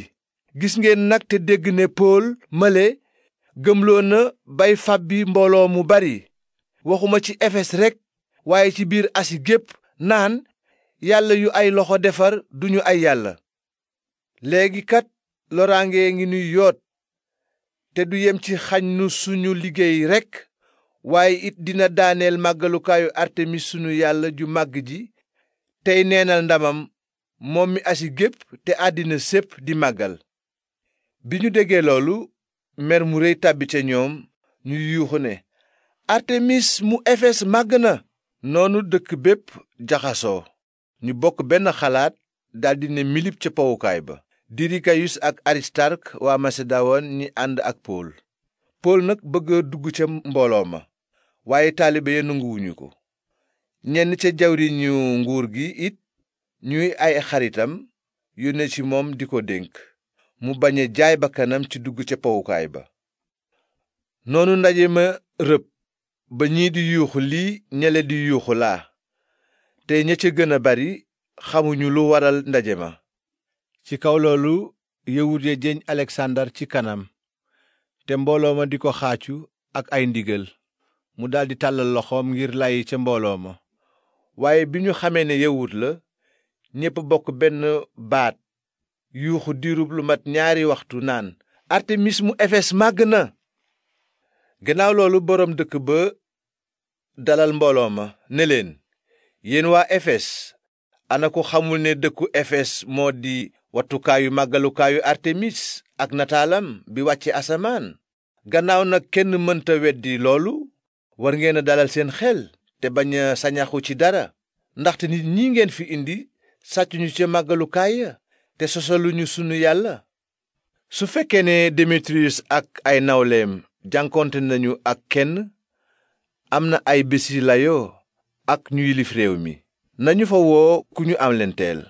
gis ngeen nag te dégg ne pool male gëmloon na bay fab bi mbooloo mu bari waxuma ci efes rekk waaye ci biir asi gépp naan yàlla yu ay loxo defar duñu ay yàlla léegi kat loraangee ngi nuy yoot te du yem ci xañ nu suñu liggéey rekk waaye it dina daaneel màggalukaayu artemis sunu yàlla ju màgg ji tey neenal ndamam moom mi asi gépp te àddina sépp di màggal bi ñu déggee loolu mer mu rëy tàbbi ca ñoom ñu yuuxu ne artemis mu efes màgg na noonu dëkk bépp jaxasoo ñu bokk benn xalaat daldi ne milip ca powukaay ba dirikayus ak aristark waa maseduwaan ñi ànd ak pool pool nag bëgg dugg ca mbooloo ma waaye taalibe ya nanguwuñu ko ñenn ca jawriñu nguur gi it ñuy ay xaritam yónne ci moom di ko dénk mu bañ a jaay bakkanam ci dugg ca powukaay ba noonu ndaje ma rëb ba ñii di yuuxu lii ñele di yuuxu laa te ña ca gën a bari xamuñu lu waral ndaje ma ci kaw loolu yawut ya jeñ aleksandar ci kanam te mbooloo ma di ko xaacu ak ay ndigal mu daldi tàllal loxoom ngir lay ca mbooloo ma waaye bi ñu xamee ne yawut la ñépp bokk benn baat yuuxu diirub lu mat ñaari waxtu naan artemis mu efes màgg na gannaaw loolu boroom dëkk ba dalal mbooloo ma ne leen yéen waa efes ana ko xamul ne dëkku efes moo di wattukaayu màggalukaayu artemis ak nataalam bi wàcce asamaan gannaaw nag kenn mënta weddi loolu war ngeen a dalal seen xel te bañ a sañaxu ci dara ndaxte nit ñi ngeen fi indi sàccuñu ca màggalukaay ya te sosaluñu sunu yàlla su fekkee ne demetrius ak ay nawleem jànkonte nañu ak kenn am na ay bési layoo ak ñu yilif réew mi nañu fa woo ku ñu am leen teel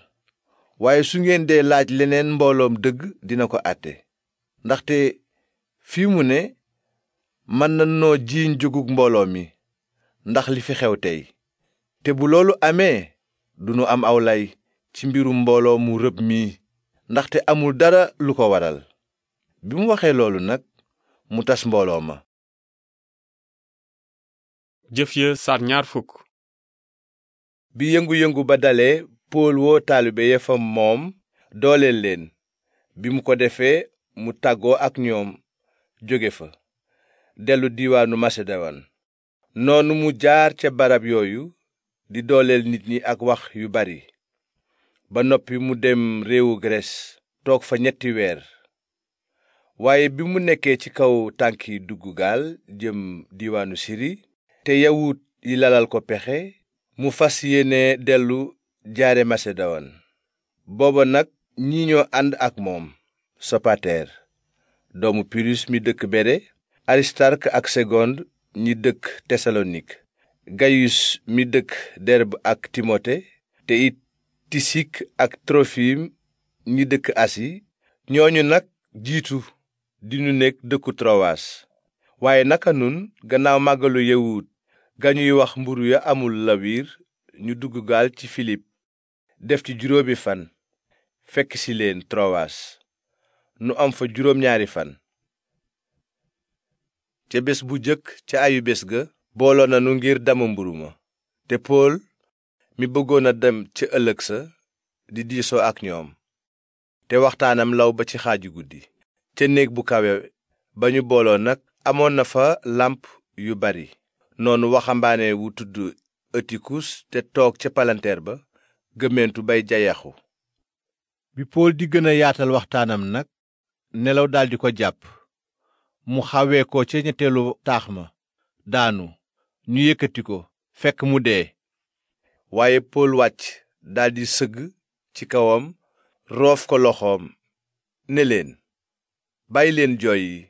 waaye su ngeen dee laaj leneen mbooloom dëgg dina ko àtte ndaxte fii mu ne mën na noo jiiñ jógug mbooloo mi ndax li fi xew tey te bu loolu amee du nu am aw lay ci mbirum mbooloo mu rëb mi ndaxte amul dara lu ko waral bi waxee loolu nag mu tas mbooloo ma jëf ya bi yëngu-yëngu ba dale pool woo taalibe ya fa moom dooleel leen bi mu ko defee mu tàggoo ak ñoom jóge fa dellu diiwaanu masedowan noonu mu jaar ca barab yooyu di dooleel nit ñi ak wax yu bari ba noppi mu dem réewu Grèce toog fa ñetti weer waaye bi mu nekkee ci kaw tànki dugg gaal jëm diwaanu Siri te yawut yi lalal ko pexe mu fas yéene dellu jaare Masedowan booba nag ñi ñoo ànd ak moom Sopater doomu Pirus mi dëkk Bere Aristark ak Segond ñi dëkk Tesalonik Gayus mi dëkk Derb ak Timote te it tisik ak torofim ñi dëkk asi ñooñu nag jiitu di ñu nekk dëkku trowaas waaye naka nun gannaaw màggalu yawut ga ñuy wax mburu ya amul lawiir ñu dugg gaal ci filip def ci juróomi fan fekk si leen trowaas nu am fa juróom ñaari fan ca bés bu jëkk ca ayu ga booloo nanu ngir damu mburu mi bëggoon a dem ca ëllëg sa di diisoo ak ñoom te waxtaanam law ba ci xaaju guddi ca néeg bu kawe ba ñu booloo nag amoon na fa làmp yu bari noonu waxambaane wu tudd ëtikus te toog ca palanteer ba gëmmentu bay jayaxu bi pool di gën a yaatal waxtaanam nag nelaw daldi ko jàpp mu xawee ko ca ñetteelu taax ma daanu ñu yëkkati ko fekk mu dee waaye pool wàcc daldi sëgg ci kawam roof ko loxoom ne leen bàyyi leen jooy yi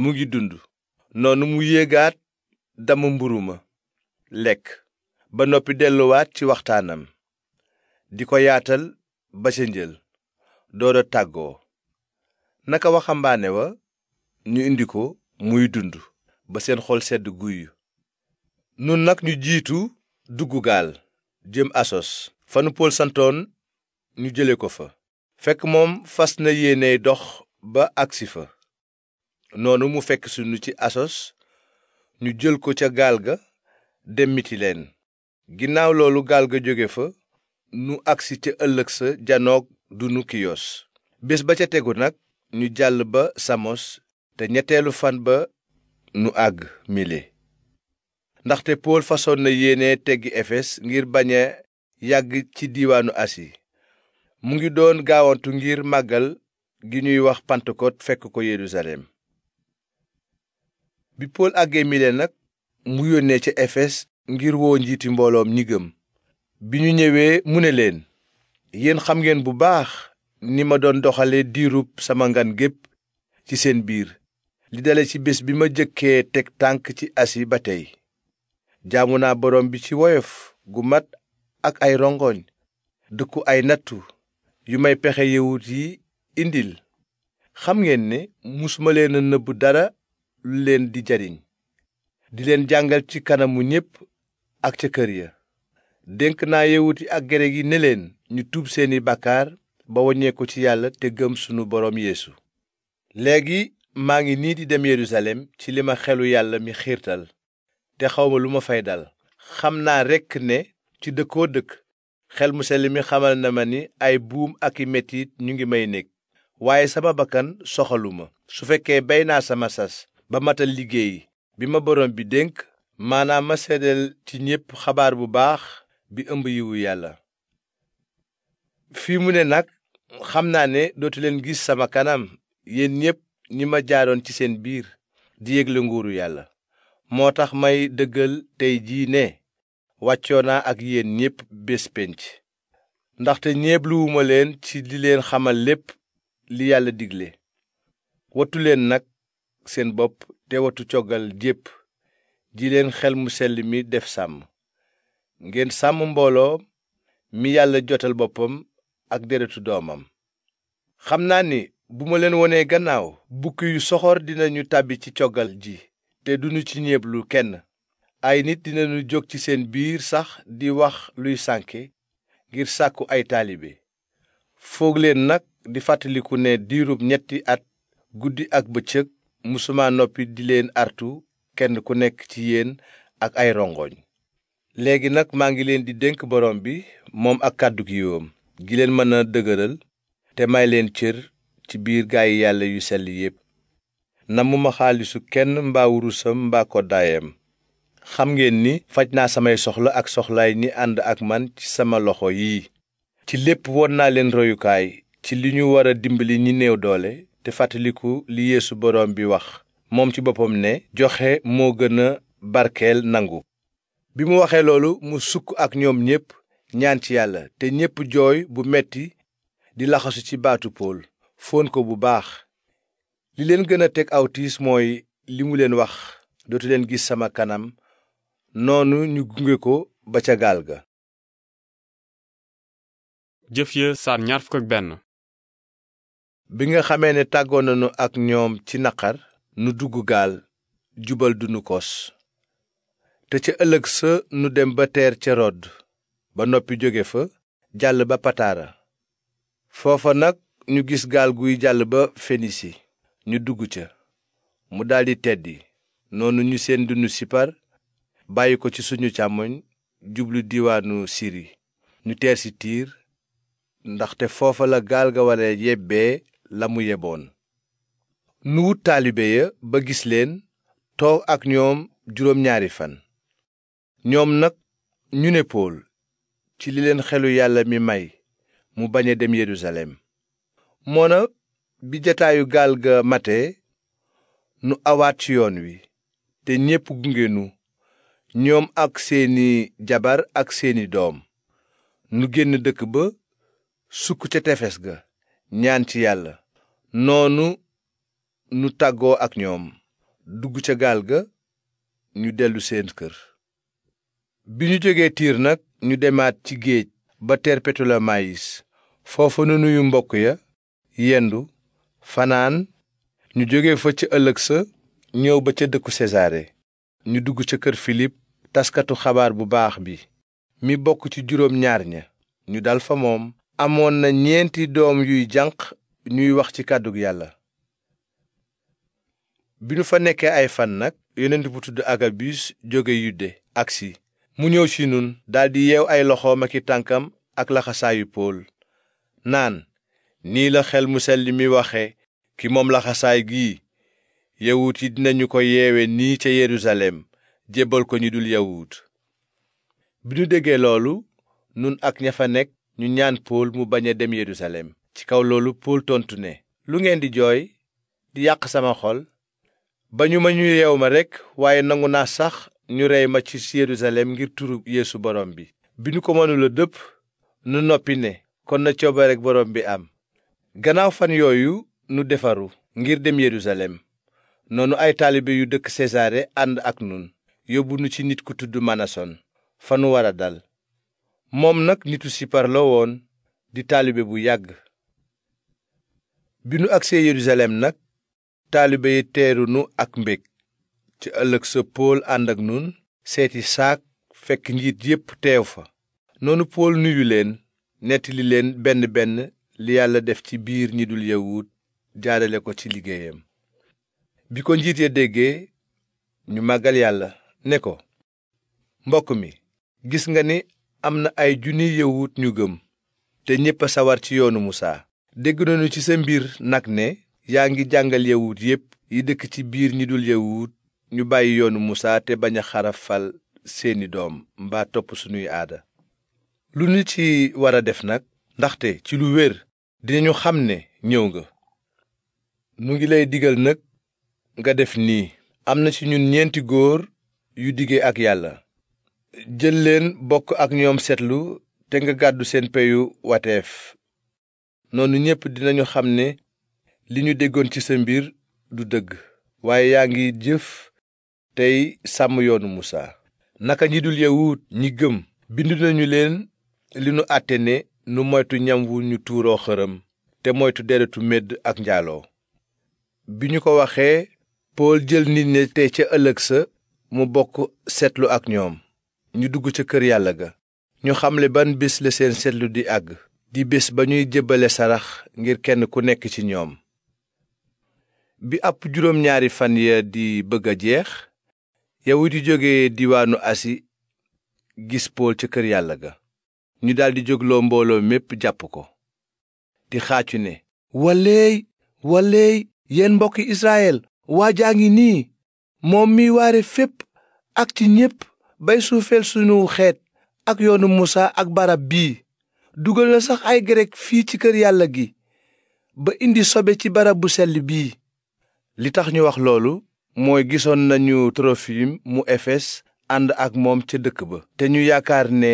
mu ngi dund noonu mu yéegaat damu mburu ma lekk ba noppi delluwaat ci waxtaanam di ko yaatal ba ca njël doora tàggoo naka waxambaane wa ñu indi ko muy dund ba seen xol sedd guy nu nag ñu jiitu dugg gaal jëm asos fanu pool santoon ñu jële ko fa fekk moom fas na yéene dox ba agsi fa noonu mu fekk sunu ci asos ñu jël ko ca gaal ga dem mitileen ginnaaw loolu gaal ga jóge fa nu agsi ca ëllëg sa janoog du nukiyos bés ba ca tegu nag ñu jàll ba samos te ñetteelu fan ba nu àgg mile ndaxte pool fasoon na yéene teggi efes ngir bañ a yàgg ci diiwaanu asi mu ngi doon gaawantu ngir màggal gi ñuy wax pantekot fekk ko Yerusalem bi pool àggee mile nag mu yónnee ca efes ngir woo njiiti mbooloom ñi gëm bi ñu ñëwee mu ne leen yéen xam ngeen bu baax ni ma doon doxale diirub sama ngan gépp ci seen biir li dale ci bés bi ma jëkkee teg tànk ci asi ba tey jaamu naa borom bi ci woyof gu mat ak ay rongoñ dëkku ay nattu yu may pexe yawut yi indil xam ngeen ne musuma leen a nëbb dara lu leen di jariñ di leen jàngal ci kanamu ñépp ak ca kër ya dénk naa yawut yi ak gereg gi ne leen ñu tuub seeni bàkkaar ba waññeeku ci yàlla te gëm sunu borom yéesu léegi maa ngi nii di dem yerusalem ci li ma xelu yàlla mi xiirtal te xawma lu ma fay dal xam naa rekk ne ci dëkkoo dëkk xel mu sell mi xamal na ma ni ay buum ak i metit ñu ngi may nekk waaye sama bakkan soxaluma su fekkee bay naa sama sas ba matal liggéey bi ma borom bi dénk maanaam ma seddal ci ñépp xabaar bu baax bi ëmb yiwu yàlla fii mu ne nag xam naa ne dootu leen gis sama kanam yéen ñépp ñi ma jaaroon ci seen biir di yégle nguuru yàlla moo tax may dëggal tey jii ne wàccoo naa ak yéen ñépp bés pénc ndaxte ñeebluwuma leen ci di leen xamal lépp li yàlla digle wattu leen nag seen bopp te wattu coggal jépp ji leen xel mu sell mi def sàmm ngeen sàmm mbooloo mi yàlla jotal boppam ak deretu doomam xam naa ni bu ma leen wonee gannaaw bukki yu soxor dinañu tàbbi ci coggal ji te duñu ci ñeeblu kenn ay nit dinañu jóg ci seen biir sax di wax luy sànke ngir sàkku ay taalibe foog leen nag di fàttaliku ne diirub ñetti at guddi ak bëccëg musuma noppi di leen artu kenn ku nekk ci yéen ak ay rongoñ léegi nag maa ngi leen di dénk borom bi moom ak kàddu gi yoom gi leen mën a dëgëral te may leen cër ci biir gaay yàlla yu selli yépp namuma xaalisu kenn mbaa wurusam mbaa koddaayam xam ngeen ni faj naa samay soxla ak soxlaay ni ànd ak man ci sama loxo yii ci lépp won naa leen royukaay ci li ñu war a dimbali ñi néew doole te fàttaliku li yéesu borom bi wax moom ci boppam ne joxe moo gën a barkeel nangu bi mu waxee loolu mu sukk ak ñoom ñépp ñaan ci yàlla te ñépp jooy bu metti di laxasu ci baatu pool foon ko bu baax li leen gën a teg aw tiis mooy li mu leen wax dootu leen gis sama kanam noonu ñu gunge ko ba ca gaal ga jëf benn bi nga xamee ne tàggoo nañu ak ñoom ci naqar nu gaal jubal dunu kos te ca ëllëg sa nu dem ba teer ca ba noppi jóge fa jàll ba pataara foofa nag ñu gis gaal guy jàll ba fenisi ñu dugg ca mu daldi teddi noonu ñu seen dund sipar bàyyi ko ci suñu càmmoñ jublu diiwaanu siri ñu teer si tiir ndaxte foofa la gaal ga wara yebbee la mu yeboon nu wut taalibe ya ba gis leen toog ak ñoom juróom ñaari fan ñoom nag ñu ne pool ci li leen xelu yàlla mi may mu bañ a dem yerusalem moona bi jataayu gaal ga mate nu awaat ci yoon wi te ñépp gunge nu ñoom ak seeni jabar ak seeni doom nu génn dëkk ba sukk ca tefes ga ñaan ci yàlla noonu nu tàggoo ak ñoom dugg ca gaal ga ñu dellu seen kër bi ñu jógee tiir nag ñu demaat ci géej ba terpetula mayis foofa nu nuyu mbokk ya yendu fanaan ñu jóge fa ca ëllëg sa ñëw ba ca dëkku sesaare ñu dugg ca kër filip taskatu xabaar bu baax bi mi bokk ci juróom ñaar ña ñu dal fa moom amoon na ñeenti doom yuy jànq ñuy wax ci kàddu yàlla bi ñu fa nekkee ay fan nag yonent bu tudd agabus jóge yudde agsi mu ñëw ci nun daldi yeew ay loxoom ak i tànkam ak laxasaayu pool naan nii la xel mu sell mi waxe ki moom laxasaay gii yawut yi dinañu ko yeewe nii ca yerusalem jébbal ko ñu dul yawut bi ñu déggee loolu nun ak ña fa nekk ñu ñaan pool mu bañ a dem yerusalem ci kaw loolu pool tontu ne lu ngeen di jooy di yàq sama xol bañu ma ñu yeew ma rekk waaye nangu naa sax ñu rey ma ci yerusalem ngir turu yéesu borom bi bi ñu ko mënula dëpp nu noppi ne kon na coobareek borom bi am gannaaw fan yooyu nu defaru ngir dem yerusalem noonu ay taalibe yu dëkk sesaare ànd ak nun yóbbu nu ci nit ku tudd manason fa nu war a dal moom nag nitu sipar woon di taalibe bu yàgg bi nu agsee yerusalem nag taalibe yi teeru nu ak mbég ci ëllëg sa pool ànd ak nun seeti saak fekk njiit yépp teew fa noonu pool nuyu leen nettali leen benn benn li yàlla def ci biir ñi dul yawut jaarale ko ci liggéeyam bi ko njiit ya déggee ñu màggal yàlla ne ko mbokk mi gis nga ni am na ay junni yawut ñu gëm te ñépp a sawar ci yoonu musaa dégg nañu ci sa mbir nag ne yaa ngi jàngal yawut yépp yi dëkk ci biir ñi dul yawut ñu bàyyi yoonu musaa te bañ a xarafal seeni doom mbaa topp sunuy aada lu ñu ci war a def nag ndaxte ci lu wér dinañu xam ne ñëw nga nu ngi lay digal nag nga def nii am na ci ñun ñeenti góor yu dige ak yàlla jël leen bokk ak ñoom seetlu te nga gàddu seen peyu wateef noonu ñépp dinañu xam ne li ñu déggoon ci sa mbir du dëgg waaye yaa ngi jëf tey sàmm yoonu Musaa naka ñi dul yawut ñi gëm bind nañu leen li nu àtte ne nu moytu ñam wu ñu tuuroo xërëm te moytu deretu medd ak njaaloo bi ñu ko waxee pool jël nit ña te ca ëllëg sa mu bokk seetlu ak ñoom ñu dugg ca kër yàlla ga ñu xamle ban bés la seen seetlu di àgg di bés ba ñuy jébbale sarax ngir kenn ku nekk ci ñoom bi ab juróom ñaari fan ya di bëgg a jeex yawut yi jóge diwaanu asi gis pool ca kër yàlla ga ñu daldi jógloo mbooloo mépp jàpp ko di xaacu ne waleey waleey yéen mbokki israyel waa jaa ngi nii moom miy waare fépp ak ci ñépp bay suufeel suñu xeet ak yoonu musa ak barab bii dugal na sax ay grek fii ci kër yàlla gi ba indi sobe ci barab bu sell bii li tax ñu wax loolu mooy gisoon nañu trofim mu efes ànd ak moom ca dëkk ba te ñu yaakaar ne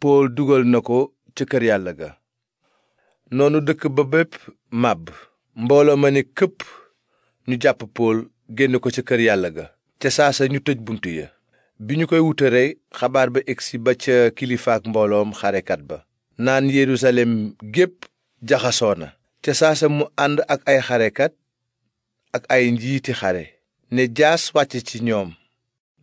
pool dugal na ko ca kër yàlla ga noonu dëkk ba bépp màbb mbooloo ma ne këpp ñu jàpp pool génn ko ca kër yàlla ga ca saasa ñu tëj bunt ya bi ñu koy wutare xabaar ba egsi ba ca kilifaak mbooloom xarekat ba naan yerusalem gépp jaxasoo na ca saasa mu ànd ak ay xarekat ak ay njiiti xare ne jaas wàcc ci ñoom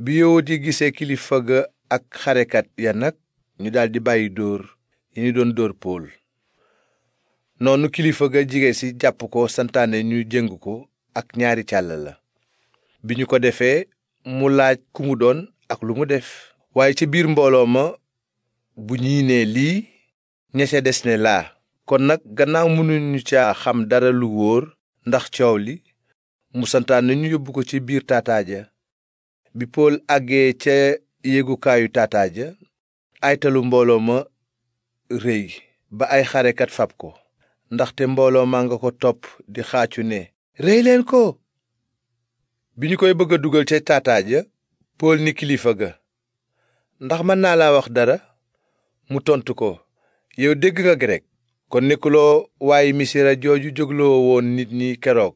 bi yowut yi gisee kilifa ga ak xarekat ya nag ñu daldi bàyyi dóor yi ñu doon dóor pool noonu kilifa ga jige si jàpp ko santaane ñu jëng ko ak ñaari càll la bi ñu ko defee mu laaj ku mu doon ak lu mu def waaye ci biir mbooloo ma bu ñii ne lii ña ca des ne laa kon nag gannaaw mënuñu ca xam dara lu wóor ndax coow li mu santaane ñu yóbbu ko ci biir taataaja bi pool àggee ca yéegukaayu taataaja aytalu mbooloo ma rëy ba ay xarekat fab ko ndaxte mbooloo maa nga ko topp di xaacu ne rey leen ko bi ñu koy bëgg dugal ca taataaj ya pool ni kilifa ga ndax mën naa laa wax dara mu tontu ko yow dégg nga grek kon nekkuloo waaye misira jooju jógloo woon nit ñi keroog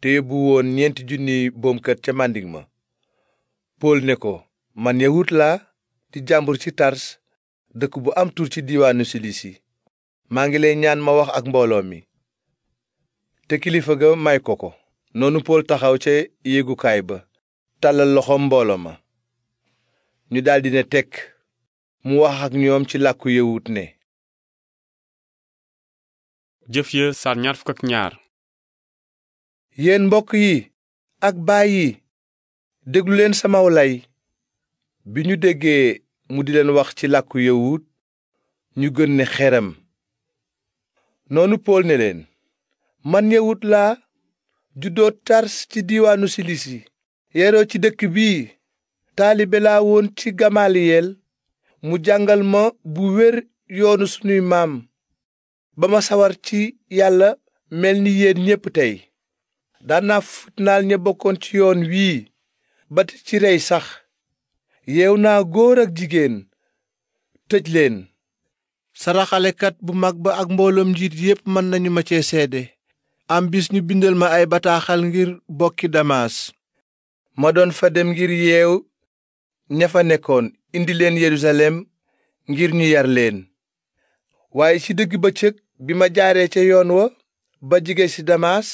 te yóbbu woon ñeenti junni boomkat ca màndig ma pool ne ko man yawut laa di jàmbur ci tars dëkk bu am tur ci diiwaanu silisi maa ngi lay ñaan ma wax ak mbooloo mi te kilifa ga may ko ko noonu pool taxaw ca yéegukaay ba tàllal loxo mbooloo ma ñu daldi ne tekk mu wax ak ñoom ci làkku yëwut ne jëf ñaar yéen mbokk yi ak baay yi déglu samaw lay bi ñu déggee mu di leen wax ci làkku yëwut ñu gën ne xeram noonu pool ne leen man yawut ju doot tars ci diiwaanu silisi yeroo ci dëkk bii taalibe laa woon ci gamaliyel mu jàngal ma bu wér yoonu sunuy maam ba ma sawar ci yàlla mel ni yéen ñépp tey daan naa futnaal ña ci yoon wii ba ci rey sax yeew naa góor ak jigéen tëj leen saraxalekat bu mag ba ak mbooloom njiit yépp mën nañu ma cee seede am bis ñu bindal ma ay bataaxal ngir bokki damaas ma doon fa dem ngir yeew ña fa nekkoon indi leen yerusalem ngir ñu yar leen waaye ci dëgg bëccëg bi ma jaaree ca yoon wa ba jige ci damaas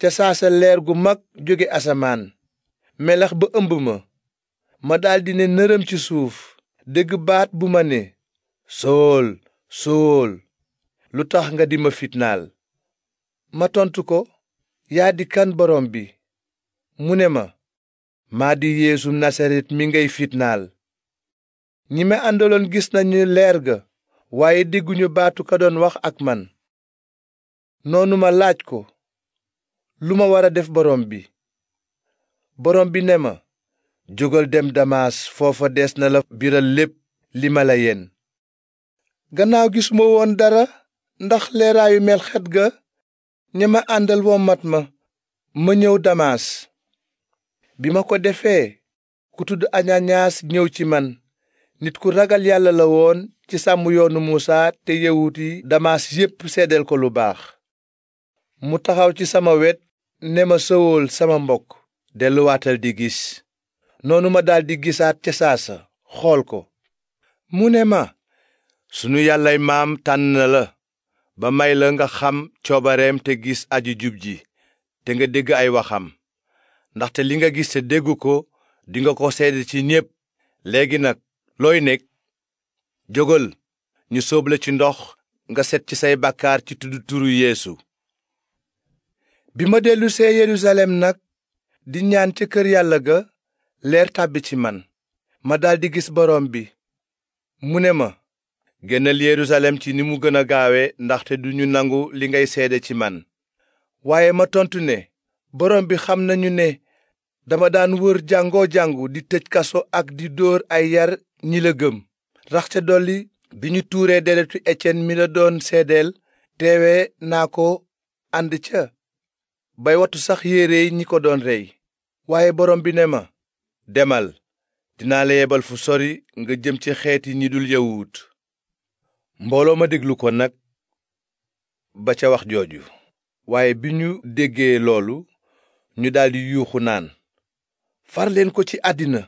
ca saasa leer gu mag jóge asamaan melax ba ëmb ma ma daldi ne nërëm ci suuf dëgg baat bu ma ne sóol sóol lu tax nga di ma fitnaal ma tontu ko yaa di kan borom bi mu ne ma maa di yeesu nasaret mi ngay fitnaal ñi ma àndaloon gis nañu leer ga waaye digguñu baatu ka doon wax ak man noonu ma laaj ko lu ma war a def borom bi borom bi ne ma jógal dem damaas foofa des na la biral lépp li ma la yen gannaaw gisuma woon dara ndax leeraayu melxet ga ña ma àndal wommat ma ma ñëw damaas bi ma ko defee ku tudd añañaas ñëw ci man nit ku ragal yàlla la woon ci sàmm yoonu muusaa te yawut yi damaas yépp seedeel ko lu baax mu taxaw ci sama wet ne ma sëwool sama mbokk delluwaatal di gis noonu ma daldi gisaat ca saasa xool ko mu ne ma sunu yàllay maam tànn na la ba may la nga xam coobareem te gis aju jub ji te nga dégg ay waxam ndaxte li nga gis te dégg ko dinga ko seede ci ñépp léegi nag looy nekk jógal ñu sóob la ci ndox nga set ci say bàkkaar ci tuddu turu yeesu bi ma dellusee yerusalem nag di ñaan ci kër yàlla ga leer tàbbi ci man ma daldi gis borom bi mu ne ma génnal yerusalem ci ni mu gën a gaawe ndaxte duñu nangu li ngay seede ci man waaye ma tontu ne borom bi xam nañu ne dama daan wër jàngoo jàngu di tëj kaso ak di dóor ay yar ñila gëm rax ca dolli bi ñu tuuree deretu Étienne mi la doon seedeel teewee naa ko ànd ca bay watu sax yére ñi ko doon rey waaye borom bi ne ma demal dinaa la yebal fu sori nga jëm ci xeeti ñi dul yawut mbooloo ma déglu ko nag ba ca wax jooju waaye bi ñu déggee loolu ñu daldi yuuxu naan farleen ko ci àddina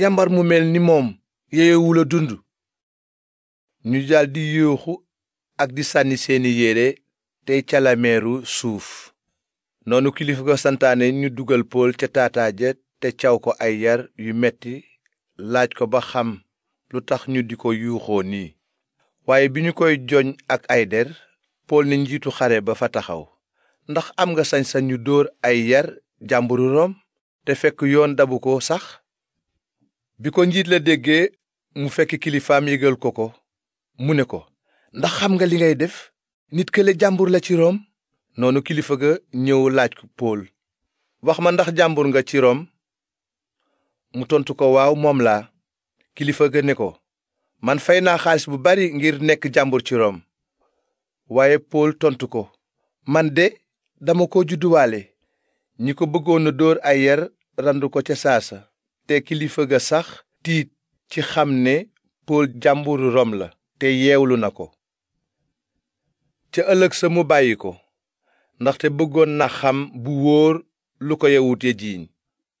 yambar mu mel ni moom yeyewul a dund ñu daldi yuuxu ak di sànni seeni yére tey calameeru suuf noonu kilifa ko santaane ñu dugal pool ca taataaja te caw ko ay yar yu metti laaj ko ba xam lu tax ñu di ko yuuxoo nii waaye bi ñu koy joñ ak ay der pool ne njiitu xare ba fa taxaw ndax am nga sañ-sañ ñu dóor ay yar jàmburu rom te fekk yoon dabu ko sax bi ko njiit la déggee mu fekk kilifaam yégal ko ko mu ne ko ndax xam nga li ngay def nit kële jàmbur la ci rom noonu kilifa ga ñëw laaj pool wax ma ndax jàmbur nga ci rom mu tontu ko waaw moom laa kilifa ga ne ko man fay naa xaalis bu bari ngir nekk jàmbur ci Rom waaye Pool tontu ko man de dama ko judduwaale ñi ko bëggoon a dóor ay yar randu ko ca saasa te kilifa ga sax tiit ci xam ne Pool jàmburu Rom la te yeewlu na ko ca ëllëg sa mu bàyyi ko ndaxte bëggoon na xam bu wóor lu ko yawut ya jiiñ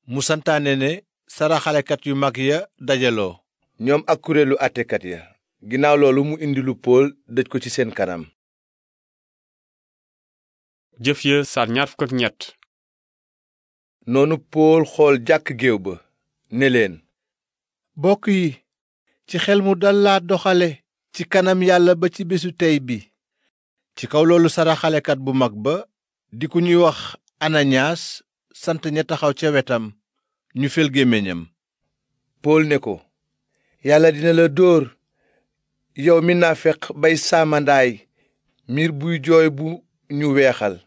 mu santaane ne saraxalekat yu mag ya dajaloo ñoom ak kuréelu àttekat ya ginnaaw loolu mu indi lu dëj ko ci seen kanam jëf ya ñett noonu pool xool jàkk géew ba ne leen bokk yi ci xel mu dal laa doxale ci kanam yàlla ba ci bésu tey bi ci kaw loolu saraxalekat bu mag ba di ku ñuy wax ananiyaas sant ña taxaw ca wetam ñu feel gémmiñam pool ne ko yàlla dina la dóor yow mi naafeq bay saamandaay miir buy jooy bu ñu weexal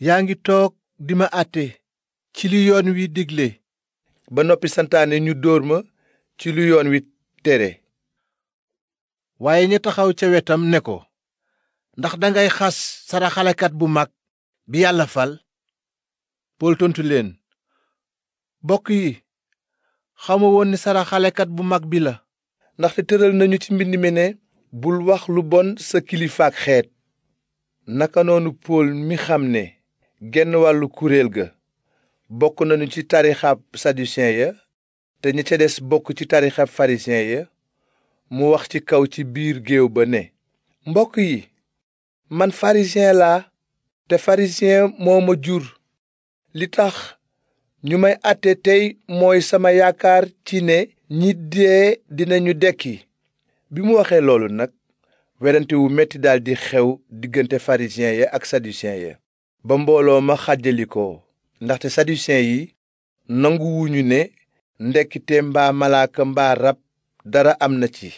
yaa ngi toog di ma àtte ci li yoon wi digle ba noppi santaane ñu dóor ma ci lu yoon wi tere waaye ña taxaw ca wetam ne ko ndax dangay xas saraxalekat bu mag bi yàlla fal pool tontu leen bokk yi xamu woon ni saraxalekat bu mag bi la ndaxte tëral nañu ci mbind mi ne bul wax lu bon sa kilifaak xeet naka noonu pool mi xam ne genn wàllu kuréel ga bokk nañu ci tarixab saducien ya te ñi ca des bokk ci tarixab pharisien ya mu wax ci kaw ci biir géew ba ne mbokk yi man pharisien la te pharisien moo ma jur li tax ñu may àtte tey mooy sama yaakaar ci ne ñi dee dinañu dekki bi mu waxee loolu nag werante wu metti di xew diggante pharisiens ya ak saducéens ya ba mbooloo ma xàjjalikoo ndaxte saducéens yi nanguwuñu ne ndekkite mbaa malaaka mbaa rab dara am na ci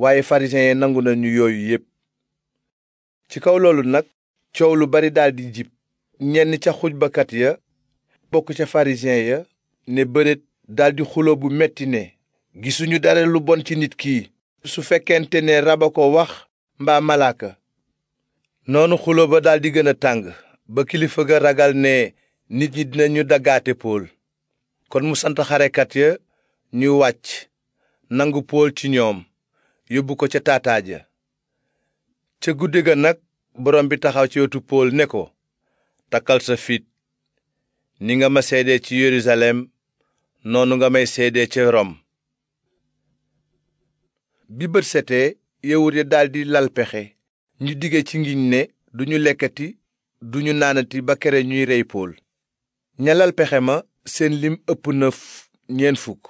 waaye pharisiens yi nangu nañu yooyu yépp ci kaw loolu nag coow lu bari di jib ñenn ca xujbakat ya bokk ca farisiyen ya ne bëreet daldi xulo bu metti ne gisuñu dara lu bon ci nit ki su fekkente ne rab wax mbaa malaaka noonu xulo ba daldi gën a tàng ba kilifa ga ragal ne nit ñi dinañu daggaate pool kon mu sant xarekat ya ñu wàcc nangu pool ci ñoom yóbbu ko ca taataaja ca guddi ga nag borom bi taxaw ci wetu pool ne ko takkal sa fit ni nga ma seede ci Yerusalem noonu nga may seede ca Rom bi bët setee yawut ya daldi lal pexe ñu dige ci ngiñ ne duñu lekkati duñu naanati ba kere ñuy rey Pool ña lal pexe ma seen lim ëpp na ñeent fukk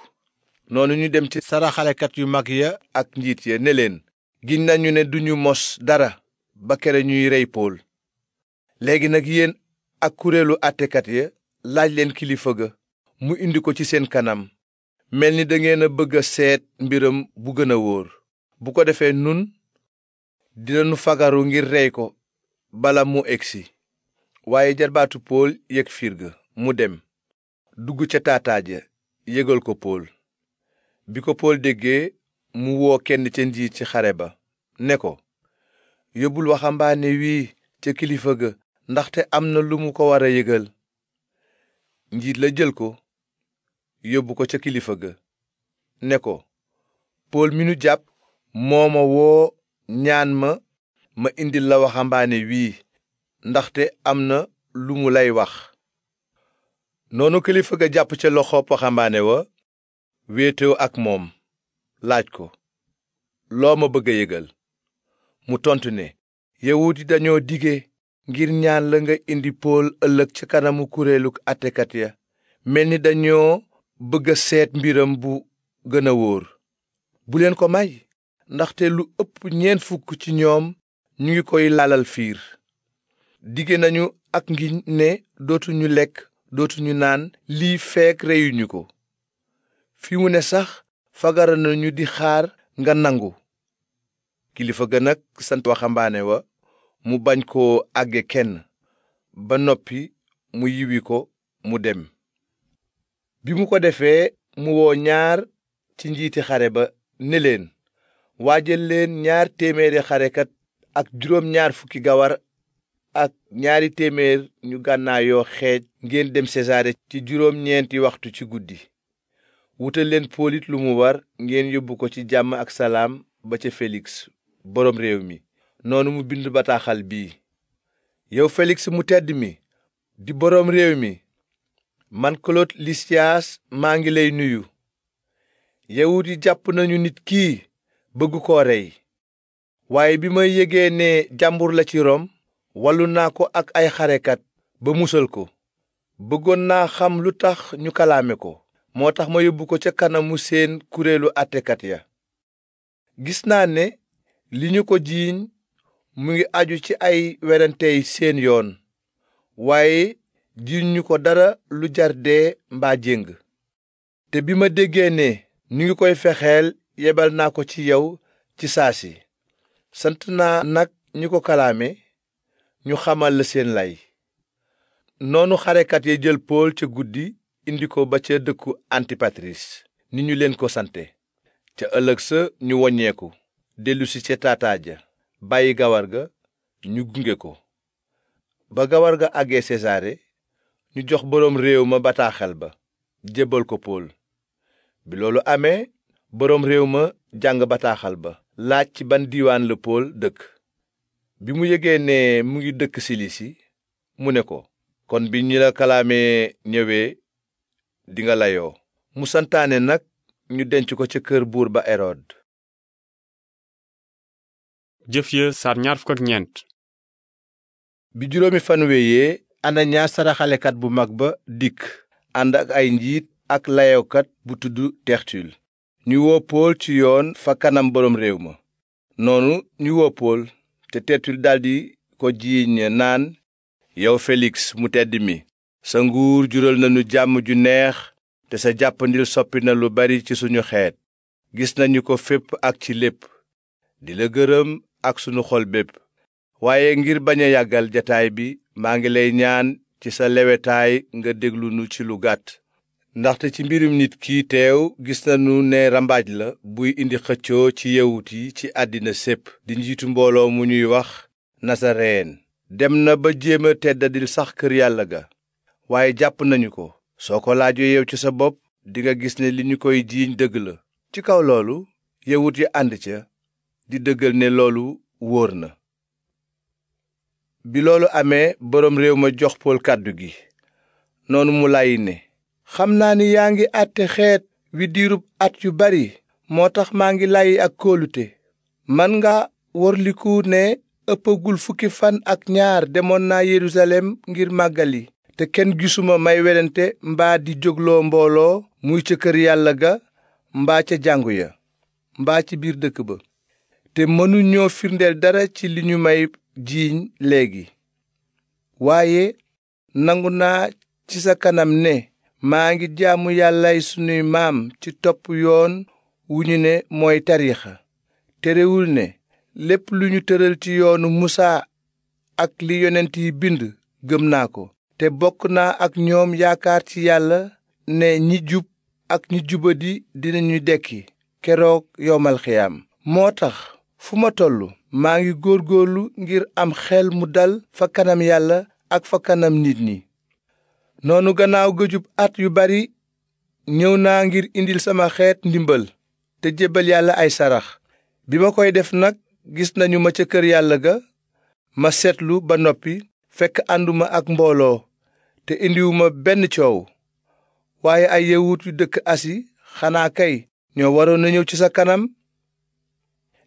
noonu ñu dem ci saraxalekat yu mag ya ak njiit ya ne leen giñ nañu ne duñu mos dara ba kere ñuy rey Pool léegi nag yéen ak kuréelu àttekat ya laaj leen kilifa ga mu indi ko ci seen kanam mel ni dangeen a bëgg seet mbiram bu gën a wóor bu ko defee nun dinanu fagaru ngir rey ko bala mu egsi waaye jarbaatu pool yëg firga mu dem dugg ca taataaja yëgal ko pool bi ko pool déggee mu woo kenn ca njiit ci xare ba ne ko yóbbul waxambaane wii ca kilifa ga ndaxte am na lu mu ko war a yëgal njiit la jël ko yóbbu ko ca kilifa ga ne ko pool mi nu jàpp mooma woo ñaan ma ma indil la waxambaane wii ndaxte am na lu mu lay wax noonu kilifa ga jàpp ca loxoob waxambaane wa wéetoo ak moom laaj ko loo ma bëgg a yëgal mu tontu ne yawut yi dañoo dige ngir ñaan la nga indi pool ëllëg ca kanamu kuréelu atekat ya mel ni dañoo bëgg a seet mbiram bu gën a wóor bu leen ko may ndaxte lu ëpp ñeent fukk ci ñoom ñu ngi koy lalal fiir dige nañu ak ngi ne dootuñu lekk dootuñu naan lii feek reyuñu ko fi mu ne sax fagara nañu di xaar nga nangu kilifa gën ak sant waxambaane wa mu bañ koo àgge kenn ba noppi mu yiwi ko mu dem bi mu ko defee mu woo ñaar ci njiiti xare ba ne leen waajal leen ñaar téeméeri xarekat ak juróom ñaar fukki gawar ak ñaari téeméer ñu gànnaayoo xeej ngeen dem sesaare ci juróom ñeenti waxtu ci guddi wutal leen poolit lu mu war ngeen yóbbu ko ci jàmm ak salaam ba ca Feliks boroom réew mi noonu mu bind bataaxal bii yow Feliks mu tedd mi di boroom réew mi man Claude Lisias maa ngi lay nuyu yawut yi jàpp nañu nit kii bëgg koo waaye bi may yégee ne jàmbur la ci Rom wallu naa ko ak ay xarekat ba musal ko bëggoon naa xam lu tax ñu kalaame ko moo tax ma yóbbu ko ca kanamu seen kuréelu atekat ya gis naa ne li ñu ko jiiñ mu ngi aju ci ay werantey seen yoon waaye jiñu ko dara lu jarde dee mbaa jéng te bi ma déggee ñu ngi koy fexeel yebal naa ko ci yow ci saa si sant naa nag ñu ko kalaame ñu xamal la seen lay noonu xarekat ya jël pool ca guddi indi ko ba ca dëkku antipatris ni ñu leen ko sante ca ëllëg sa ñu woññeeku dellusi ca taataaja bàyyi gawar ga ñu gunge ko ba gawar ga àggee sesaare ñu jox boroom réew ma bataaxal ba jébbal ko pool bi loolu amee boroom réew ma jàng bataaxal ba laaj ci ban diwaan la pool dëkk bi mu yëgee ne mu ngi dëkk silisi mu ne ko kon bi ñu la kalaamee ñëwee dinga layoo mu santaane nag ñu denc ko ca kër buur ba erod jëf ya sar bi juróomi fan weyee ananiyaas saraxalekat bu mag ba dikk ànd ak ay njiit ak layokat bu tudd tertul ñu woo ci yoon fa kanam boroom réew ma noonu ñu woppool te tertul daldi ko jiiñ naan yow feliks mu tedd mi sa nguur jural nañu jàmm ju neex te sa jàppandil soppi na lu bari ci suñu xeet gis nañu ko fépp ak ci lépp di la gërëm ak sunu xol bépp waaye ngir bañ a yàggal jataay bi maa ngi lay ñaan ci sa lewetaay nga déglu nu ci lu gàtt ndaxte ci mbirum nit kii teew gis nañu ne rambaaj la buy indi xëccoo ci yawut yi ci àddina sépp di njiitu mbooloo mu ñuy wax nasareen dem na ba jéema a teddadil sax kër yàlla ga waaye jàpp nañu ko soo ko laajoo yow ci sa bopp dinga gis ne li ñu koy jiiñ dëgg la ci kaw loolu yawut yi ànd ca di dëggal ne loolu wóor na bi loolu amee boroom réew ma jox pool kàddu gi noonu mu làyyi ne xam naa ni yaa ngi àtte xeet wi diirub at yu bari moo tax maa ngi làyyi ak kóolute man nga worliku ne ëppagul fukki fan ak ñaar demoon naa Yerusalem ngir màggali te kenn gisuma may werante mbaa di jógloo mbooloo muy ca kër yàlla ga mbaa ca jàngu ya mba ci biir dëkk ba te mënuñoo firndeel dara ci li ñu may jiiñ léegi waaye nangu naa ci sa kanam ne maa ngi jaamu yàllay sunuy maam ci topp yoon wu ñu ne mooy tariixa terewul ne lépp lu ñu tëral ci yoonu musaa ak li yonent yi bind gëm naa ko te bokk naa ak ñoom yaakaar ci yàlla ne ñi jub ak ñi jubadi dinañu dekki keroog yowmal moo tax fu ma tollu maa ngi góor góorlu ngir am xel mu dal fa kanam yàlla ak fa kanam nit ñi noonu gannaaw gëjub at yu bari ñëw naa ngir indil sama xeet ndimbal te jébbal yàlla ay sarax bi ma koy def nag gis nañu ma ca kër yàlla ga ma seetlu ba noppi fekk ànduma ak mbooloo te indiwuma benn coow waaye ay yawut yu dëkk asi xanaa kay ñoo waroon na ñëw ci sa kanam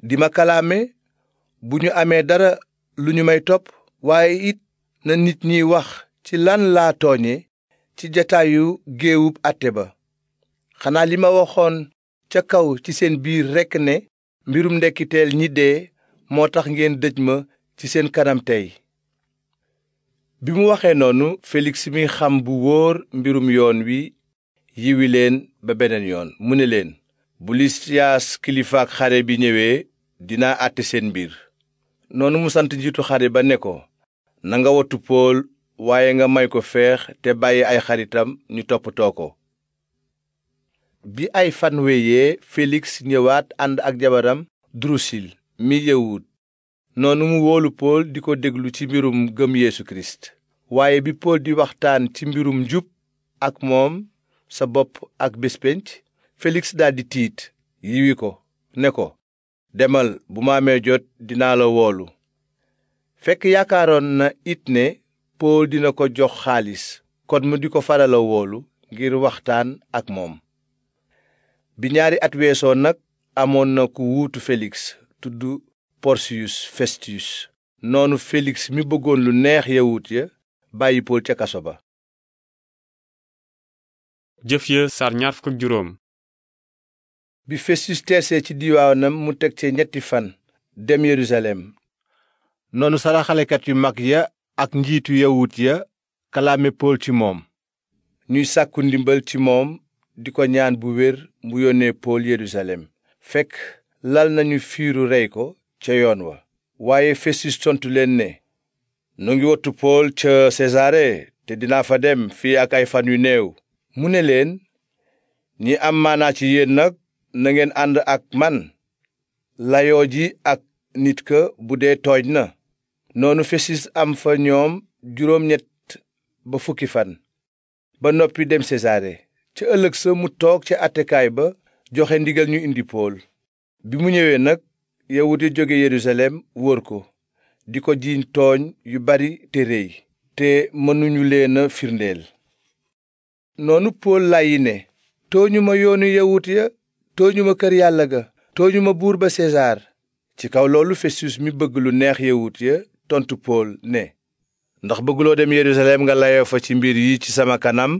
di ma kalaame bu ñu amee dara lu ñu may topp waaye it na nit ñiy wax ci lan laa tooñe ci jataayu géewub àtte ba xanaa li ma waxoon ca kaw ci seen biir rekk ne mbirum ndekkiteel ñi dee moo tax ngeen dëj ma ci seen kanam tey bi mu waxee noonu Félix mi xam bu wóor mbirum yoon wi yiwi ba beneen yoon mu ne leen bu Lisiyaas kilifaak xare bi ñëwee dinaa àtte seen mbir noonu mu sant njiitu xare ba ne ko nanga wattu pool waaye nga may ko feex te bàyyi ay xaritam ñu toppatoo ko bi ay fan weyee Félix ñëwaat ànd ak jabaram Drusil mi yawut noonu mu wóolu Pool di ko déglu ci mbirum gëm Yeesu Kirist waaye bi Pool di waxtaan ci mbirum njub ak moom sa bopp ak bés pénc Félix daldi tiit yiwi ko ne ko demal bu ma amee jot dinaa la woolu fekk yaakaaroon na it ne pool dina ko jox xaalis kon mu di ko farala woolu ngir waxtaan ak moom bi ñaari at weesoo nag amoon na ku wuutu Félix tudd Porcius Festus noonu Félix mi bëggoon lu neex yawut ya bàyyi pool ca kaso ba jëf ya juróom bi festus teesee ci diwaanam mu teg cee ñetti fan dem yerusalem noonu saraxalekat yu mag ya ak njiitu yawut ya kalaame pool ci moom ñuy sàkku ndimbal ci moom di ko ñaan bu wér mu yónnee pool yerusalem fekk lal nañu fiiru rey ko ca yoon wa waaye festus tontu leen ne nu ngi wottu pool ca sesaare te dinaa fa dem fii ak ay fan yu néew mu ne leen ñi am ci yéen na ngeen ànd ak man layoo ji ak nit ka bu dee tooñ na noonu fesis am fa ñoom juróom ñett ba fukki fan ba noppi dem sesaare ci ëllëg sa mu toog ci attekaay ba joxe ndigal ñu indi pool bi mu ñëwee nag yawut yi jóge yerusalem wër ko di ko jiiñ tooñ yu bari te rëy te mënuñu leen a firndeel noonu pool làyyi ne tooñu ma yawut ya tooñuma kër yàlla ga tooñuma buur ba sesaar ci kaw loolu festus mi bëgg lu neex yawut ya tontu pool ne ndax bëgguloo dem yerusalem nga layoo fa ci mbir yi ci sama kanam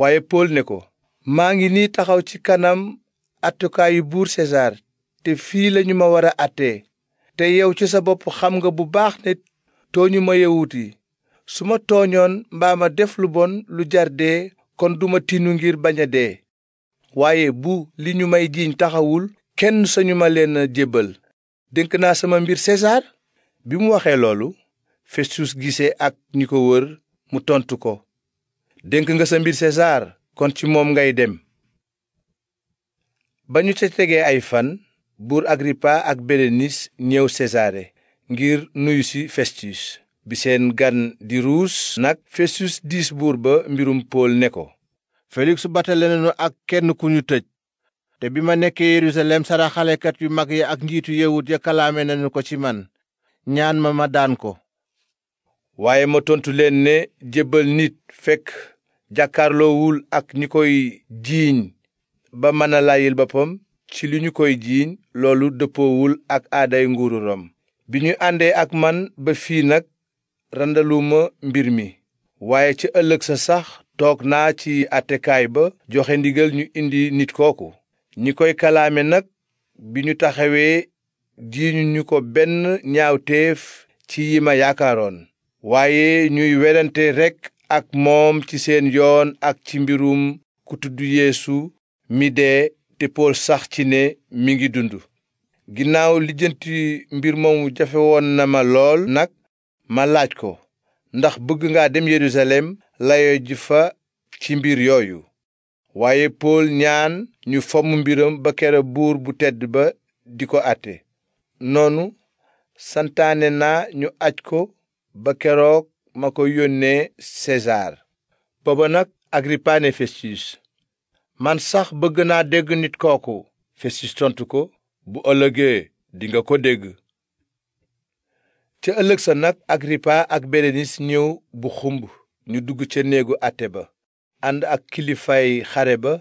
waaye pool ne ko maa ngi nii taxaw ci kanam attukaayu buur sesaar te fii lañu ma war a àttee te yow ci sa bopp xam nga bu baax ne tooñuma yawut yi su ma tooñoon mbaa ma def lu bon lu jar dee kon duma tinu ngir bañ a dee waaye bu li ñu may jiiñ taxawul kenn sañu ma leen a jébbal dénk naa sama mbir Sesaar bi mu waxee loolu Festus gisee ak ñi ko wër mu tontu ko dénk nga sa mbir Sesaar kon ci moom ngay dem ba ñu ca tegee ay fan buur Agrippa ak Bérénis ñëw Sesaare ngir nuyu si Festus bi seen gan di ruus nag Festus diis buur ba mbirum Pool ne ko Feliks batale nañu ak kenn ku ñu tëj te bi ma nekkee Yerusalem saraxalekat yu mag yi ak njiitu yewut ya nañu ko ci man ñaan ma ma daan ko waaye ma tontu leen ne jébbal nit fekk jàkkaarloowul ak ñi koy jiiñ ba mën a layil boppam ci li ñu koy jiiñ loolu dëppoowul ak aaday nguuru Rom bi ñu àndee ak man ba fii nag randaluma mbir mi waaye ca ëllëg sa sax toog naa ci atekaay ba joxe ndigal ñu indi nit kooku ñi koy kalaame nag bi ñu taxawee jiiñu ñu ko benn ñaawteef ci yi ma yaakaaroon waaye ñuy werante rek ak moom ci seen yoon ak ci mbirum ku tudd yeesu mi dee te pool sax ci ne mi ngi dund ginnaaw lijjanti mbir moomu jafe woon na ma lool nag ma laaj ko ndax bëgg nga dem yerusalem layo ji fa ci mbir yooyu waaye pool ñaan ñu fomm mbiram ba kera buur bu tedd ba di ko àtte noonu santaane naa ñu aj ko ba keroog ma ko yónnee sesaar booba nag agripa ne festus man sax bëgg naa dégg nit kooku festus tontu ko bu ëllëgee dinga ko dégg ca ëllëg sa nag agripa ak berenis ñëw bu xumb ñu dugg ca néegu àtte ba ànd ak kilifaay xare ba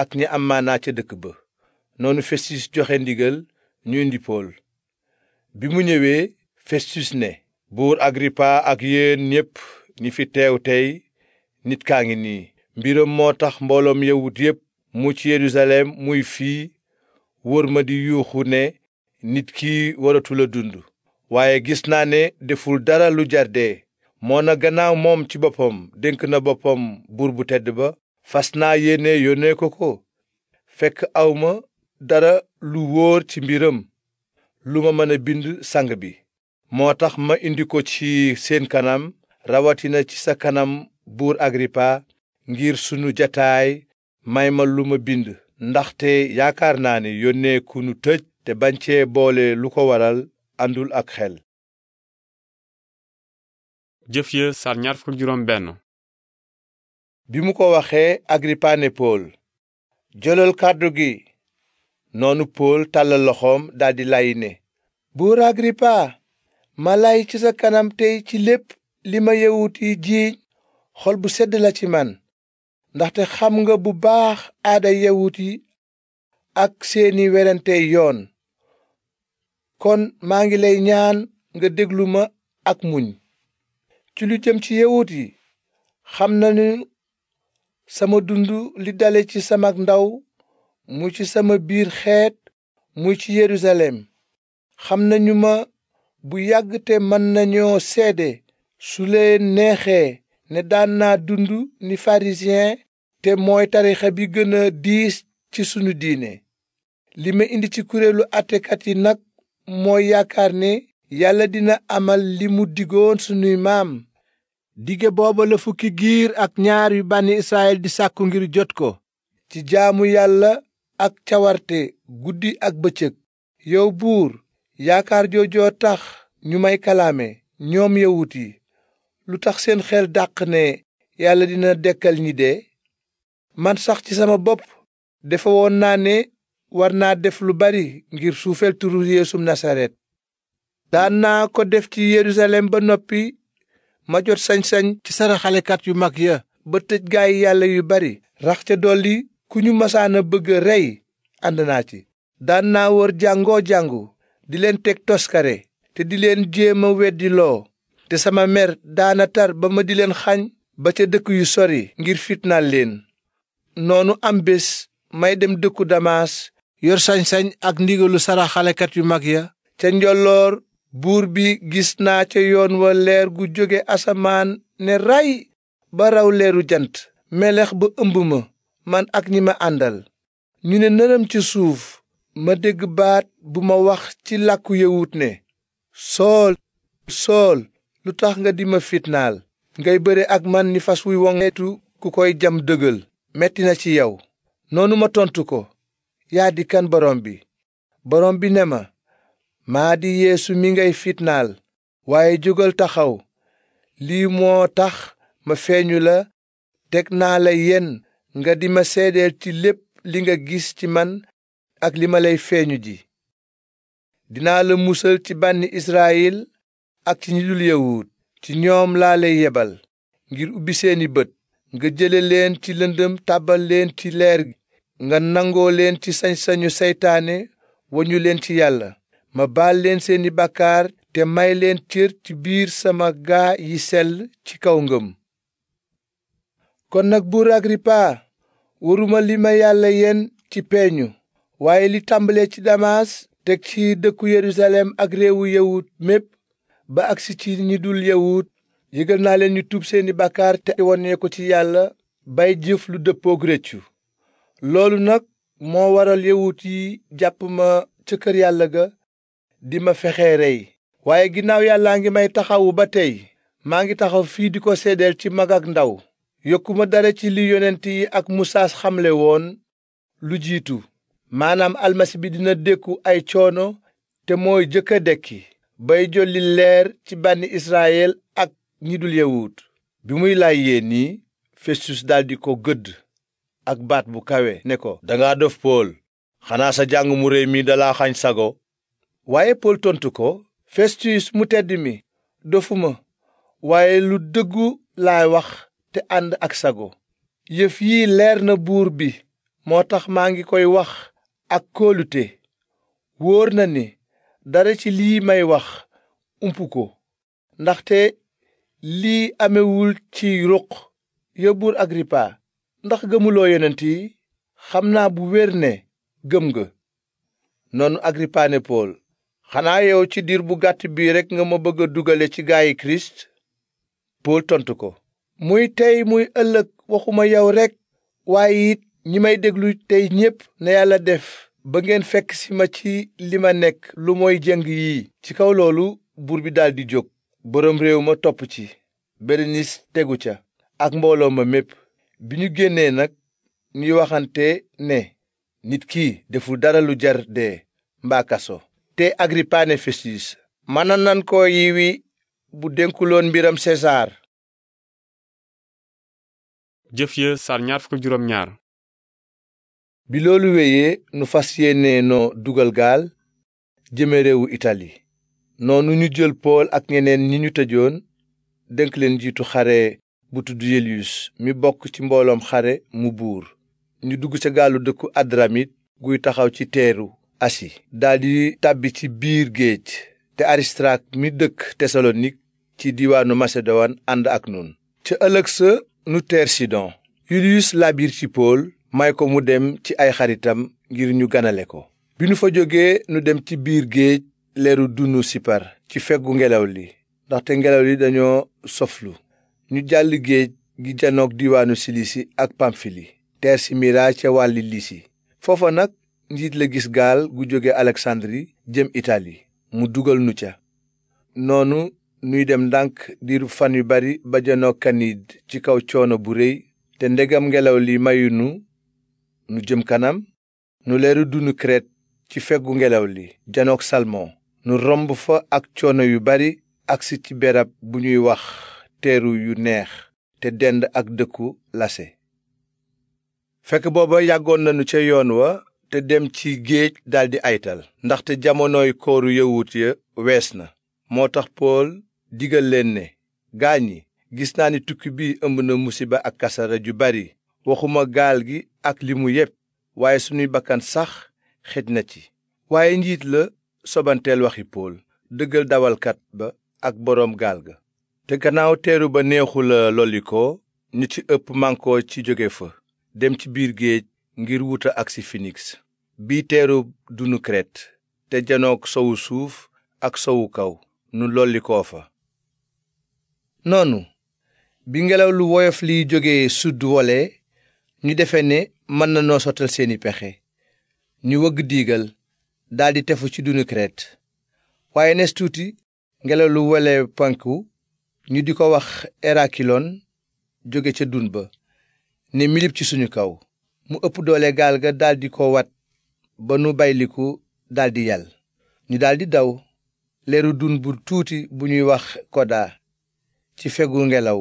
ak ñi am ca dëkk ba noonu festus joxe ndigal ñu indi pool bi mu ñëwee festus ne buur agripa ak yéen ñépp ñi fi teew tey nit kaa ngi nii mbiram moo tax mbooloom yawut yépp mu ci yerusalem muy fii wër ma di yuuxu ne nit ki waratul a dund waaye gis naa ne deful dara lu jar moo na gannaaw moom ci boppam dénk na boppam buur bu tedd ba fas naa yéene yónnee ko ko fekk awma dara lu wóor ci mbiram lu ma mën a bind sang bi moo tax ma indi ko ci seen kanam rawatina ci sa kanam buur agripa ngir sunu jataay may ma lu ma bind ndaxte yaakaar naa ne yónnee ku nu tëj te bañ boole lu ko waral àndul ak xel jëf ya sar ñaar fukk juróom benn bi mu ko waxee agripa ne pool jëlal kàddu gi noonu pool tàllal loxoom daldi lay ne buur agripa malay lay ci sa kanam tey ci lépp li ma yawut yi jiiñ xol bu sedd la ci man ndaxte xam nga bu baax aada yawut ak seeni werante yoon kon maa ngi lay ñaan nga déglu ma ak muñ ci lu jëm ci yawut yi xam nañu sama dund li dale ci samak ndaw mu ci sama biir xeet muy ci Yerusalem xam nañu ma bu yàgg te mën nañoo seede su leen neexee ne daan naa dund ni pharisien te mooy tarixa bi gëna diis ci sunu diine li ma indi ci kuréelu àttekat yi nag mooy yaakaar ne yàlla dina amal li mu digoon sunuy maam dige booba la fukki giir ak ñaar yu bànni israyil di sàkku ngir jot ko ci jaamu yàlla ak cawarte guddi ak bëcëg yow buur yaakaar joojoo tax ñu may kalaame ñoom yawut yi lu tax seen xel dàq ne yàlla dina dekkal ñi de man sax ci sama bopp dafa woon naa ne war naa def lu bari ngir suufeel turu nasaret daan ko def ci yerusalem ba noppi ma jot sañ-sañ ci saraxalekat yu mag ya ba tëj gaay yàlla yu bari rax ca dolli ku ñu masaana bëgg rey ànd naa ci daan naa wër jàngoo jàngu di leen teg toskare te di leen jéem a weddi loo te sama mer daana tar ba ma di leen xañ ba ca dëkk yu sori ngir fitnaal leen noonu am bés may dem dëkku damaas yor sañsañ ak ndigalu saraxalekat yu mag ya ca njolloor buur bi gis naa ca yoon wa leer gu jóge asamaan ne ray ba raw leeru jant melex ba ëmb ma man ak ñi ma àndal ñu ne nërëm ci suuf ma dégg baat bu ma wax ci làkku yawut ne sool sool lu tax nga di ma fitnaal ngay bëre ak man ni fas wuy woŋetu ku koy jam dëggal metti na ci yow noonu ma tontu ko yaa di kan borom bi borom bi ne ma maa di yéesu mi ngay fitnaal waaye jógal taxaw lii moo tax ma feeñu la teg naa la yen nga di ma seede ci lépp li nga gis ci man ak li ma lay feeñu ji dinaa la musal ci bànni israyil ak ci ñi dul ci ñoom laa lay yebal ngir ubbi seeni bët nga jële leen ci lëndëm tàbbal leen ci leer gi nga nangoo leen ci sañ-sañu seytaane wañu leen ci yàlla ma baal seeni bàkkaar te may leen cër ci biir sama gaa yi sel ci kaw ngëm kon nag buur Agripa waruma li ma yàlla yen ci peeñu waaye li tàmbalee ci Damas teg ci dëkku Yerusalem ak réewu yawut mépp ba agsi ci ñi dul yawut yëgal naa leen ñu tuub seeni bakaar te wone ko ci yàlla bay jëf lu dëppook rëccu loolu nag moo waral yawut yi jàpp ma ca kër yàlla ga di ma fexe rey waaye ginnaaw yàllaa ngi may taxawu ba tey maa ngi taxaw fii di ko seedeel ci mag ak ndaw yokkuma dara ci li yi ak musaas xamle woon lu jiitu maanaam almasi bi dina dékku ay coono te mooy jëkk a dekki bay jolli leer ci bànni israyel ak ñi dul yawut bi muy laaj yéen nii festus di ko gëdd ak baat bu kawe ne ko danga dof pool xanaa sa jàng mu réy mi dala xañ sago waaye pool tontu ko festus mu tedd mi dofuma waaye lu dëggu laay wax te ànd ak sago yëf yi leer na buur bi moo tax maa ngi koy wax ak kóolute wóor na ni dara ci lii may wax umpu ko ndaxte lii amewul ci ruq ya buur agripa ndax gëmuloo yonent yi xam naa bu wér ne gëm nga noonu Agrippa ne Pool xanaa yow ci diir bu gàtt bii rekk nga ma bëgg a ci gaayi Kirist Pool tontu ko muy tey muy ëllëg waxuma yow rekk waaye it ñi may déglu tey ñépp na yàlla def ba ngeen fekk si ma ci li ma nekk lu mooy jëng yii ci kaw loolu buur bi daldi jóg boroom réew ma topp ci Bérénice tegu ca ak mbooloo ma mépp bi ñu génnee nag ñuy waxante ne nit kii deful dara lu jar dee mbaa kaso te Agripa ne Festus mën nan ko yiwi bu dénkuloon mbiram Sesaar jëf ya sar ñaar fukk juróom ñaar bi loolu wéyee nu fas yéene noo dugal gaal jëme réewu itali noonu ñu jël pool ak ñeneen ñi ñu tëjoon dénk leen jiitu xare bu tudd mi bokk ci mbooloom xare mu buur ñu dugg ca gaalu dëkku Adramit guy taxaw ci teeru Asi daldi tàbbi ci biir géej te Aristark mi dëkk Tesalonik ci diwaanu Maseduwaan ànd ak nun ca ëllëg sa nu teer Sidon Yuliyus laabiir ci Pool may ko mu dem ci ay xaritam ngir ñu ganale ko bi nu fa jógee nu dem ci biir géej leeru dunu Sipar ci feggu ngelaw li ndaxte ngelaw li dañoo soflu ñu jàll géej gi janoog diwaanu silisi ak pamfili teer mira ca wàlli lisi foofa nag njiit la gis gaal gu jóge aleksandri jëm itali mu dugal nu ca noonu nuy dem ndànk diiru fan yu bari ba janoog kaniid ci kaw coono bu réy te ndegam ngelaw li mayu nu nu jëm kanam nu leeru dunu kret ci feggu ngelaw li janoog salmon nu romb fa ak coono yu bari agsi ci berab bu ñuy wax teeru yu neex te dend ak dëkku lase fekk booba yàggoon nañu ca yoon wa te dem ci géej daldi aytal ndaxte jamonoy kooru yawut ya wees na moo tax pool digal leen ne gaañ gis naa ni tukki bi ëmb na musiba ak kasara ju bari waxuma gaal gi ak limu yépp waaye sunuy bakkan sax xej na ci waaye njiit la sobanteel waxi pool dëggal dawalkat ba ak boroom gaal ga te gannaaw teeru ba neexu la euh, lolliko ñi ci ëpp mànkoo ci jóge fa dem ci biir géej ngir wuta agsi finiks bii teeru dunu kret te janook sowu suuf ak sowu kaw nu lollikoo fa noonu bi ngelaw lu woyof liy jóge sudd wole ñu defe ne mën na noo sottal seeni pexe ñu wëgg diigal daldi tefu ci dunu kret waaye nes tuuti ngelaw lu wole panku ñu di ko wax erakiloon jóge ca dun ba ne milip ci suñu kaw mu ëpp doole gaal ga daldi ko wat ba nu bayliku daldi yal ñu daldi daw leeru dun bu tuuti bu ñuy wax koda ci fegu ngelaw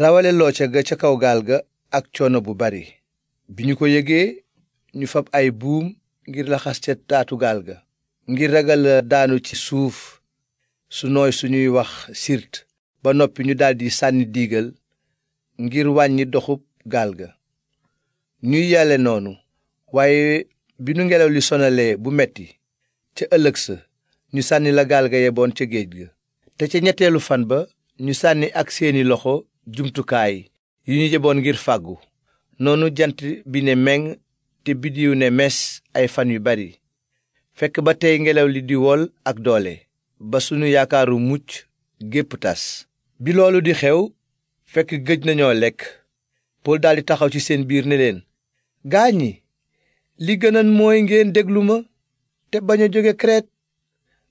rawale looca ga ca kaw gaal ga ak coono bu bari bi ñu ko yëgee ñu fab ay buum ngir laxas ca taatu gaal ga ngir ragal daanu ci suuf su nooy suñuy wax sirt ba noppi ñu daldi sànni diigal ngir wàññi doxub gaal ga ñuy yàlle noonu waaye bi nu ngelaw li sonalee bu metti ca ëllëg sa ñu sànni la gaal ga yeboon ca géej ga te ca ñetteelu fan ba ñu sànni ak seeni loxo jumtukaay yi ñu yeboon ngir fàggu noonu jant bi ne meng te biddiw ne mes ay fan yu bari fekk ba tey ngelaw li di wol ak doole ba sunu yaakaaru mucc gépp tas bi loolu di xew fekk gëj nañoo lekk Pool daldi taxaw ci seen biir ne leen gaañ ñi li gënan mooy ngeen déglu ma te bañ a jóge Kret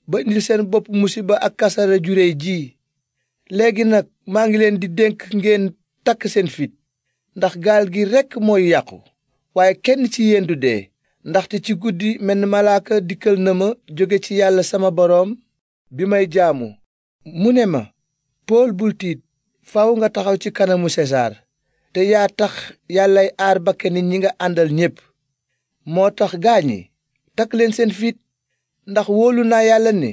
ba indil seen bopp musiba ak kasara jurey jii léegi nag maa ngi leen di dénk ngeen takk seen fit ndax gaal gi rekk mooy yàqu waaye kenn ci yéen du dee ndaxte ci guddi menn malaaka dikkal na ma jóge ci yàlla sama boroom bi may jaamu mu ne ma pool bul tiit faw nga taxaw ci kanamu sesaar te yaa tax yàllay aar bakkani ñi nga àndal ñépp moo tax gaañi takk leen seen fiit ndax wóolu naa yàlla ne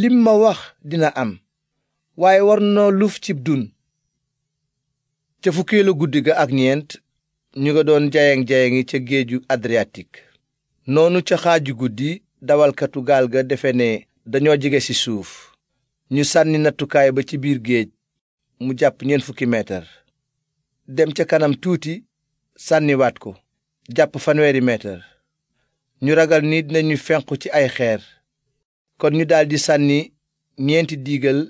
lim ma wax dina am waaye war noo luf cib dun ca fukkeelu guddi ga ak ñeent ñu nga doon jayang-jayangi ca géeju adriyatik noonu ca xaaju guddi dawalkatu gaal ga defe ne dañoo jege ci suuf ñu sànni nattukaay ba ci biir géej mu jàpp ñeent fukki meetar dem ca kanam tuuti sànniwaat ko jàpp fanweeri meetar ñu ragal ni dinañu fenqu ci ay xeer kon ñu daldi sànni ñeenti diigal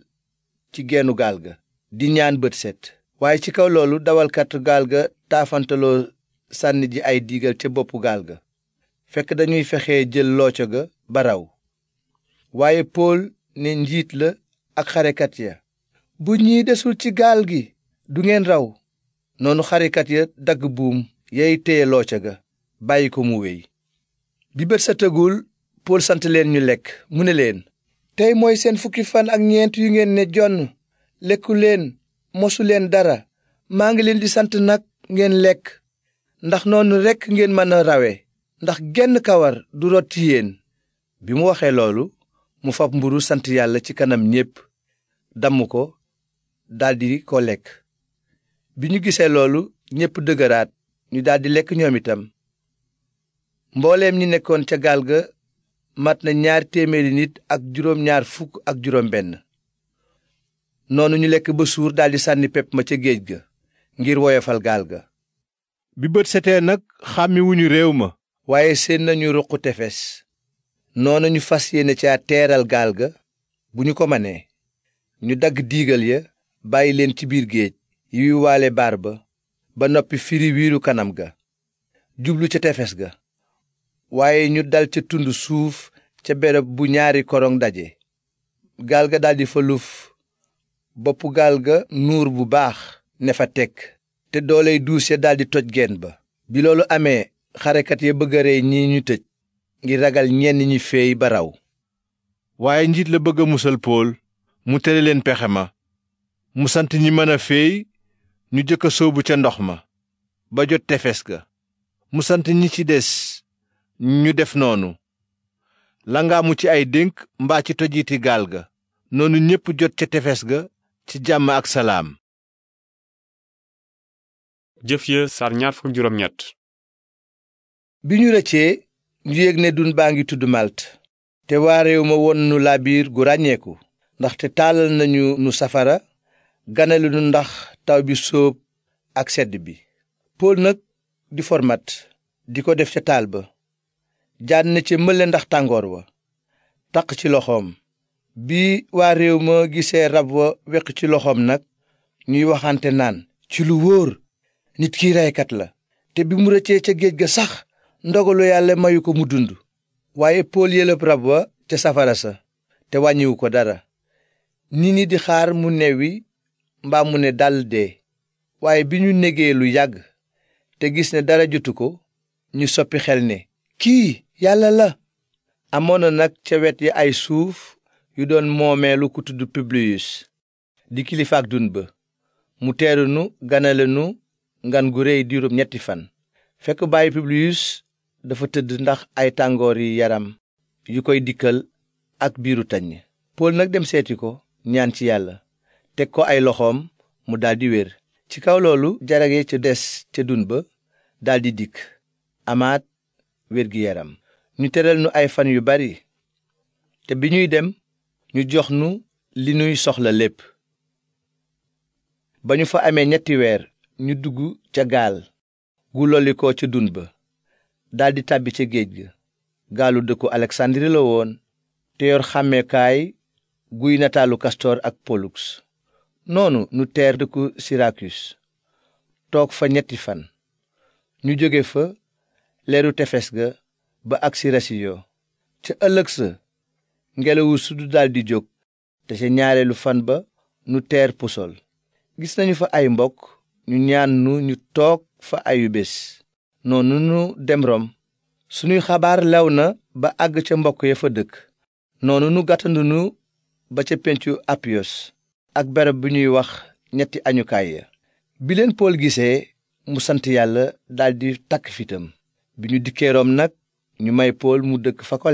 ci geenu gaal ga di ñaan bët set waaye ci kaw loolu dawalkat gaal ga taafantaloo sànni ji ay diigal ca boppu gaal ga fekk dañuy fexe jël looco ga baraw waaye pool ne njiit la ak xarekat ya bu ñii desul ci gaal gi du ngeen raw noonu xarekat ya dagg buum yay téye looca ga bàyyi ko mu wéy bi bët sa tëgul pool sant leen ñu lekk mu ne leen tey mooy seen fukki fan ak ñeent yu ngeen ne jonn lekku leen mosu leen dara maa ngi leen di sant nag ngeen lekk ndax noonu rekk ngeen mën a rawe ndax genn kawar du rot yéen bi mu waxee loolu mu fab mburu sant yàlla ci kanam ñépp damm ko daldi ko lekk bi ñu gisee loolu ñépp dëgëraat ñu daldi lekk ñoom itam mbooleem ñi nekkoon ca gaal ga mat na ñaar téeméeri nit ak juróom ñaar fukk ak juróom benn noonu ñu lekk ba suur daldi sànni pepp ma ca géej ga ngir woyofal gaal ga bi bët setee nag xàmmiwuñu réew ma waaye séen nañu ruqu tefes noonu ñu fas yéene ca teeral gaal ga bu ñu ko manee ñu dagg diigal ya bàyyi leen ci biir géej yuy waale baar ba ba noppi firi wiiru kanam ga jublu ca tefes ga waaye ñu dal ca tund suuf ca bereb bu ñaari koron daje gaal ga daldi fa luf bopp gaal ga nuur bu baax ne fa tekk te dooley duus ya daldi toj geen ba bi loolu amee xarekat ya bëgg a rey ñi ñu tëj ngir ragal ñenn ñi fey ba raw waaye njiit la bëgg a musal mu tere leen pexe ma mu ñi mën a féey ñu jëkk a sóobu ca ndox ma ba jot tefes ga musant ñi ci des ñu def noonu langaamu ci ay dénk mbaa ci tojiiti gaal ga noonu ñépp jot ca tefes ga ci jàmm ak salaam jëf ya sar bi ñu rëccee ñu yég ne dun baa ngi tudd malt te waa réew ma won nu laabiir gu ràññeeku ndaxte taalal nañu nu safara ganale nu ndax taw bi sóob ak sedd bi pool nag di format di ko def ca taal ba jaan na ca mële ndax tàngoor wa taq ci loxoom bi waa réew ma gisee rab wa weq ci loxoom nag ñuy waxante naan ci lu wóor nit ki reykat la te bi mu rëccee ca géej ga sax ndogalu yàlla mayu ko mu dund waaye pool yëlëb rab wa ca safara sa te wàññiwu ko dara nit ñi di xaar mu newwi mbaa mu ne dalde waaye bi ñu negee lu yàgg te gis ne dara jotu ko ñu soppi xel ne kii yàlla la amoon na nag ca wet yi ay suuf yu doon moomeelu ku tudd Publius di kilifaak dun ba mu teeru nu ganale nu ngan gu réy diirub ñetti fan fekk bàyyi Publius dafa tëdd ndax ay tàngoor yi yaram yu koy dikkal ak biiru taññ Pool nag dem seeti ko ñaan ci yàlla teg ko ay loxoom mu daldi wér ci kaw loolu jarage ca des ca dun ba daldi dikk amaat wér gi yaram ñu tëral nu ay fan yu bari te bi ñuy dem ñu jox nu li nuy soxla lépp ba ñu fa amee ñetti weer ñu dugg ca gaal gu lollikoo ca dun ba daldi tàbbi ca géej ga gaalu dëkku Alexandrie la woon te yor xàmmeekaay guy nataalu kastoor ak poluks noonu nu teer dëkku sirakus toog fa ñetti fan ñu jóge fa leeru tefes ga ba agsi rasiyo ca ëllëg sa ngelawu sudu daldi jóg te ca ñaareelu fan ba nu teer pusol gis nañu fa ay mbokk ñu ñaan nu ñu toog fa ayu bés noonu nu dem rom sunuy xabaar lew na ba àgg ca mbokk ya fa dëkk noonu nu gàttandunu ba ca pencu apiyos ak barab bi ñuy wax ñetti añukaay ya bi leen pool gisee mu sant yàlla daldi takk fitam bi ñu dikkee Room nag ñu may pool mu dëkk fa ko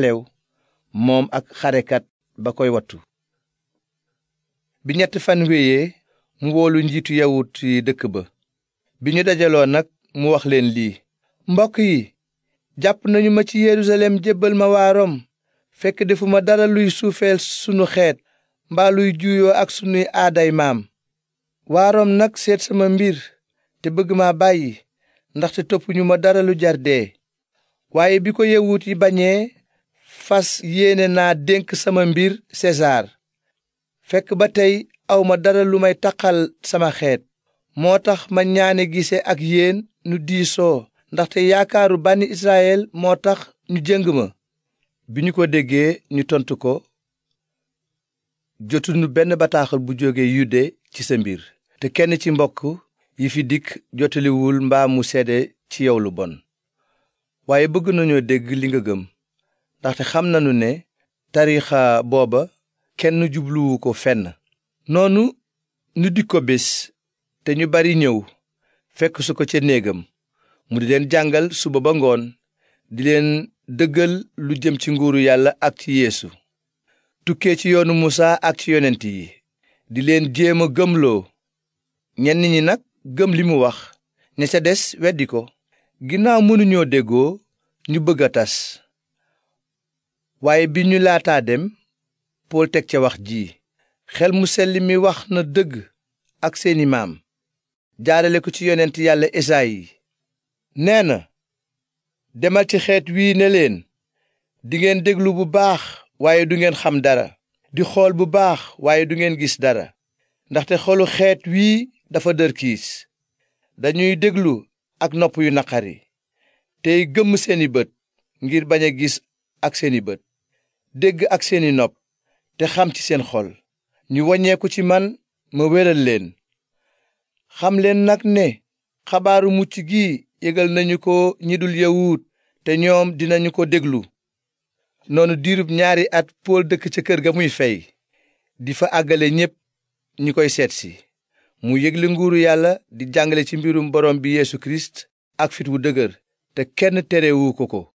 moom ak xarekat ba koy wattu bi ñetti fan wéyee mu woolu njiitu yawut yi dëkk ba bi ñu dajaloo nag mu wax leen lii mbokk yi jàpp nañu ma ci Yerusalem jébbal ma waa Room fekk defuma dara luy suufeel sunu xeet mbaa luy juuyoo ak sunuy aaday maam waaroom nag seet sama mbir te bëgg ma bàyyi ndaxte toppuñu ma dara lu jarde waaye bi ko yewut yi bañee fas yéene naa dénk sama mbir sesaar fekk ba tey awma dara lu may taqal sama xeet moo tax ma ñaane gise ak yéen nu diisoo ndaxte yaakaaru bànni Israyel moo tax ñu jëng ma bi ñu ko déggee ñu tontu ko jotuñu benn bataaxul bu jóge yude ci sa mbir te kenn ci mbokk yi fi dikk jotaliwul mbaam mu seede ci yow lu bon waaye bëgg nañoo dégg li nga gëm ndaxte xam nañu ne tariixa booba kenn jubluwu ko fenn noonu ñu dik ko bés te ñu bari ñëw fekk su ko ca néegam mu di leen jàngal suba ba ngoon di leen dëggal lu jëm ci nguuru yàlla ak ci yeesu tukkee ci yoonu musaa ak ci yonent yi di leen jéem a gëmloo ñenn ñi nag gëm li mu wax ña ca des weddi ko ginnaaw mënuñoo déggoo ñu bëgg a tas waaye bi ñu laataa dem pool teg ca wax ji xel mu selli mi wax na dëgg ak seeni maam jaarale ko ci yonent yàlla esaayi nee na demal ci xeet wii ne leen dingeen déglu bu baax waaye du ngeen xam dara di xool bu baax waaye du ngeen gis dara ndaxte xolu xeet wii dafa dër kiis dañuy déglu ak nopp yu naqari tey gëmm seeni bët ngir bañ a gis ak seeni bët dégg ak seeni nopp te xam ci seen xol ñu waññeeku ci man ma wéral leen xam leen nag ne xabaaru mucc gi yëgal nañu ko ñi dul yawut te ñoom dinañu ko déglu noonu diirub ñaari at pool dëkk ca kër ga muy fey di fa àggale ñépp ñi koy seetsi mu yëgle nguuru yàlla di jàngale ci mbirum borom bi yéesu kirist ak fit wu dëgër te kenn terewu ko ko